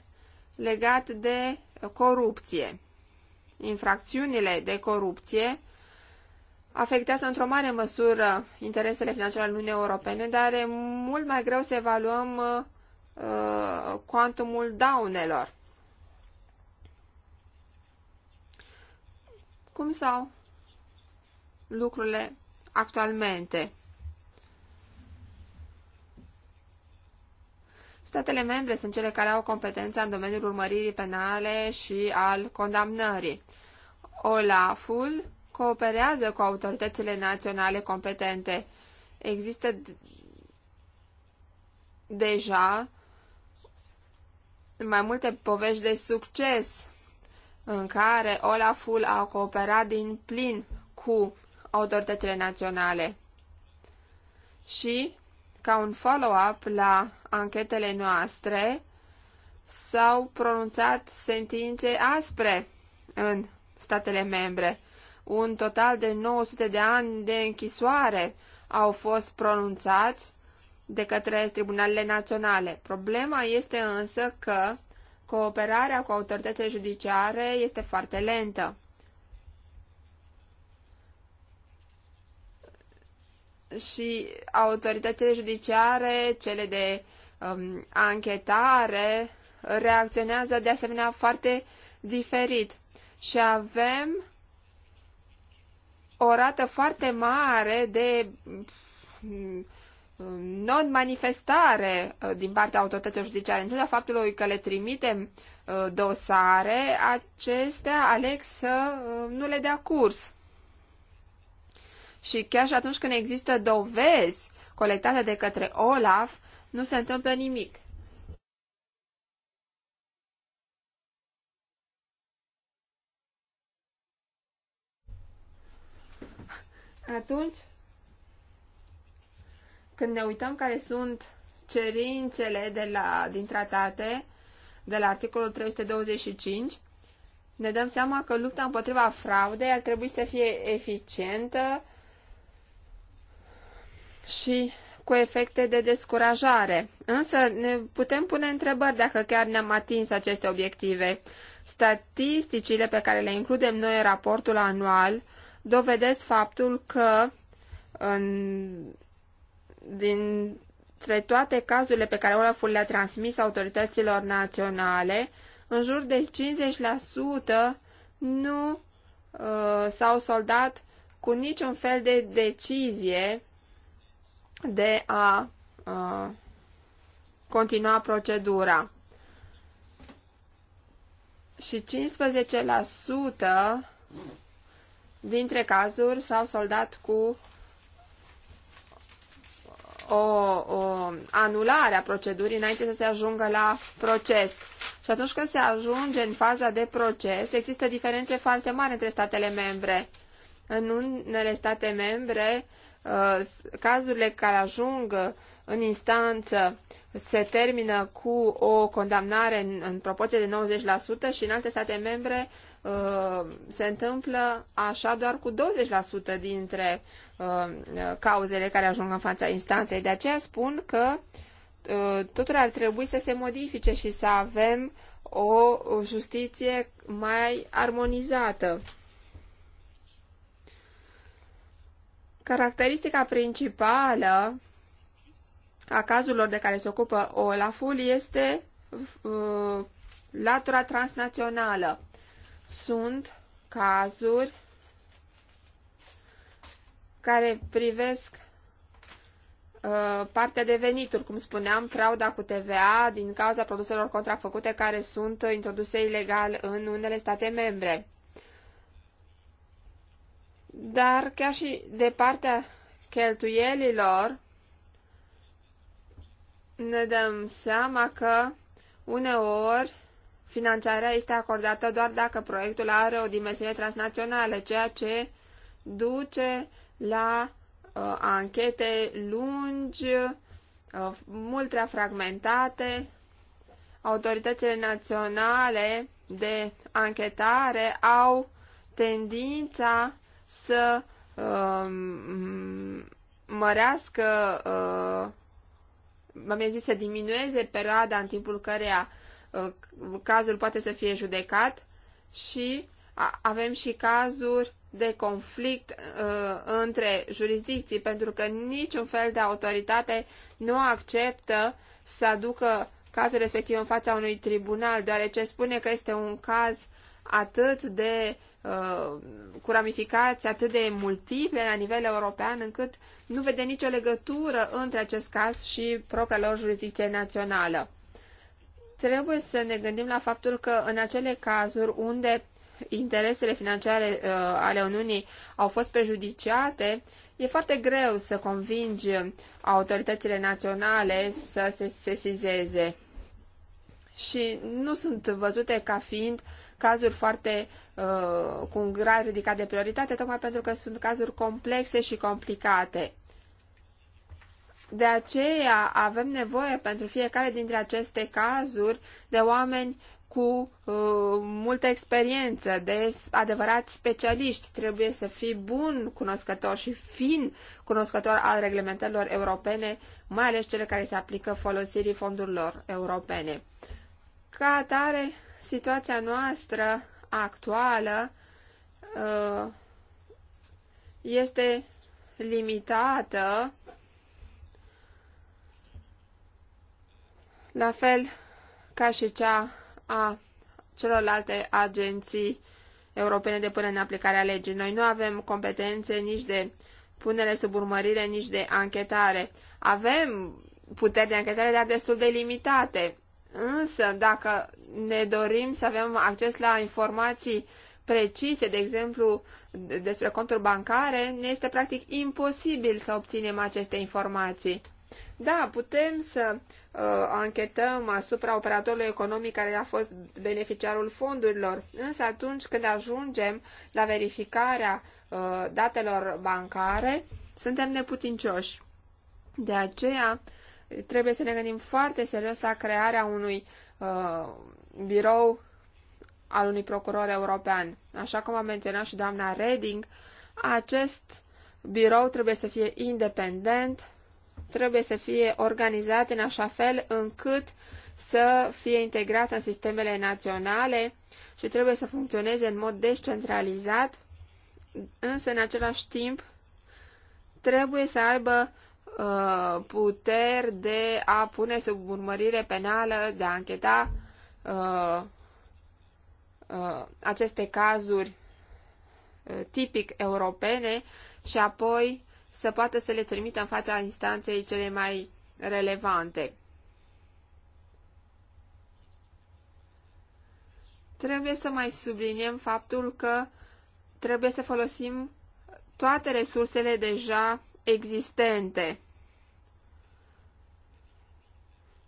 S2: legat de corupție. Infracțiunile de corupție afectează într-o mare măsură interesele financiare ale Uniunii Europene, dar e mult mai greu să evaluăm uh, quantumul uh, daunelor. Cum s-au lucrurile actualmente? Statele membre sunt cele care au competența în domeniul urmăririi penale și al condamnării. OLAF-ul cooperează cu autoritățile naționale competente. Există deja mai multe povești de succes în care Olaful a cooperat din plin cu autoritățile naționale. Și, ca un follow-up la anchetele noastre, s-au pronunțat sentințe aspre în statele membre. Un total de 900 de ani de închisoare au fost pronunțați de către tribunalele naționale. Problema este însă că Cooperarea cu autoritățile judiciare este foarte lentă. Și autoritățile judiciare, cele de um, anchetare, reacționează de asemenea foarte diferit. Și avem o rată foarte mare de um, non-manifestare uh, din partea autorităților judiciare, în ciuda faptului că le trimitem uh, dosare, acestea aleg să uh, nu le dea curs. Și chiar și atunci când există dovezi colectate de către Olaf, nu se întâmplă nimic. Atunci, când ne uităm care sunt cerințele de la, din tratate, de la articolul 325, ne dăm seama că lupta împotriva fraudei ar trebui să fie eficientă și cu efecte de descurajare. Însă ne putem pune întrebări dacă chiar ne-am atins aceste obiective. Statisticile pe care le includem noi în raportul anual dovedesc faptul că în dintre toate cazurile pe care Olaf le-a transmis autorităților naționale, în jur de 50% nu uh, s-au soldat cu niciun fel de decizie de a uh, continua procedura. Și 15% dintre cazuri s-au soldat cu o, o anulare a procedurii înainte să se ajungă la proces. Și atunci când se ajunge în faza de proces, există diferențe foarte mari între statele membre. În unele state membre, uh, cazurile care ajung în instanță se termină cu o condamnare în, în proporție de 90% și în alte state membre uh, se întâmplă așa doar cu 20% dintre uh, cauzele care ajung în fața instanței. De aceea spun că uh, totul ar trebui să se modifice și să avem o justiție mai armonizată. Caracteristica principală a cazurilor de care se ocupă Olaful este uh, latura transnațională. Sunt cazuri care privesc uh, partea de venituri, cum spuneam, frauda cu TVA din cauza produselor contrafăcute care sunt introduse ilegal în unele state membre. Dar chiar și de partea cheltuielilor, ne dăm seama că uneori finanțarea este acordată doar dacă proiectul are o dimensiune transnațională, ceea ce duce la uh, anchete lungi, uh, mult prea fragmentate. Autoritățile naționale de anchetare au tendința să uh, mărească uh, am zis să diminueze perioada în timpul căreia uh, cazul poate să fie judecat și avem și cazuri de conflict uh, între jurisdicții, pentru că niciun fel de autoritate nu acceptă să aducă cazul respectiv în fața unui tribunal, deoarece spune că este un caz atât de Uh, cu ramificații atât de multiple la nivel european încât nu vede nicio legătură între acest caz și propria lor jurisdicție națională. Trebuie să ne gândim la faptul că în acele cazuri unde interesele financiare uh, ale Uniunii au fost prejudiciate, e foarte greu să convingi autoritățile naționale să se sesizeze și nu sunt văzute ca fiind cazuri foarte uh, cu un grad ridicat de prioritate, tocmai pentru că sunt cazuri complexe și complicate. De aceea avem nevoie pentru fiecare dintre aceste cazuri de oameni cu uh, multă experiență, de adevărați specialiști. Trebuie să fii bun cunoscător și fin cunoscător al reglementărilor europene, mai ales cele care se aplică folosirii fondurilor europene. Ca atare, situația noastră actuală uh, este limitată la fel ca și cea a celorlalte agenții europene de până în aplicarea legii. Noi nu avem competențe nici de punere sub urmărire, nici de anchetare. Avem puteri de anchetare, dar destul de limitate. Însă, dacă ne dorim să avem acces la informații precise, de exemplu, despre conturi bancare, ne este practic imposibil să obținem aceste informații. Da, putem să uh, anchetăm asupra operatorului economic care a fost beneficiarul fondurilor, însă atunci când ajungem la verificarea uh, datelor bancare, suntem neputincioși. De aceea, uh, trebuie să ne gândim foarte serios la crearea unui uh, birou al unui procuror european. Așa cum a menționat și doamna Reding, acest birou trebuie să fie independent, trebuie să fie organizat în așa fel încât să fie integrat în sistemele naționale și trebuie să funcționeze în mod descentralizat, însă în același timp trebuie să aibă Uh, puteri de a pune sub urmărire penală, de a încheta uh, uh, aceste cazuri uh, tipic europene și apoi să poată să le trimită în fața instanței cele mai relevante. Trebuie să mai subliniem faptul că trebuie să folosim toate resursele deja existente,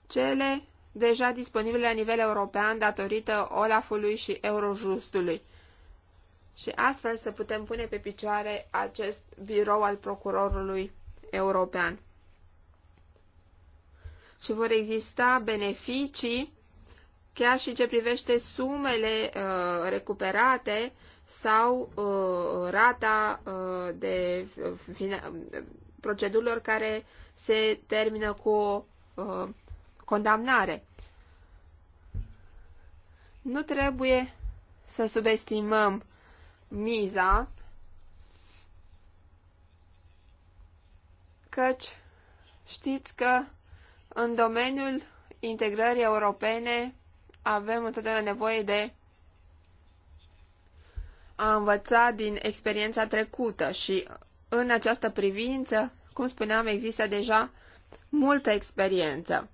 S2: cele deja disponibile la nivel european datorită Olafului și Eurojustului. Și astfel să putem pune pe picioare acest birou al procurorului european. Și vor exista beneficii chiar și ce privește sumele uh, recuperate sau uh, rata uh, de uh, uh, procedurilor care se termină cu o uh, condamnare. Nu trebuie să subestimăm miza, căci știți că în domeniul integrării europene avem întotdeauna nevoie de a învăța din experiența trecută și în această privință, cum spuneam, există deja multă experiență.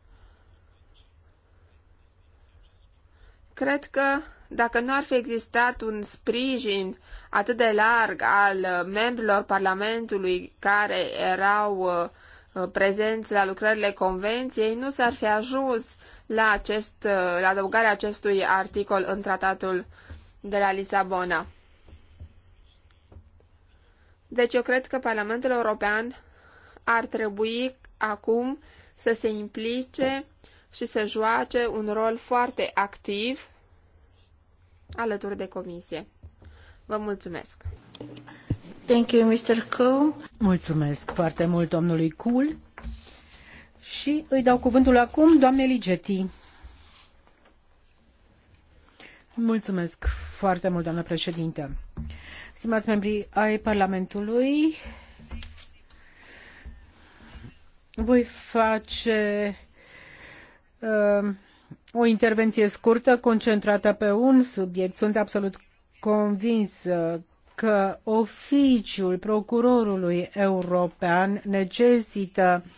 S2: Cred că dacă nu ar fi existat un sprijin atât de larg al membrilor Parlamentului care erau uh, prezenți la lucrările convenției, nu s-ar fi ajuns la, acest, la adăugarea acestui articol în tratatul de la Lisabona. Deci eu cred că Parlamentul European ar trebui acum să se implice și să joace un rol foarte activ alături de comisie. Vă mulțumesc!
S1: Thank you, Mr. Kuhl.
S3: Mulțumesc foarte mult domnului Kuhl
S2: și îi dau cuvântul
S3: acum doamnei Ligeti. Mulțumesc foarte mult, doamnă președinte. Stimați membri ai Parlamentului, voi face uh, o intervenție scurtă, concentrată pe un subiect. Sunt absolut convins că oficiul procurorului european necesită uh,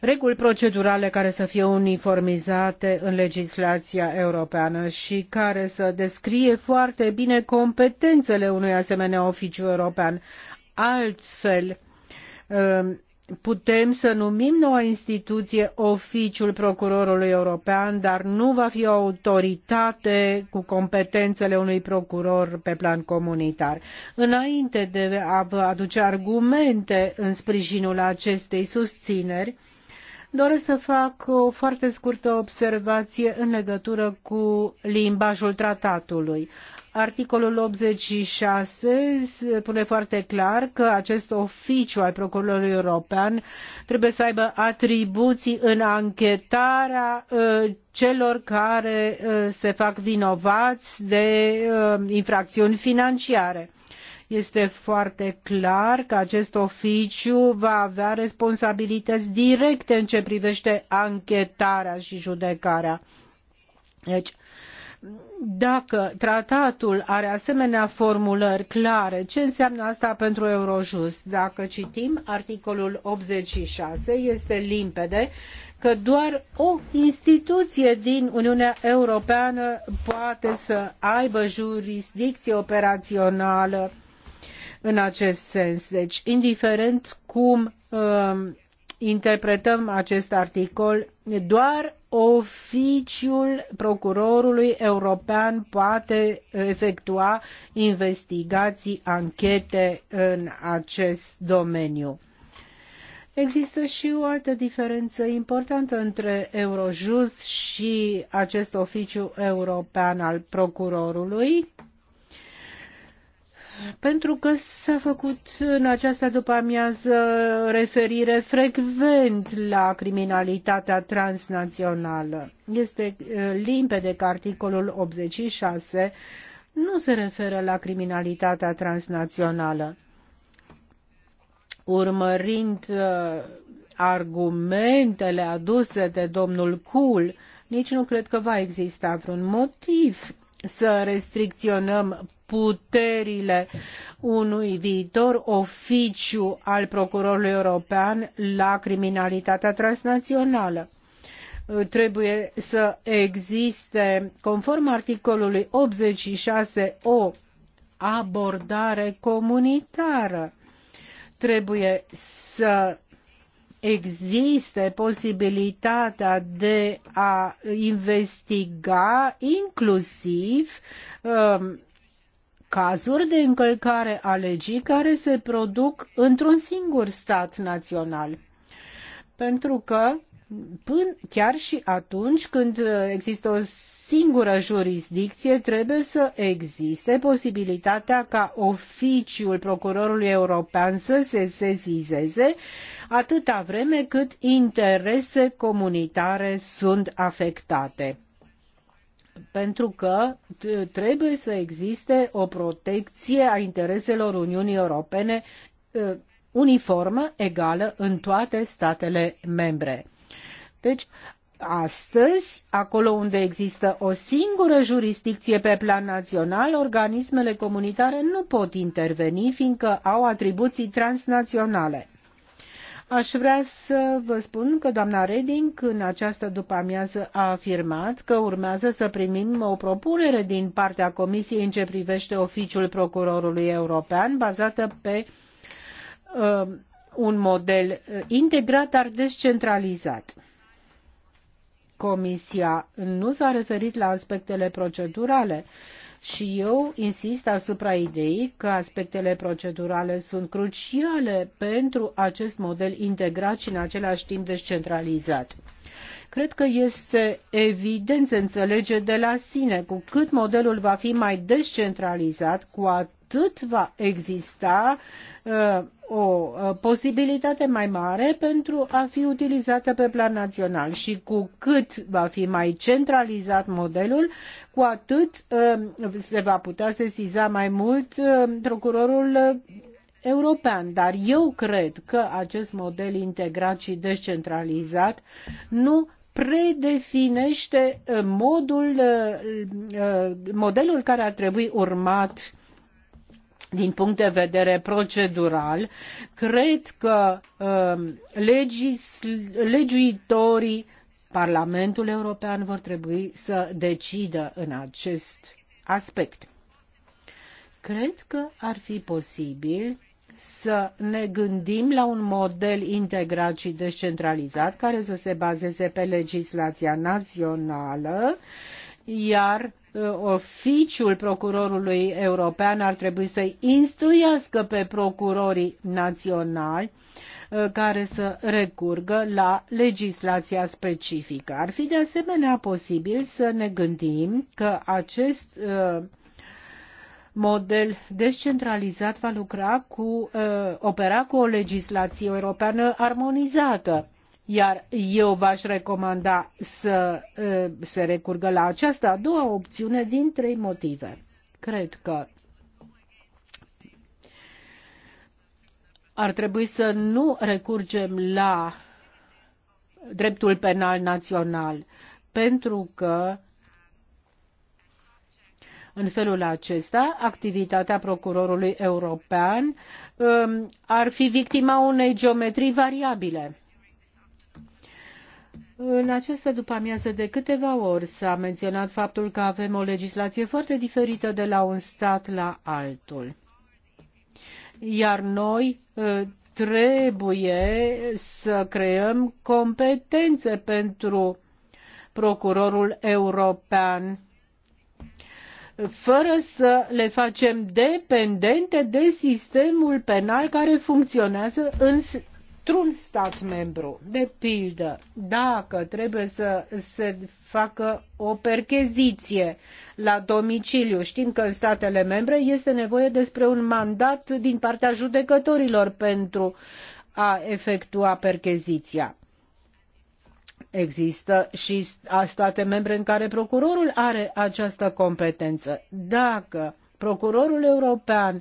S3: reguli procedurale care să fie uniformizate în legislația europeană și care să descrie foarte bine competențele unui asemenea oficiu european. Altfel, um, putem să numim noua instituție oficiul procurorului european, dar nu va fi o autoritate cu competențele unui procuror pe plan comunitar. Înainte de a vă aduce argumente în sprijinul acestei susțineri, Doresc să fac o foarte scurtă observație în legătură cu limbajul tratatului. Articolul 86 spune foarte clar că acest oficiu al procurorului european trebuie să aibă atribuții în anchetarea uh, celor care uh, se fac vinovați de uh, infracțiuni financiare este foarte clar că acest oficiu va avea responsabilități directe în ce privește anchetarea și judecarea. Deci, dacă tratatul are asemenea formulări clare, ce înseamnă asta pentru Eurojust? Dacă citim articolul 86, este limpede că doar o instituție din Uniunea Europeană poate să aibă jurisdicție operațională în acest sens. Deci, indiferent cum um, interpretăm acest articol, doar oficiul procurorului european poate efectua investigații, anchete în acest domeniu. Există și o altă diferență importantă între Eurojust și acest oficiu european al procurorului, pentru că s-a făcut în această după-amiază referire frecvent la criminalitatea transnațională. Este eh, limpede că articolul 86 nu se referă la criminalitatea transnațională. Urmărind eh, argumentele aduse de domnul Kuhl, nici nu cred că va exista vreun motiv să restricționăm puterile unui viitor oficiu al procurorului european la criminalitatea transnațională trebuie să existe, conform articolului 86, o abordare comunitară. Trebuie să existe posibilitatea de a investiga inclusiv um, cazuri de încălcare a legii care se produc într-un singur stat național. Pentru că până chiar și atunci când există o singură jurisdicție, trebuie să existe posibilitatea ca oficiul procurorului european să se sesizeze atâta vreme cât interese comunitare sunt afectate pentru că trebuie să existe o protecție a intereselor Uniunii Europene uniformă, egală în toate statele membre. Deci, astăzi, acolo unde există o singură jurisdicție pe plan național, organismele comunitare nu pot interveni, fiindcă au atribuții transnaționale. Aș vrea să vă spun că doamna Reding în această după-amiază a afirmat că urmează să primim o propunere din partea Comisiei în ce privește oficiul procurorului european bazată pe uh, un model uh, integrat, dar descentralizat. Comisia nu s-a referit la aspectele procedurale, uh, și eu insist asupra ideii că aspectele procedurale sunt cruciale pentru acest model integrat și în același timp descentralizat. Cred că este evident să înțelege de la sine cu cât modelul va fi mai descentralizat, cu atât va exista uh, o posibilitate mai mare pentru a fi utilizată pe plan național și cu cât va fi mai centralizat modelul, cu atât um, se va putea sesiza mai mult um, procurorul uh, european, dar eu cred că acest model integrat și descentralizat nu predefinește uh, modul, uh, modelul care ar trebui urmat din punct de vedere procedural, cred că uh, legis, legiuitorii Parlamentul European vor trebui să decidă în acest aspect. Cred că ar fi posibil să ne gândim la un model integrat și descentralizat care să se bazeze pe legislația națională, iar Uh, oficiul procurorului european ar trebui să instruiască pe procurorii naționali uh, care să recurgă la legislația specifică. Ar fi de asemenea posibil să ne gândim că acest uh, model descentralizat va lucra cu, opera cu o legislație europeană armonizată iar eu v-aș recomanda să se recurgă la această a doua opțiune din trei motive. Cred că ar trebui să nu recurgem la dreptul penal național, pentru că în felul acesta, activitatea procurorului european ar fi victima unei geometrii variabile în această după-amiază de câteva ori s-a menționat faptul că avem o legislație foarte diferită de la un stat la altul. Iar noi ă, trebuie să creăm competențe pentru procurorul european fără să le facem dependente de sistemul penal care funcționează în într-un stat membru. De pildă, dacă trebuie să se facă o percheziție la domiciliu, știm că în statele membre este nevoie despre un mandat din partea judecătorilor pentru a efectua percheziția. Există și state membre în care procurorul are această competență. Dacă Procurorul european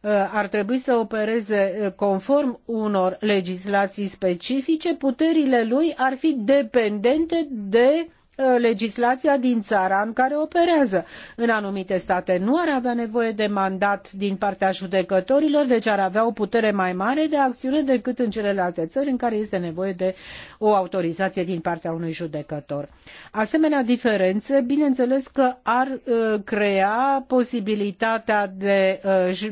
S3: uh, ar trebui să opereze uh, conform unor legislații specifice, puterile lui ar fi dependente de Uh, legislația din țara în care operează. În anumite state nu ar avea nevoie de mandat din partea judecătorilor, deci ar avea o putere mai mare de acțiune decât în celelalte țări în care este nevoie de o autorizație din partea unui judecător. Asemenea diferențe, bineînțeles că ar uh, crea posibilitatea de uh,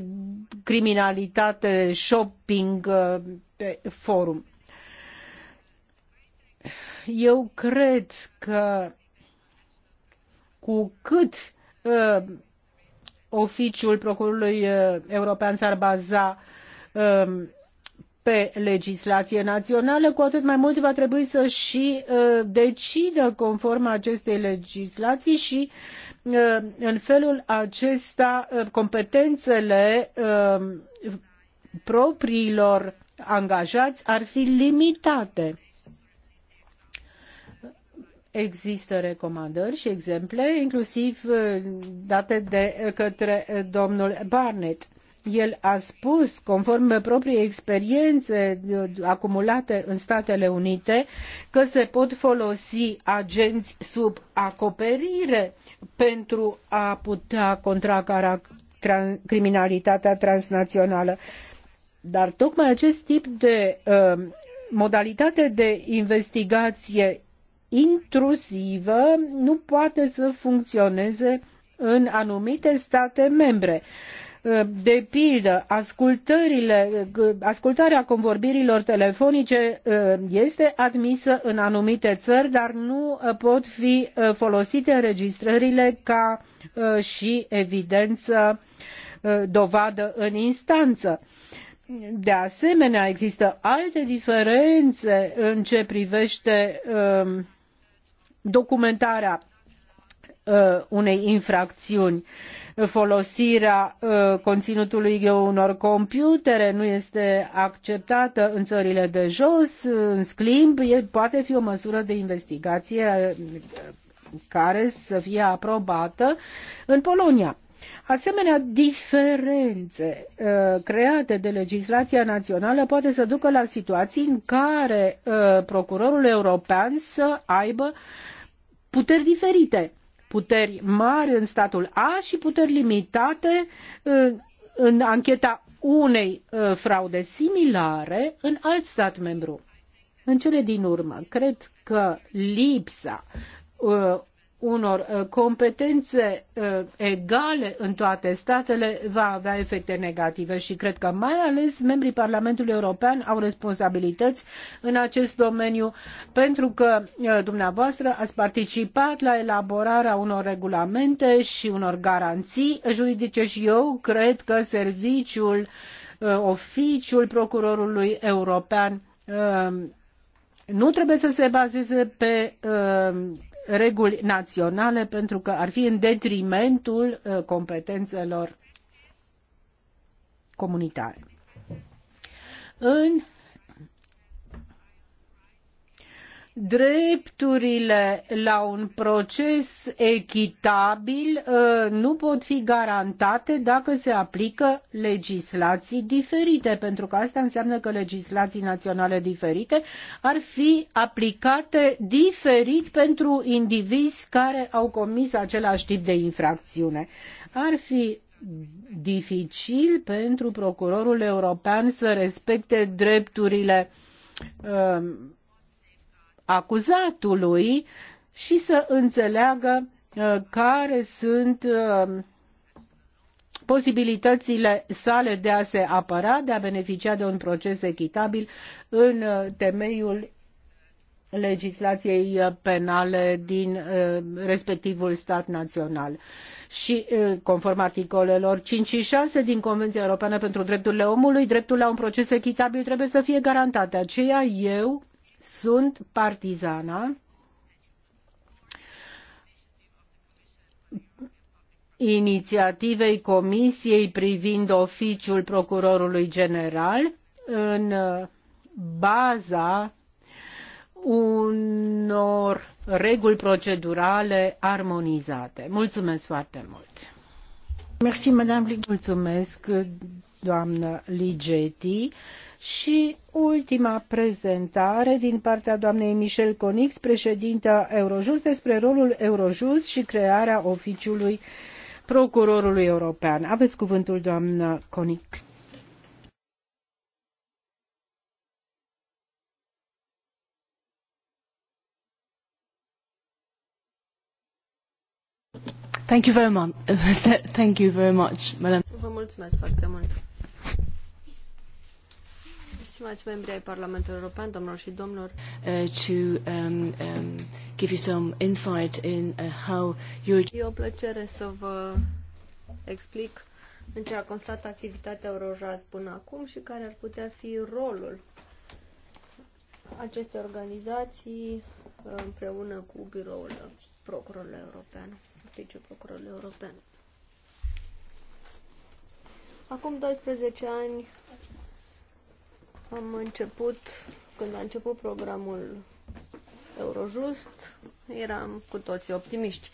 S3: criminalitate shopping pe forum eu cred că cu cât uh, oficiul procurorului uh, european s-ar baza uh, pe legislație națională, cu atât mai mult va trebui să și uh, decidă conform acestei legislații și uh, în felul acesta uh, competențele uh, propriilor angajați ar fi limitate. Există recomandări și exemple, inclusiv uh, date de uh, către uh, domnul Barnett. El a spus, conform propriei experiențe acumulate în Statele Unite, că se pot folosi agenți sub acoperire pentru a putea contracara criminalitatea transnațională. Dar tocmai acest tip de uh, modalitate de investigație intruzivă nu poate să funcționeze în anumite state membre. Uh, de pildă, ascultările, uh, ascultarea convorbirilor telefonice uh, este admisă în anumite țări, dar nu pot fi folosite înregistrările ca și evidență dovadă în instanță. De asemenea, există alte diferențe în ce privește uh, documentarea uh, unei infracțiuni. Folosirea uh, coninutului unor computere nu este acceptată în țările de jos, în schimb, poate fi o măsură de investigație uh, care să fie aprobată în Polonia. Asemenea, diferențe uh, create de legislația națională poate să ducă la situații în care uh, procurorul european să aibă uh, puteri diferite. Puteri mari în statul A și puteri limitate în, uh, în ancheta unei uh, fraude similare în alt stat membru. În cele din urmă, cred că lipsa uh, unor uh, competențe uh, egale în toate statele va avea efecte negative și cred că mai ales membrii Parlamentului European au responsabilități în acest domeniu pentru că uh, dumneavoastră ați participat la elaborarea unor regulamente și unor garanții juridice și eu cred că serviciul, oficiul procurorului european nu trebuie să se bazeze pe uh, reguli naționale pentru că ar fi în detrimentul uh, competențelor comunitare. În drepturile la un proces echitabil uh, nu pot fi garantate dacă se aplică legislații diferite, pentru că asta înseamnă că legislații naționale diferite ar fi aplicate diferit pentru indivizi care au comis același tip de infracțiune. Ar fi dificil pentru procurorul european să respecte drepturile uh, acuzatului și să înțeleagă uh, care sunt uh, posibilitățile sale de a se apăra, de a beneficia de un proces echitabil în uh, temeiul legislației penale din respectivul stat național. Și conform articolelor 5 și 6 din Convenția Europeană pentru Drepturile Omului, dreptul la un proces echitabil trebuie să fie garantat. De aceea eu sunt partizana inițiativei Comisiei privind oficiul procurorului general în baza unor reguli procedurale armonizate. Mulțumesc foarte mult! Mulțumesc, doamnă Ligeti și ultima prezentare din partea doamnei Michel Conix, președinta Eurojust, despre rolul Eurojust și crearea oficiului procurorului european. Aveți cuvântul, doamnă Conix. Thank you very much. Thank you very much, madam.
S1: Vă mulțumesc foarte mult. Stimați membri ai Parlamentului European, domnilor și domnilor,
S3: uh, to um, um, give you some insight in uh, how you... E
S1: o plăcere să vă explic în ce a constat activitatea eurojaz până acum și care ar putea fi rolul acestei organizații uh, împreună cu biroul procurorului european, oficiul procurorului european. Acum 12 ani am început, când a început programul Eurojust, eram cu toții optimiști.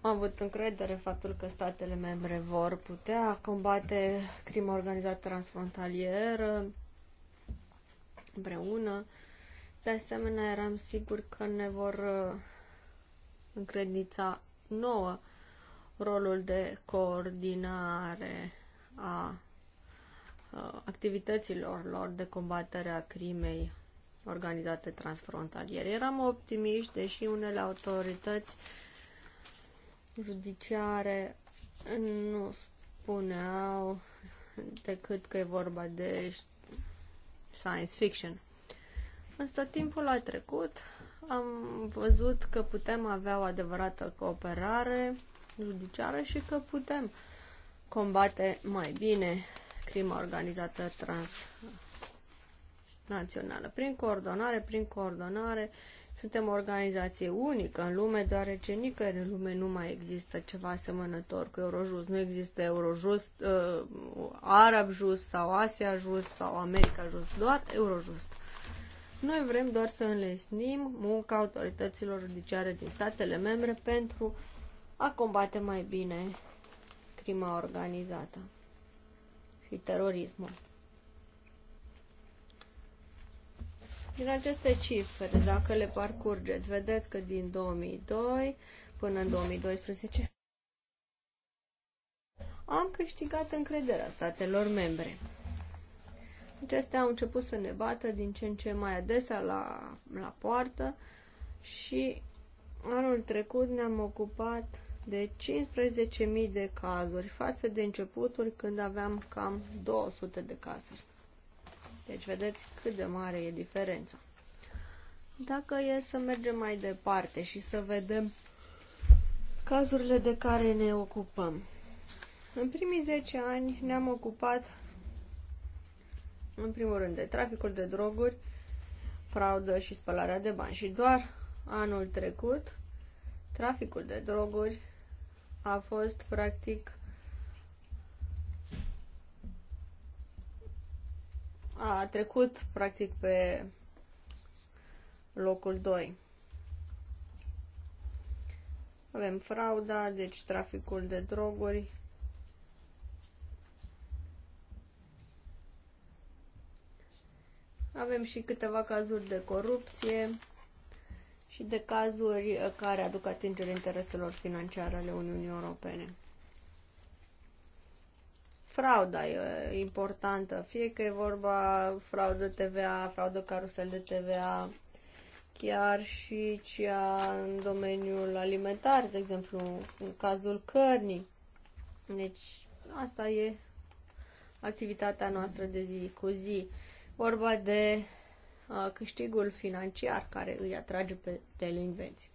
S1: Am avut încredere faptul că statele membre vor putea combate crima organizată transfrontalieră împreună. De asemenea, eram sigur că ne vor uh, încredința nouă rolul de coordinare a activităților lor de combatere a crimei organizate transfrontaliere. Eram optimiști, deși unele autorități judiciare nu spuneau decât că e vorba de science fiction. Însă timpul a trecut, am văzut că putem avea o adevărată cooperare judiciară și că putem uh, combate mai bine crima organizată transnațională. Prin coordonare, prin coordonare, suntem o organizație unică în lume, deoarece nicăieri în lume nu mai există ceva asemănător cu Eurojust. Nu există Eurojust, uh, Arab Just sau Asia Just sau America Just, doar Eurojust. Noi vrem doar să înlesnim munca autorităților judiciare din statele membre pentru a combate mai bine crima organizată și terorismul. Din aceste cifre, dacă le parcurgeți, vedeți că din 2002 până în 2012 am câștigat încrederea statelor membre. Acestea au început să ne bată din ce în ce mai adesea la, la poartă și anul trecut ne-am ocupat de 15.000 de cazuri față de începutul când aveam cam 200 de cazuri. Deci vedeți cât de mare e diferența. Dacă e să mergem mai departe și să vedem cazurile de care ne ocupăm. În primii 10 ani ne-am ocupat în primul rând de traficul de droguri, fraudă și spălarea de bani și doar anul trecut traficul de droguri a fost practic a trecut practic pe locul 2. Avem frauda, deci traficul de droguri. Avem și câteva cazuri de corupție și de cazuri uh, care aduc atingere intereselor financiare ale Uniunii Europene. Frauda e uh, importantă, fie că e vorba fraudă TVA, fraudă carusel de TVA, chiar și cea în domeniul alimentar, de exemplu, în cazul cărnii. Deci, asta e activitatea noastră de zi cu zi. Vorba de Uh, câștigul financiar care îi atrage pe delinvenți.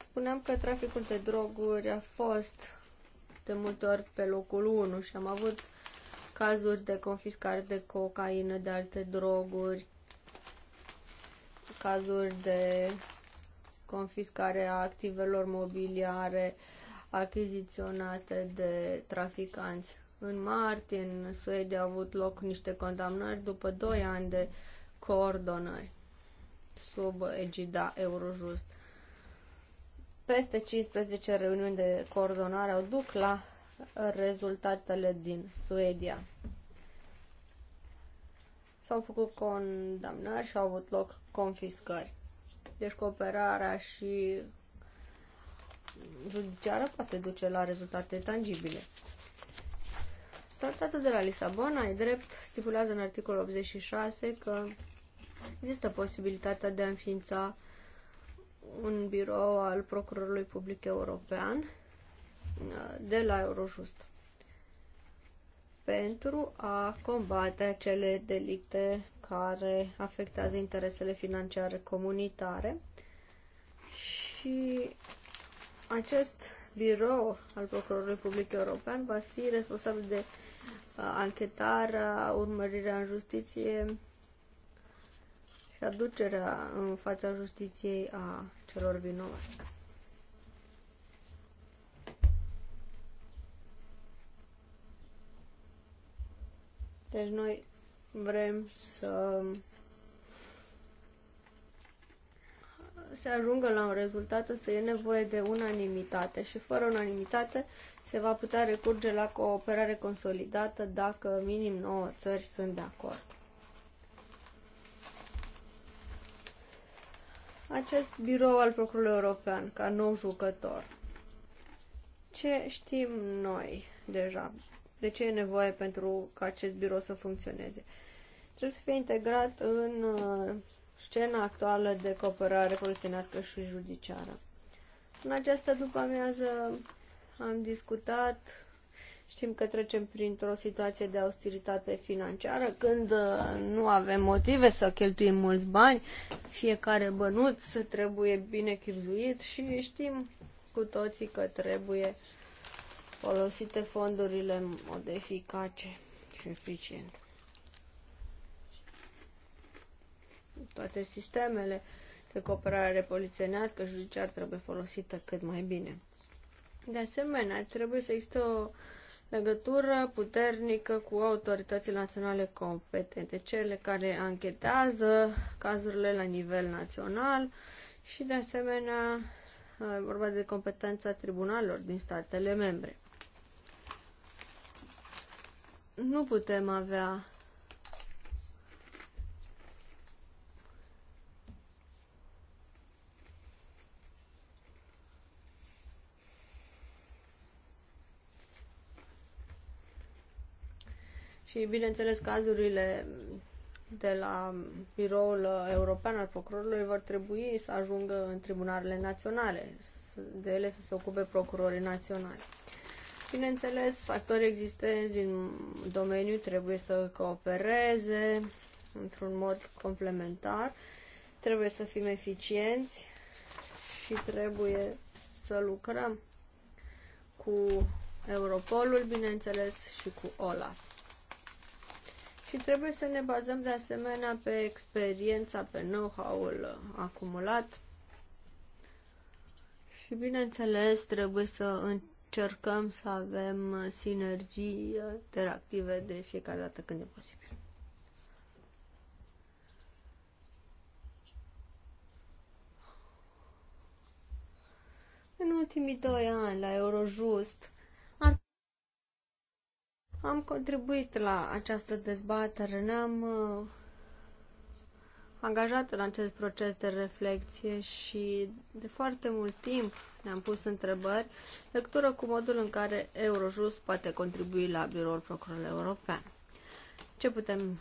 S1: Spuneam că traficul de droguri a fost de multe ori pe locul 1 și am avut cazuri de confiscare de cocaină, de alte droguri, cazuri de confiscare a activelor mobiliare achiziționate de traficanți. În martie, în Suedia, au avut loc niște condamnări după 2 ani de uh, coordonări sub egida Eurojust. Peste 15 reuniuni de coordonare au duc la rezultatele din Suedia. S-au făcut condamnări și au avut loc confiscări. Deci cooperarea și judiciară poate duce la rezultate tangibile. Tratatul de la Lisabona, ai drept, stipulează în articolul 86 că Există posibilitatea de a înființa un birou al Procurorului Public European uh, de la Eurojust pentru a combate acele delicte care afectează interesele financiare comunitare și acest birou al Procurorului Public European va fi responsabil de uh, anchetarea, urmărirea în justiție și aducerea în fața justiției a celor vinovați. Deci noi vrem să se ajungă la un rezultat, să e nevoie de unanimitate și fără unanimitate se va putea recurge la cooperare consolidată dacă minim 9 țări sunt de acord. acest birou al Procurorului European ca nou jucător. Ce știm noi deja? De ce e nevoie pentru ca acest birou să funcționeze? Trebuie să fie integrat în uh, scena actuală de cooperare polițienească și judiciară. În această după amiază am discutat Știm că trecem printr-o situație de austeritate financiară când uh, nu avem motive să cheltuim mulți bani, fiecare bănuț trebuie bine chipzuit și știm cu toții că trebuie folosite fondurile în mod eficace și eficient. Toate sistemele de cooperare și judiciar trebuie folosită cât mai bine. De asemenea, trebuie să există o legătură puternică cu autoritățile naționale competente, cele care anchetează cazurile la nivel național și, de asemenea, vorba de competența tribunalelor din statele membre. Nu putem avea Și, bineînțeles, cazurile de la biroul european al procurorilor vor trebui să ajungă în tribunalele naționale, de ele să se ocupe procurorii naționali. Bineînțeles, factorii existenți în domeniu trebuie să coopereze într-un mod complementar, trebuie să fim eficienți și trebuie să lucrăm cu Europolul, bineînțeles, și cu OLAF. Și trebuie să ne bazăm de asemenea pe experiența, pe know-how-ul acumulat. Și bineînțeles, trebuie să încercăm să avem sinergii interactive de fiecare dată când e posibil. În ultimii doi ani la Eurojust am contribuit la această dezbatere, ne-am uh, angajat în acest proces de reflexie și de foarte mult timp ne-am pus întrebări lectură cu modul în care Eurojust poate contribui la Biroul Procurorului European. Ce putem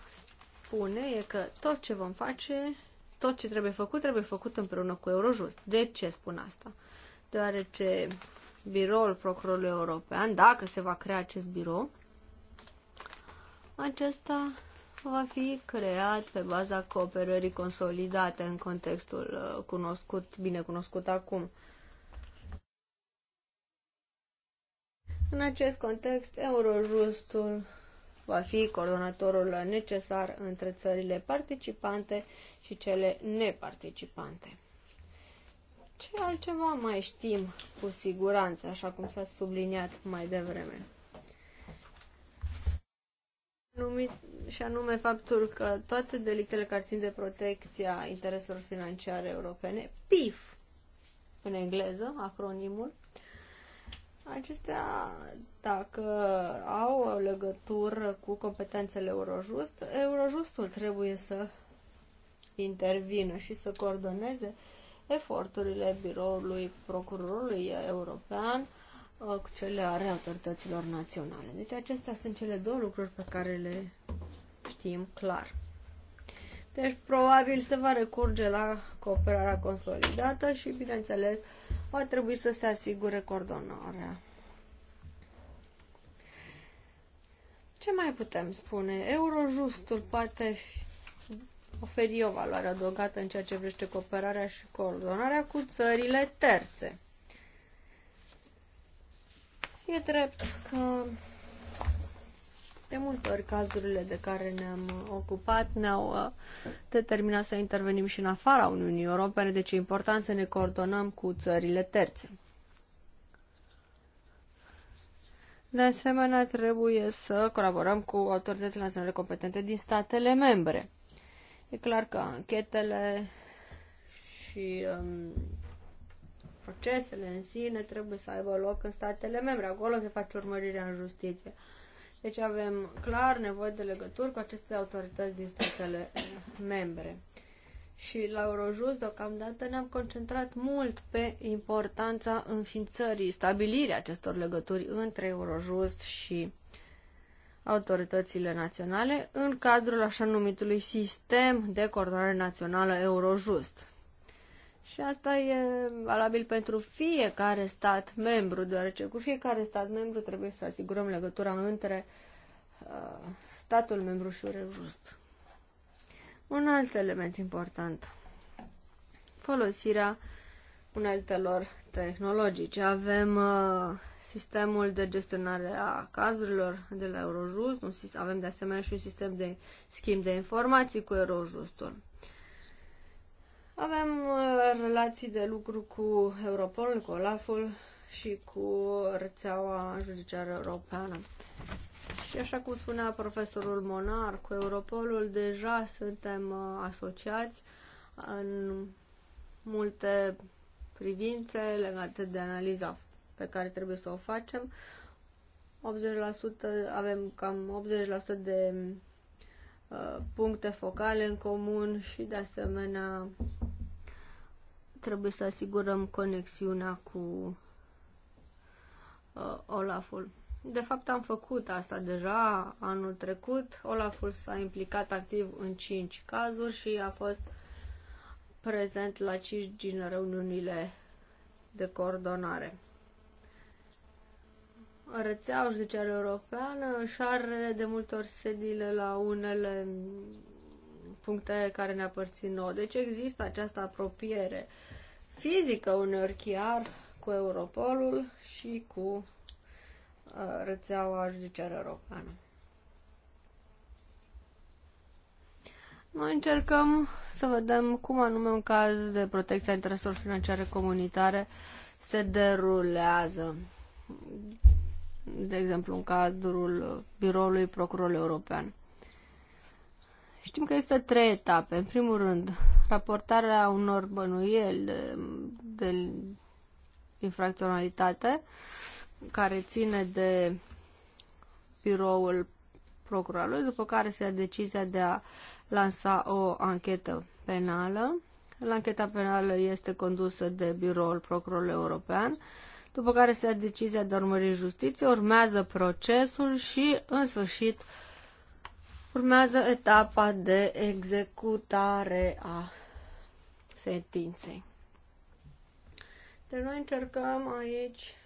S1: spune e că tot ce vom face, tot ce trebuie făcut, trebuie făcut împreună cu Eurojust. De ce spun asta? Deoarece biroul Procurorului European, dacă se va crea acest birou, acesta va fi creat pe baza cooperării consolidate în contextul uh, cunoscut, bine cunoscut acum. În acest context, Eurojustul va fi coordonatorul necesar între țările participante și cele neparticipante. Ce altceva mai știm cu siguranță, așa cum s-a subliniat mai devreme? numit, și anume faptul că toate delictele care țin de protecția intereselor financiare europene, PIF, în engleză, acronimul, acestea, dacă au o legătură cu competențele Eurojust, Eurojustul trebuie să intervină și să coordoneze eforturile biroului procurorului european Uh, cu cele ale autorităților naționale. Deci acestea sunt cele două lucruri pe care le știm clar. Deci probabil se va recurge la cooperarea consolidată și, bineînțeles, va trebui să se asigure coordonarea. Ce mai putem spune? Eurojustul poate oferi o valoare adăugată în ceea ce vrește cooperarea și coordonarea cu țările terțe. E drept că de multe ori cazurile de care ne-am ocupat ne-au uh, determinat să intervenim și în afara Uniunii Europene, deci e important să ne coordonăm cu țările terțe. De asemenea, trebuie să colaborăm cu autoritățile naționale competente din statele membre. E clar că anchetele și um, procesele în sine trebuie să aibă loc în statele membre. Acolo se face urmărirea în justiție. Deci avem clar nevoie de legături cu aceste autorități din statele eh, membre. Și la Eurojust, deocamdată, ne-am concentrat mult pe importanța înființării, stabilirii acestor legături între Eurojust și autoritățile naționale în cadrul așa numitului sistem de coordonare națională Eurojust. Și asta e valabil pentru fiecare stat membru, deoarece cu fiecare stat membru trebuie să asigurăm legătura între uh, statul membru și Eurojust. Un alt element important. Folosirea uneltelor tehnologice. Avem uh, sistemul de gestionare a cazurilor de la Eurojust, un, avem de asemenea și un sistem de schimb de informații cu Eurojustul. Avem uh, relații de lucru cu Europol, cu Olaful și cu rețeaua judiciară europeană. Și așa cum spunea profesorul Monar, cu Europolul deja suntem uh, asociați în multe privințe legate de analiza pe care trebuie să o facem. 80% avem cam 80% de puncte focale în comun și, de asemenea, trebuie să asigurăm conexiunea cu uh, Olaful. De fapt, am făcut asta deja anul trecut. Olaful s-a implicat activ în 5 cazuri și a fost prezent la 5 din reuniunile de coordonare rețeaua judiciară europeană și are de multe ori sediile la unele puncte care ne aparțin nouă. Deci există această apropiere fizică uneori chiar cu Europolul și cu uh, rețeaua judiciară europeană. Noi încercăm să vedem cum anume un caz de protecția intereselor financiare comunitare se derulează de exemplu, în cadrul biroului procurorului european. Știm că există trei etape. În primul rând, raportarea unor bănuieli de, de infracționalitate care ține de biroul procurorului, după care se ia decizia de a lansa o anchetă penală. L Ancheta penală este condusă de biroul procurorului european. Uh, după care se ia decizia de urmări justiție, urmează procesul și, în sfârșit, urmează etapa de executare a sentinței. Deci noi încercăm aici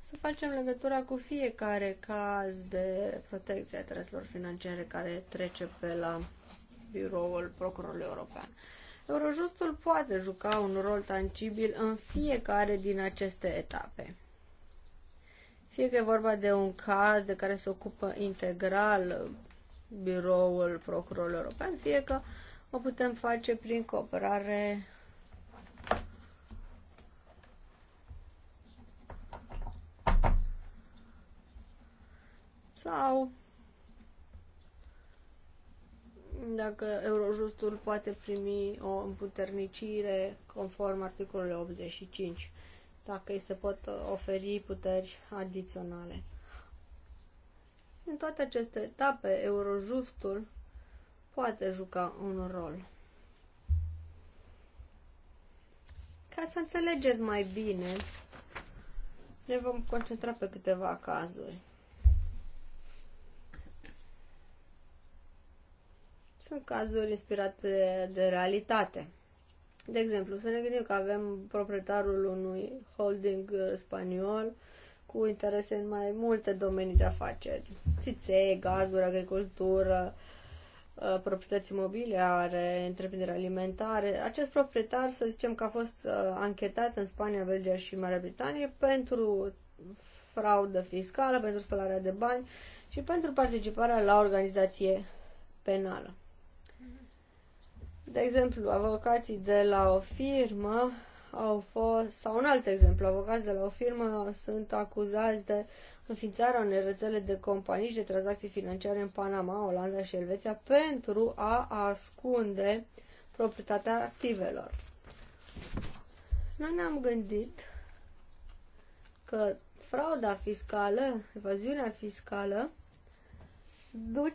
S1: să facem legătura cu fiecare caz de protecție a intereselor financiare care trece pe la biroul procurorului european. Eurojustul poate juca un rol tangibil în fiecare din aceste etape. Fie că e vorba de un caz de care se ocupă integral biroul procurorului european, fie că o putem face prin cooperare sau dacă Eurojustul poate primi o împuternicire conform articolului 85, dacă îi se pot oferi puteri adiționale. În toate aceste etape, Eurojustul poate juca un rol. Ca să înțelegeți mai bine, ne vom concentra pe câteva cazuri. Sunt cazuri inspirate de realitate. De exemplu, să ne gândim că avem proprietarul unui holding uh, spaniol cu interese în mai multe domenii de afaceri. Țiței, gazuri, agricultură, uh, proprietăți imobiliare, întreprinderi alimentare. Acest proprietar, să zicem că a fost uh, anchetat în Spania, Belgia și Marea Britanie pentru fraudă fiscală, pentru spălarea de bani și pentru participarea la organizație penală. De exemplu, avocații de la o firmă au fost, sau un alt exemplu, avocați de la o firmă sunt acuzați de înființarea unei rețele de companii și de tranzacții financiare în Panama, Olanda și Elveția pentru a ascunde proprietatea activelor. Noi ne-am gândit că frauda fiscală, evaziunea fiscală, duc,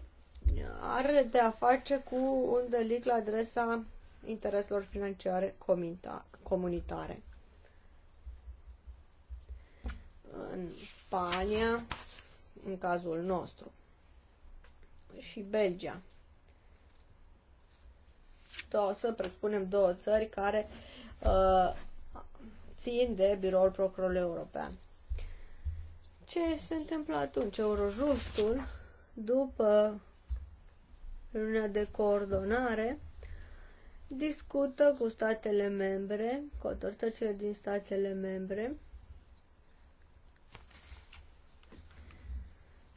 S1: are de a face cu un delic la adresa intereselor financiare comunitare. În Spania, în cazul nostru, și Belgia. Două, să presupunem două țări care uh, țin de biroul procurorului european. Ce se întâmplă atunci? Eurojustul, după reuniunea de coordonare, discută cu statele membre, cu autoritățile din statele membre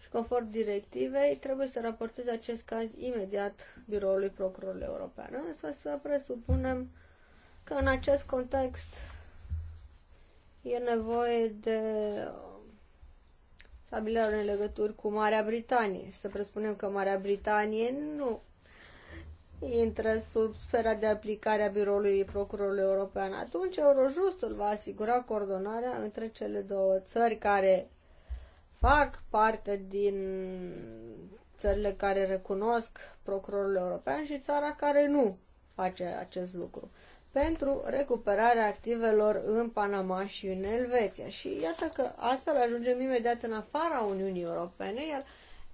S1: și conform directivei trebuie să raporteze acest caz imediat biroului procurorului european. Însă să presupunem că în acest context e nevoie de stabilirea unei legături cu Marea Britanie. Să presupunem că Marea Britanie nu intră sub sfera de aplicare a biroului procurorului european. Atunci Eurojustul va asigura coordonarea între cele două țări care fac parte din țările care recunosc procurorul european și țara care nu face acest lucru pentru recuperarea activelor în Panama și în Elveția. Și iată că astfel ajungem imediat în afara Uniunii Europene, iar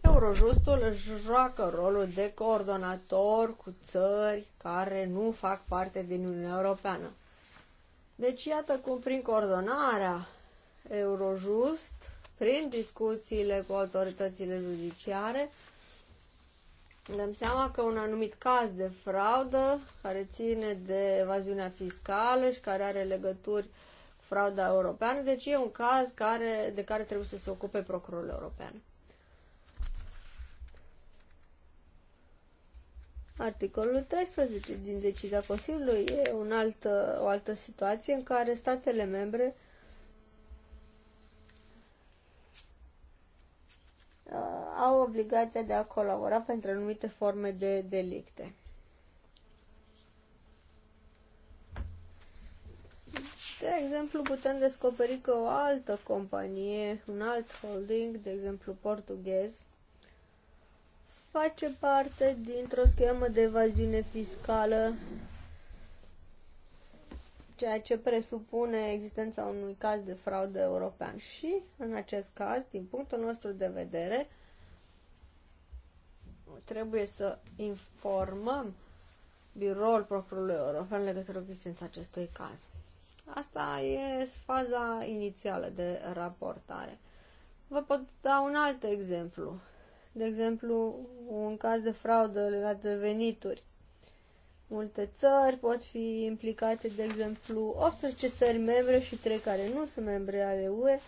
S1: Eurojustul joacă rolul de coordonator cu țări care nu fac parte din Uniunea Europeană. Deci iată cum prin coordonarea Eurojust, prin discuțiile cu autoritățile judiciare, ne dăm seama că un anumit caz de fraudă care ține de evaziunea fiscală și care are legături cu frauda europeană, deci e un caz care, de care trebuie să se ocupe procurorul european. Articolul 13 din decizia Consiliului e un alt, o altă situație în care statele membre uh, au obligația de a colabora pentru anumite forme de delicte. De exemplu, putem descoperi că o altă companie, un alt holding, de exemplu portughez, face parte dintr-o schemă de evaziune fiscală ceea ce presupune existența unui caz de fraudă european. Și, în acest caz, din punctul nostru de vedere, trebuie să informăm biroul propriului european în legătură cu existența acestui caz. Asta e faza inițială de raportare. Vă pot da un alt exemplu. De exemplu, un caz de fraudă legat de venituri multe țări, pot fi implicate, de exemplu, 18 țări membre și 3 care nu sunt membre ale UE.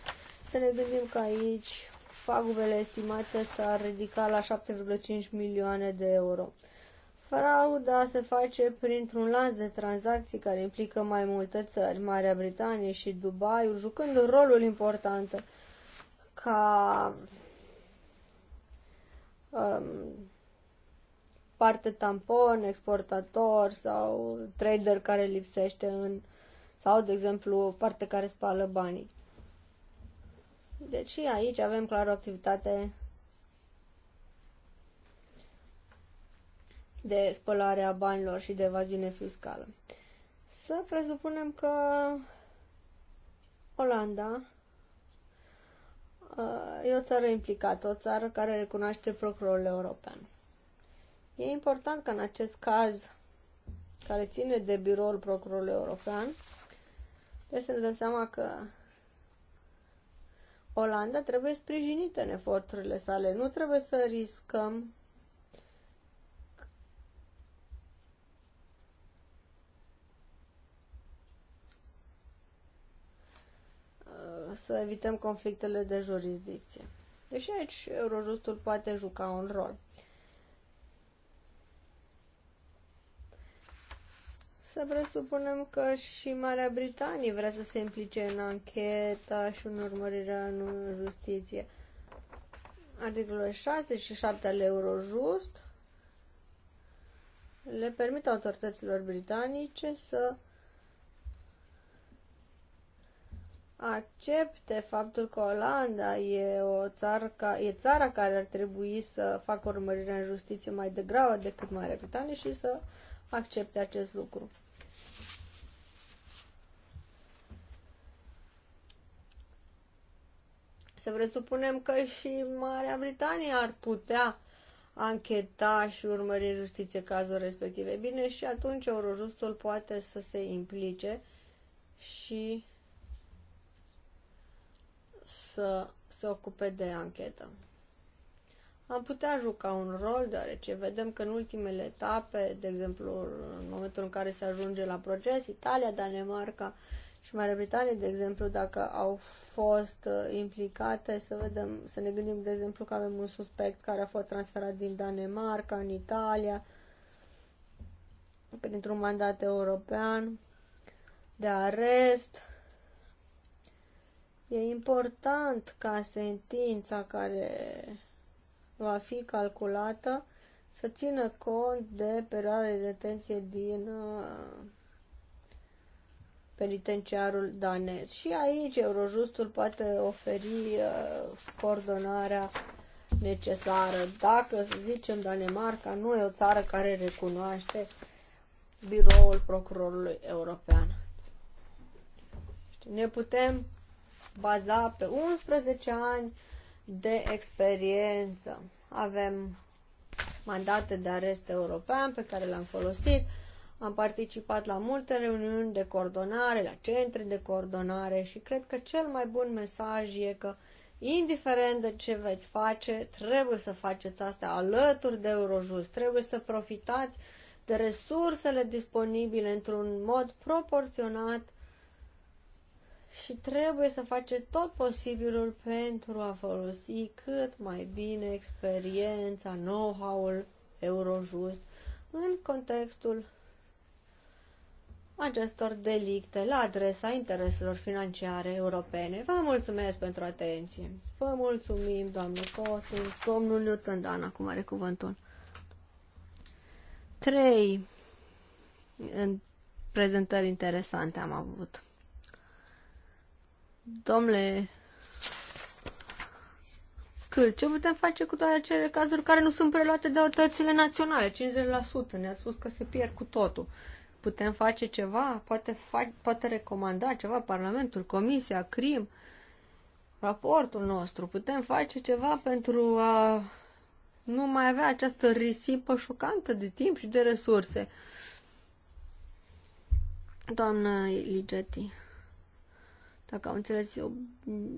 S1: Să ne gândim că aici pagubele estimate s-ar ridica la 7,5 milioane de euro. Frauda se face printr-un lanț de tranzacții care implică mai multe țări, Marea Britanie și Dubai, jucând un rolul important ca um, parte tampon, exportator sau trader care lipsește în sau, de exemplu, parte care spală banii. Deci și aici avem clar o activitate de spălare a banilor și de evaziune fiscală. Să presupunem că Olanda uh, e o țară implicată, o țară care recunoaște procurorul european. E important că în acest caz care ține de biroul procurorului european, trebuie să ne dăm seama că Olanda trebuie sprijinită în eforturile sale. Nu trebuie să riscăm să evităm conflictele de jurisdicție. Deși aici Eurojustul poate juca un rol. să presupunem că și Marea Britanie vrea să se implice în ancheta și în urmărirea în justiție. Articolul 6 și 7 ale Eurojust le permit autorităților britanice să accepte faptul că Olanda e o țară, ca, e țara care ar trebui să facă urmărirea în justiție mai degrabă decât Marea Britanie și să accepte acest lucru. Să presupunem că și Marea Britanie ar putea ancheta și urmări în justiție cazul respectiv. E bine, și atunci Eurojustul poate să se implice și să se ocupe de anchetă. Am putea juca un rol, deoarece vedem că în ultimele etape, de exemplu, în momentul în care se ajunge la proces, Italia, Danemarca și Marea Britanie, de exemplu, dacă au fost uh, implicate, să vedem, să ne gândim, de exemplu, că avem un suspect care a fost transferat din Danemarca în Italia printr-un mandat european de arest. E important ca sentința care va fi calculată să țină cont de perioada de detenție din uh, penitenciarul danez. Și aici Eurojustul poate oferi uh, coordonarea necesară. Dacă, să zicem, Danemarca nu e o țară care recunoaște biroul procurorului european. Deci ne putem baza pe 11 ani de experiență. Avem mandate de arest european pe care le-am folosit, am participat la multe reuniuni de coordonare, la centre de coordonare și cred că cel mai bun mesaj e că, indiferent de ce veți face, trebuie să faceți asta alături de Eurojust, trebuie să profitați de resursele disponibile într-un mod proporționat și trebuie să faceți tot posibilul pentru a folosi cât mai bine experiența, know-how-ul Eurojust în contextul acestor delicte la adresa intereselor financiare europene. Vă mulțumesc pentru atenție. Vă mulțumim, doamnul Cosin, domnul Newton Dan, acum are cuvântul. 3 prezentări interesante am avut. Domnule Câl, ce putem face cu toate acele cazuri care nu sunt preluate de autoritățile naționale? 50% ne-a spus că se pierd cu totul putem face ceva, poate, fa- poate recomanda ceva Parlamentul, Comisia, CRIM, raportul nostru, putem face ceva pentru a nu mai avea această risipă șocantă de timp și de resurse. Doamna Ligeti, dacă am înțeles eu,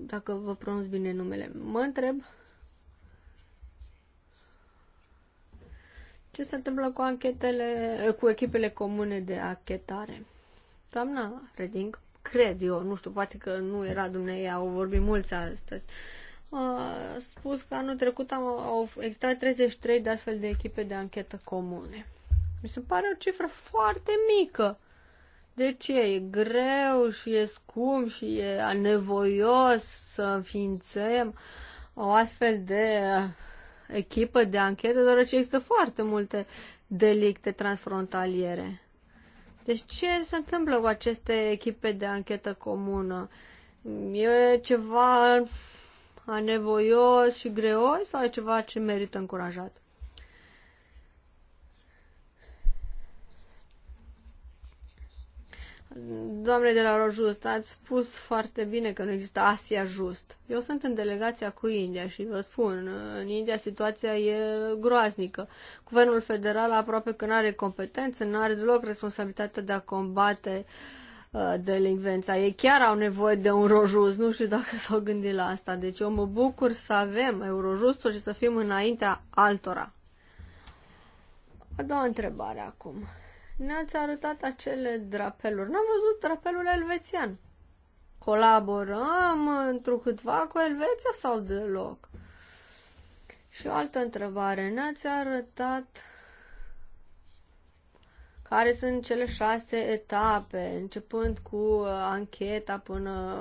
S1: dacă vă pronunț bine numele, mă întreb Ce se întâmplă cu anchetele, cu echipele comune de anchetare? Doamna Reding, cred eu, nu știu, poate că nu era dumneia, au vorbit mulți astăzi, a spus că anul trecut au, au existat 33 de astfel de echipe de anchetă comune. Mi se pare o cifră foarte mică. De ce? E greu și e scump și e anevoios să înființăm o astfel de echipă de anchetă, deoarece există foarte multe delicte transfrontaliere. Deci ce se întâmplă cu aceste echipe de anchetă comună? E ceva anevoios și greoi sau e ceva ce merită încurajat? Doamne de la Rojust, ați spus foarte bine că nu există Asia just. Eu sunt în delegația cu India și vă spun, în India situația e groaznică. Guvernul federal aproape că nu are competențe, nu are deloc responsabilitatea de a combate uh, delinvența. Ei chiar au nevoie de un rojus, nu știu dacă s-au gândit la asta. Deci eu mă bucur să avem eurojustul și să fim înaintea altora. A doua întrebare acum ne-ați arătat acele drapeluri. N-am văzut drapelul elvețian. Colaborăm întrucâtva cu Elveția sau deloc? Și o altă întrebare. Ne-ați arătat care sunt cele șase etape, începând cu uh, ancheta până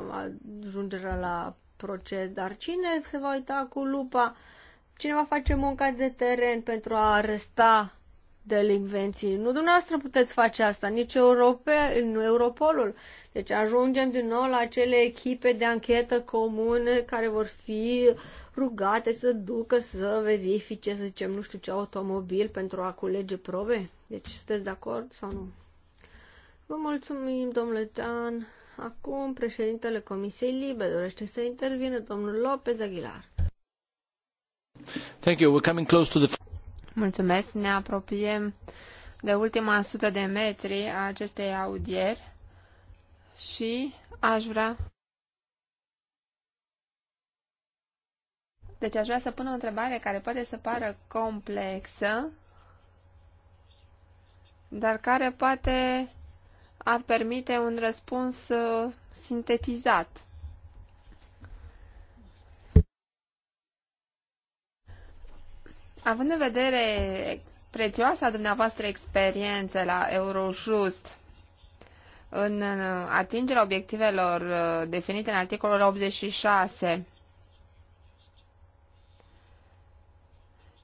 S1: ajungerea la proces, dar cine se va uita cu lupa? Cine va face munca de teren pentru a aresta delinvenții. Nu dumneavoastră puteți face asta, nici Europe, nu Europolul. Deci ajungem din nou la acele echipe de anchetă comune care vor fi rugate să ducă să verifice, să zicem, nu știu ce automobil pentru a culege probe. Deci sunteți de acord sau nu? Vă mulțumim, domnule Dan. Acum președintele Comisiei Libe dorește să intervine domnul Lopez Aguilar. Thank you. We're coming close to the
S2: Mulțumesc. Ne apropiem de ultima sută de metri a acestei audieri și aș vrea... Deci aș vrea să pun o întrebare care poate să pară complexă, dar care poate ar permite un răspuns uh, sintetizat. Având în vedere prețioasa dumneavoastră experiență la Eurojust în atingerea obiectivelor uh, definite în articolul 86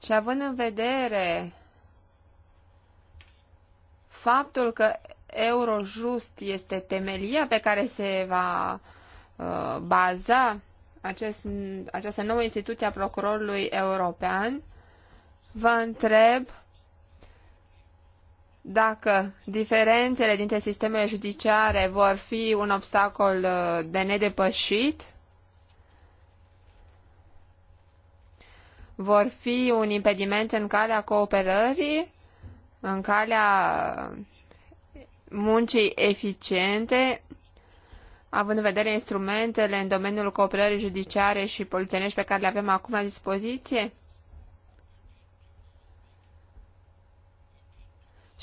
S2: și având în vedere faptul că Eurojust este temelia pe care se va uh, baza acest, această nouă instituție a procurorului european, vă întreb dacă diferențele dintre sistemele judiciare vor fi un obstacol uh, de nedepășit, vor fi un impediment în calea cooperării, în calea muncii eficiente, având în vedere instrumentele în domeniul cooperării judiciare și polițienești pe care le avem acum la dispoziție?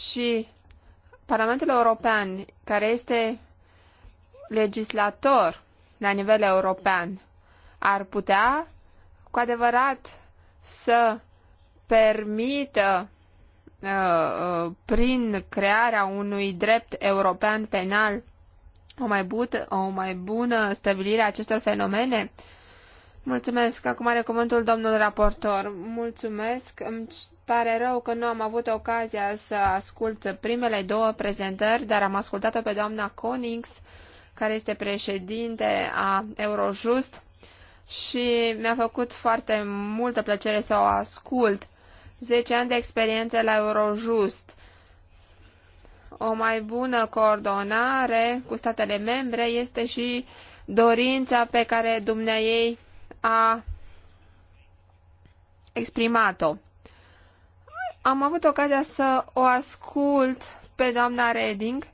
S2: și Parlamentul European, care este legislator la nivel european, ar putea cu adevărat să permită uh, uh, prin crearea unui drept european penal o mai, but, o mai bună stabilire a acestor fenomene? Mulțumesc. Acum are cuvântul domnul raportor. Mulțumesc. Îmi Pare rău că nu am avut ocazia să ascult primele două prezentări, dar am ascultat-o pe doamna Konings, care este președinte a Eurojust și mi-a făcut foarte multă plăcere să o ascult. 10 ani de experiență la Eurojust, o mai bună coordonare cu statele membre este și dorința pe care dumneaei a exprimat-o am avut ocazia să o ascult pe doamna Reding,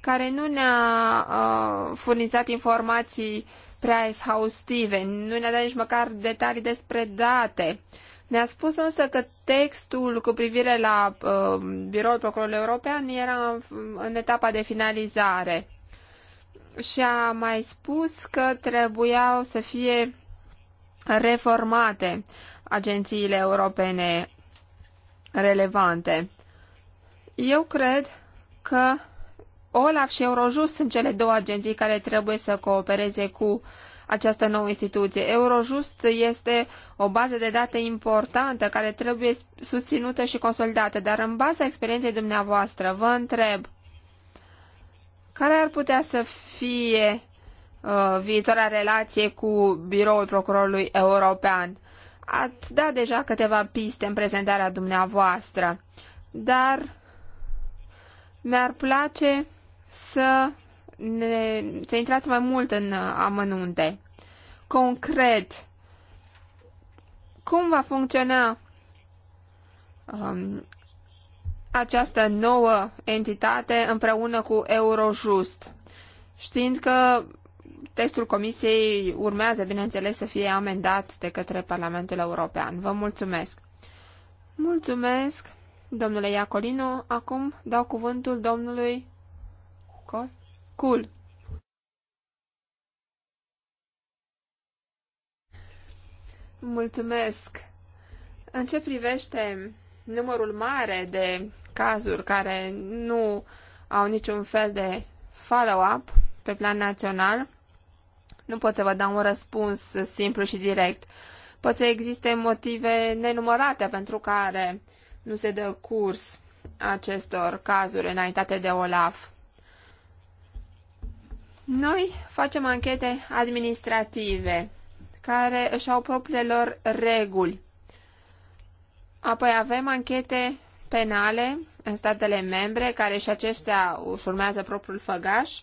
S2: care nu ne-a uh, furnizat informații prea exhaustive, nu ne-a dat nici măcar detalii despre date. Ne-a spus însă că textul cu privire la uh, Biroul Procurorului European era în etapa de finalizare și a mai spus că trebuiau să fie reformate agențiile europene relevante. Eu cred că OLAF și Eurojust sunt cele două agenții care trebuie să coopereze cu această nouă instituție. Eurojust este o bază de date importantă care trebuie susținută și consolidată, dar în baza experienței dumneavoastră vă întreb care ar putea să fie uh, viitoarea relație cu biroul procurorului european? Ați dat deja câteva piste în prezentarea dumneavoastră, dar mi-ar place să, ne, să intrați mai mult în amănunte. Concret, cum va funcționa um, această nouă entitate împreună cu Eurojust, știind că Testul Comisiei urmează, bineînțeles, să fie amendat de către Parlamentul European. Vă mulțumesc! Mulțumesc, domnule Iacolino. Acum dau cuvântul domnului Col? Cool. Mulțumesc! În ce privește numărul mare de cazuri care nu au niciun fel de follow-up pe plan național, nu pot să vă dau un răspuns simplu și direct. Pot să existe motive nenumărate pentru care nu se dă curs acestor cazuri înaintate de OLAF. Noi facem anchete administrative care își au propriile lor reguli. Apoi avem anchete penale în statele membre, care și acestea își urmează propriul făgaș.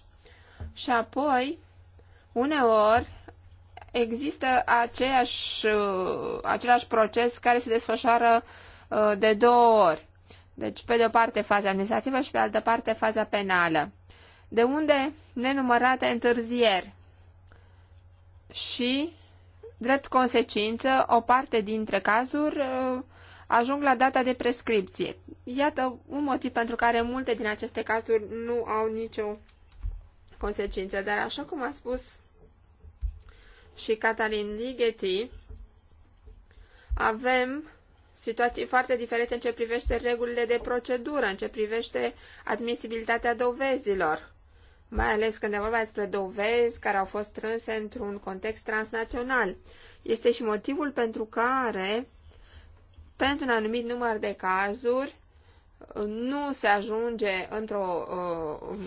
S2: Și apoi Uneori există aceeași, același proces care se desfășoară uh, de două ori. Deci, pe de o parte faza administrativă și pe altă parte faza penală. De unde nenumărate întârzieri și, drept consecință, o parte dintre cazuri uh, ajung la data de prescripție. Iată un motiv pentru care multe din aceste cazuri nu au nicio consecință, dar așa cum a spus și Catalin Ligeti, avem situații foarte diferite în ce privește regulile de procedură, în ce privește admisibilitatea dovezilor, mai ales când e vorba despre dovezi care au fost strânse într-un context transnațional. Este și motivul pentru care, pentru un anumit număr de cazuri, nu se ajunge într-o uh,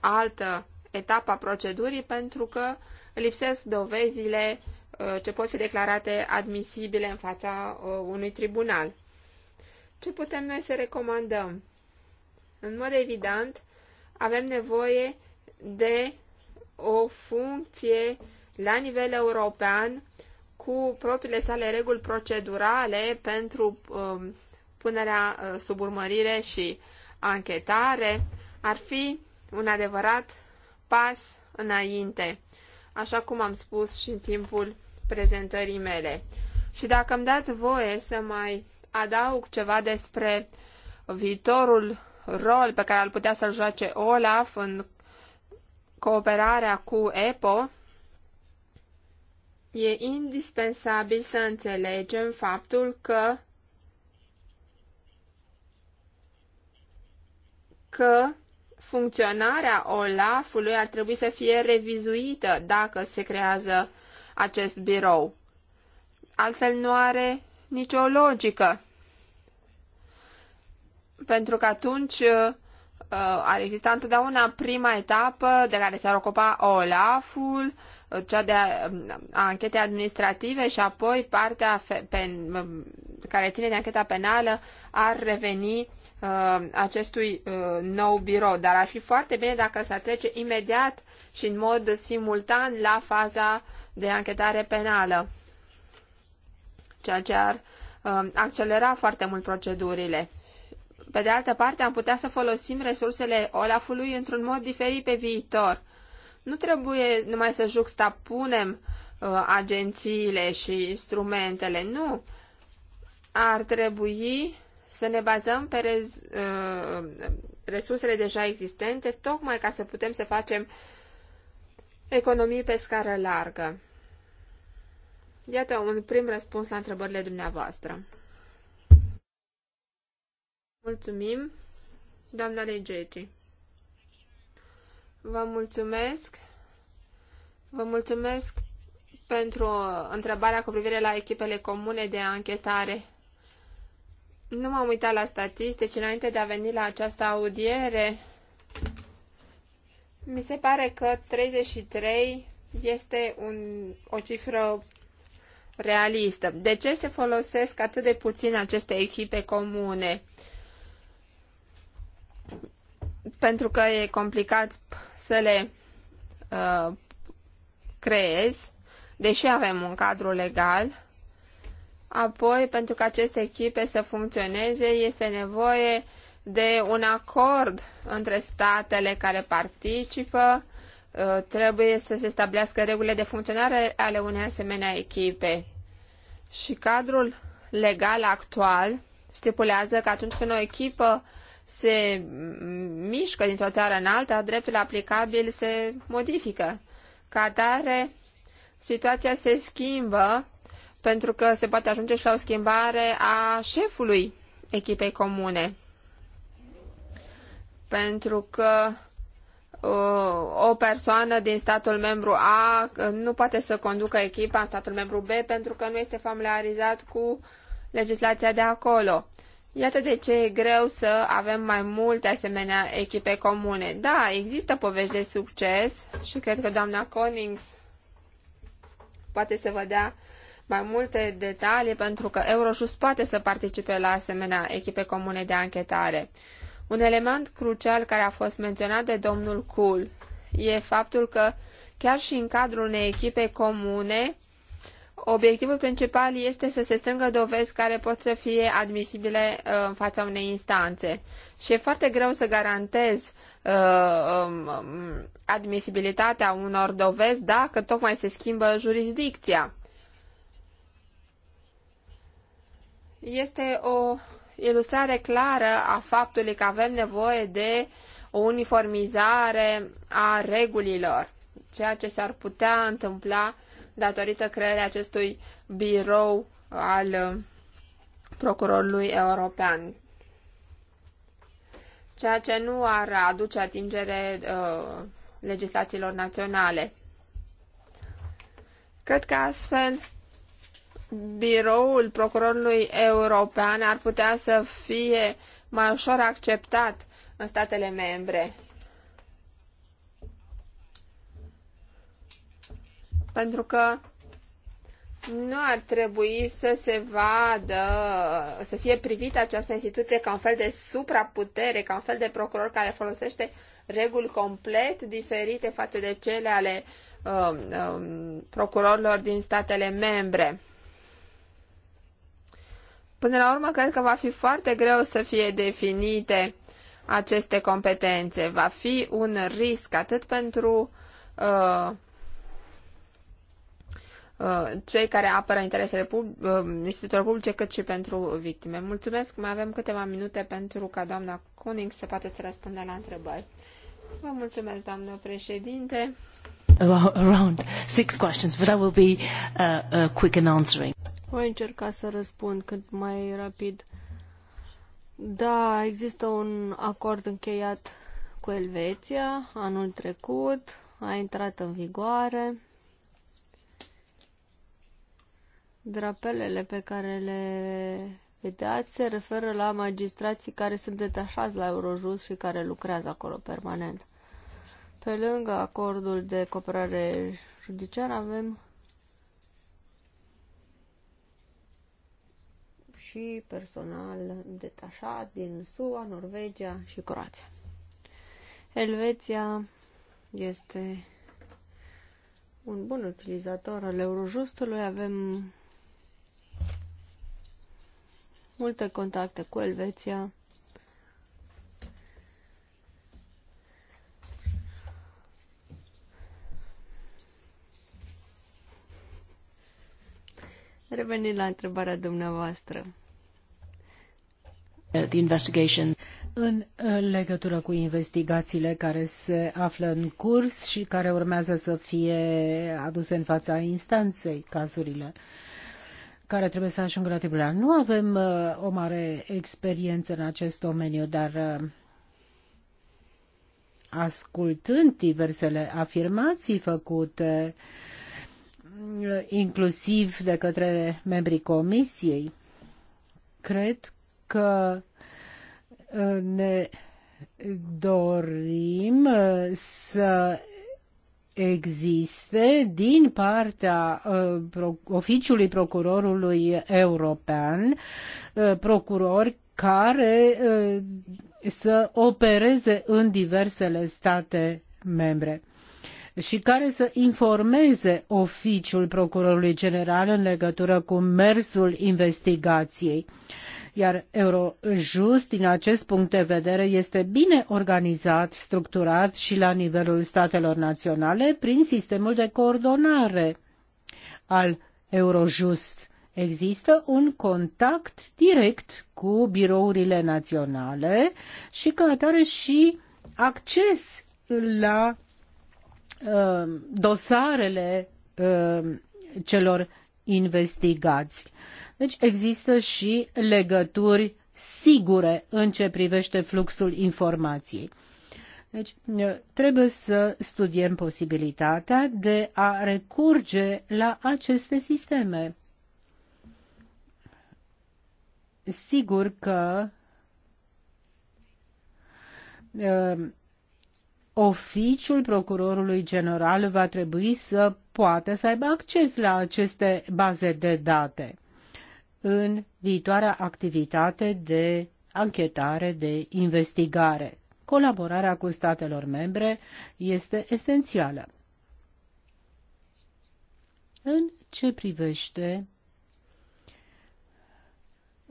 S2: altă etapă a procedurii pentru că lipsesc dovezile uh, ce pot fi declarate admisibile în fața uh, unui tribunal. Ce putem noi să recomandăm? În mod evident, avem nevoie de o funcție la nivel european cu propriile sale reguli procedurale pentru um, punerea uh, sub urmărire și anchetare, ar fi un adevărat pas înainte așa cum am spus și în timpul prezentării mele. Și dacă îmi dați voie să mai adaug ceva despre viitorul rol pe care ar putea să-l joace Olaf în cooperarea cu EPO, e indispensabil să înțelegem faptul că că funcționarea OLAF-ului ar trebui să fie revizuită dacă se creează acest birou. Altfel nu are nicio logică. Pentru că atunci uh, uh, ar exista întotdeauna prima etapă de care s-ar ocupa OLAF-ul, cea de a, uh, a anchetei administrative și apoi partea pe, care ține de ancheta penală ar reveni uh, acestui uh, nou birou, dar ar fi foarte bine dacă s-ar trece imediat și în mod simultan la faza de anchetare penală, ceea ce ar uh, accelera foarte mult procedurile. Pe de altă parte, am putea să folosim resursele Olafului într-un mod diferit pe viitor. Nu trebuie numai să juxtapunem uh, agențiile și instrumentele, nu ar trebui să ne bazăm pe rez, uh, resursele deja existente, tocmai ca să putem să facem economii pe scară largă. Iată un prim răspuns la întrebările dumneavoastră. Mulțumim, doamna Legeti. Vă mulțumesc. Vă mulțumesc pentru întrebarea cu privire la echipele comune de anchetare nu m-am uitat la statistici înainte de a veni la această audiere. Mi se pare că 33 este un, o cifră realistă. De ce se folosesc atât de puțin aceste echipe comune? Pentru că e complicat să le uh, creezi, deși avem un cadru legal. Apoi, pentru ca aceste echipe să funcționeze, este nevoie de un acord între statele care participă, uh, trebuie să se stabilească regulile de funcționare ale unei asemenea echipe. Și cadrul legal actual stipulează că atunci când o echipă se mișcă dintr-o țară în alta, dreptul aplicabil se modifică. Ca atare, situația se schimbă pentru că se poate ajunge și la o schimbare a șefului echipei comune. Pentru că uh, o persoană din statul membru A uh, nu poate să conducă echipa în statul membru B pentru că nu este familiarizat cu legislația de acolo. Iată de ce e greu să avem mai multe asemenea echipe comune. Da, există povești de succes și cred că doamna Conings poate să vă dea mai multe detalii pentru că Eurojust poate să participe la asemenea echipe comune de anchetare. Un element crucial care a fost menționat de domnul Kuhl e faptul că chiar și în cadrul unei echipe comune, obiectivul principal este să se strângă dovezi care pot să fie admisibile uh, în fața unei instanțe. Și e foarte greu să garantez uh, um, um, admisibilitatea unor dovezi dacă tocmai se schimbă jurisdicția. este o ilustrare clară a faptului că avem nevoie de o uniformizare a regulilor, ceea ce s-ar putea întâmpla datorită creării acestui birou al uh, procurorului european, ceea ce nu ar aduce atingere uh, legislațiilor naționale. Cred că astfel biroul procurorului european ar putea să fie mai ușor acceptat în statele membre. Pentru că nu ar trebui să se vadă, să fie privită această instituție ca un fel de supraputere, ca un fel de procuror care folosește reguli complet diferite față de cele ale um, um, procurorilor din statele membre. Până la urmă, cred că va fi foarte greu să fie definite aceste competențe. Va fi un risc atât pentru uh, uh, cei care apără interesele pub- uh, instituțiilor publice, cât și pentru victime. Mulțumesc, mai avem câteva minute pentru ca doamna Cuning să poată să răspundă la întrebări. Vă mulțumesc, doamnă președinte
S3: around six questions, but I will be uh, uh, quick in answering.
S1: Voi încerca să răspund cât mai rapid. Da, există un acord încheiat cu Elveția anul trecut, a intrat în vigoare. Drapelele pe care le vedeați se referă la magistrații care sunt detașați la Eurojust și care lucrează acolo permanent. Pe lângă acordul de cooperare judiciară avem și personal detașat din SUA, Norvegia și Croația. Elveția este un bun utilizator al Eurojustului. Avem multe contacte cu Elveția Revenind la întrebarea dumneavoastră.
S3: Uh, the investigation. În uh, legătură cu investigațiile care se află în curs și care urmează să fie aduse în fața instanței cazurile care trebuie să ajungă la tribunal. Nu avem uh, o mare experiență în acest domeniu, dar uh, ascultând diversele afirmații făcute uh, inclusiv de către membrii comisiei, cred că uh, ne dorim uh, să existe din partea uh, oficiului procurorului european procurori care să opereze în diversele state membre și care să informeze oficiul procurorului general în legătură cu mersul investigației. Iar Eurojust, din acest punct de vedere, este bine organizat, structurat și la nivelul statelor naționale prin sistemul de coordonare al Eurojust există un contact direct cu birourile naționale și ca atare și acces la Uh, dosarele uh, celor investigați. Deci există și legături sigure în ce privește fluxul informației. Deci uh, trebuie să studiem posibilitatea de a recurge la aceste sisteme. Sigur că oficiul procurorului general va trebui să poată să aibă acces la aceste baze de date în viitoarea activitate de anchetare, de investigare. Colaborarea cu statelor membre este esențială. În ce privește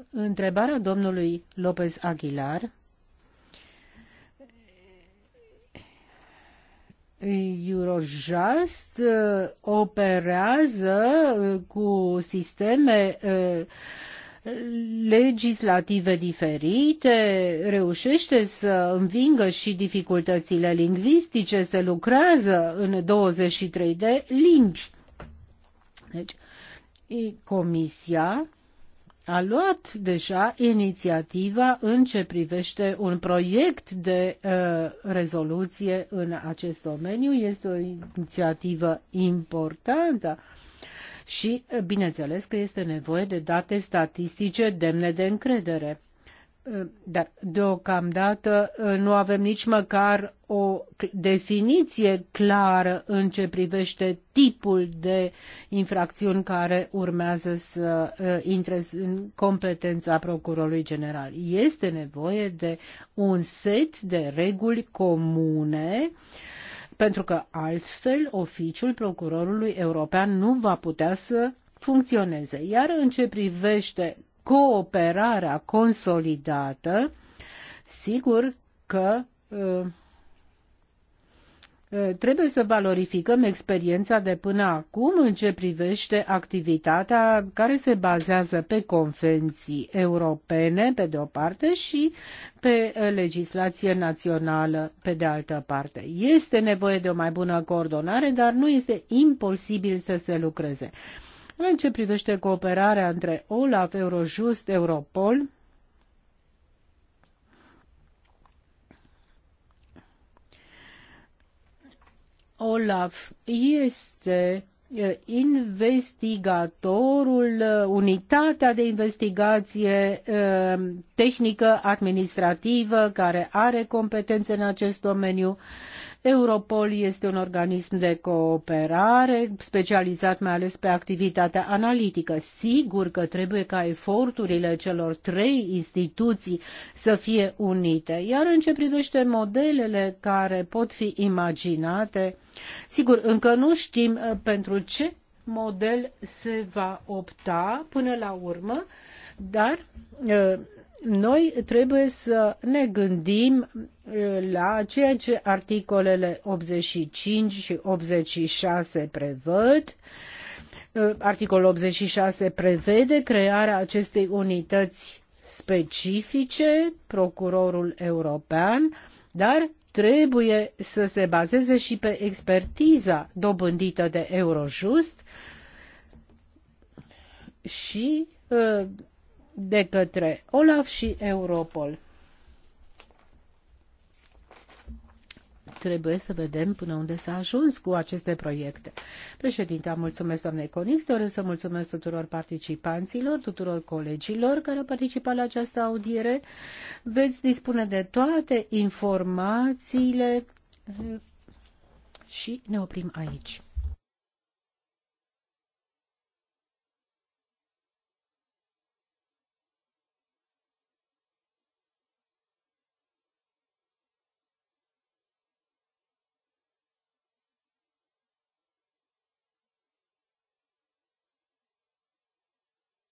S3: întrebarea domnului Lopez Aguilar, Eurojust uh, operează uh, cu sisteme uh, legislative diferite, reușește să învingă și dificultățile lingvistice, se lucrează în 23 de limbi. Deci, Comisia a luat deja inițiativa în ce privește un proiect de uh, rezoluție în acest domeniu. Este o inițiativă importantă și, uh, bineînțeles, că este nevoie de date statistice demne de încredere. Dar deocamdată uh, nu avem nici măcar o definiție clară în ce privește tipul de infracțiuni care urmează să uh, intre în competența procurorului general. Este nevoie de un set de reguli comune pentru că altfel oficiul procurorului european nu va putea să funcționeze. Iar în ce privește cooperarea consolidată, sigur că uh, uh, trebuie să valorificăm experiența de până acum în ce privește activitatea care se bazează pe convenții europene, pe de o parte, și pe uh, legislație națională, pe de altă parte. Este nevoie de o mai bună coordonare, dar nu este imposibil să se lucreze. În ce privește cooperarea între OLAF, Eurojust, Europol, Olaf este investigatorul, unitatea de investigație tehnică administrativă care are competențe în acest domeniu Europol este un organism de cooperare specializat mai ales pe activitatea analitică. Sigur că trebuie ca eforturile celor trei instituții să fie unite. Iar în ce privește modelele care pot fi imaginate, sigur, încă nu știm uh, pentru ce model se va opta până la urmă, dar uh, noi trebuie să ne gândim uh, la ceea ce articolele 85 și 86 prevăd. Uh, articolul 86 prevede crearea acestei unități specifice, procurorul european, dar trebuie să se bazeze și pe expertiza dobândită de Eurojust și uh, de către Olaf și Europol. Trebuie să vedem până unde s-a ajuns cu aceste proiecte. Președinte, am mulțumesc doamnei Conix, doresc să mulțumesc tuturor participanților, tuturor colegilor care au participat la această audiere. Veți dispune de toate informațiile și ne oprim aici.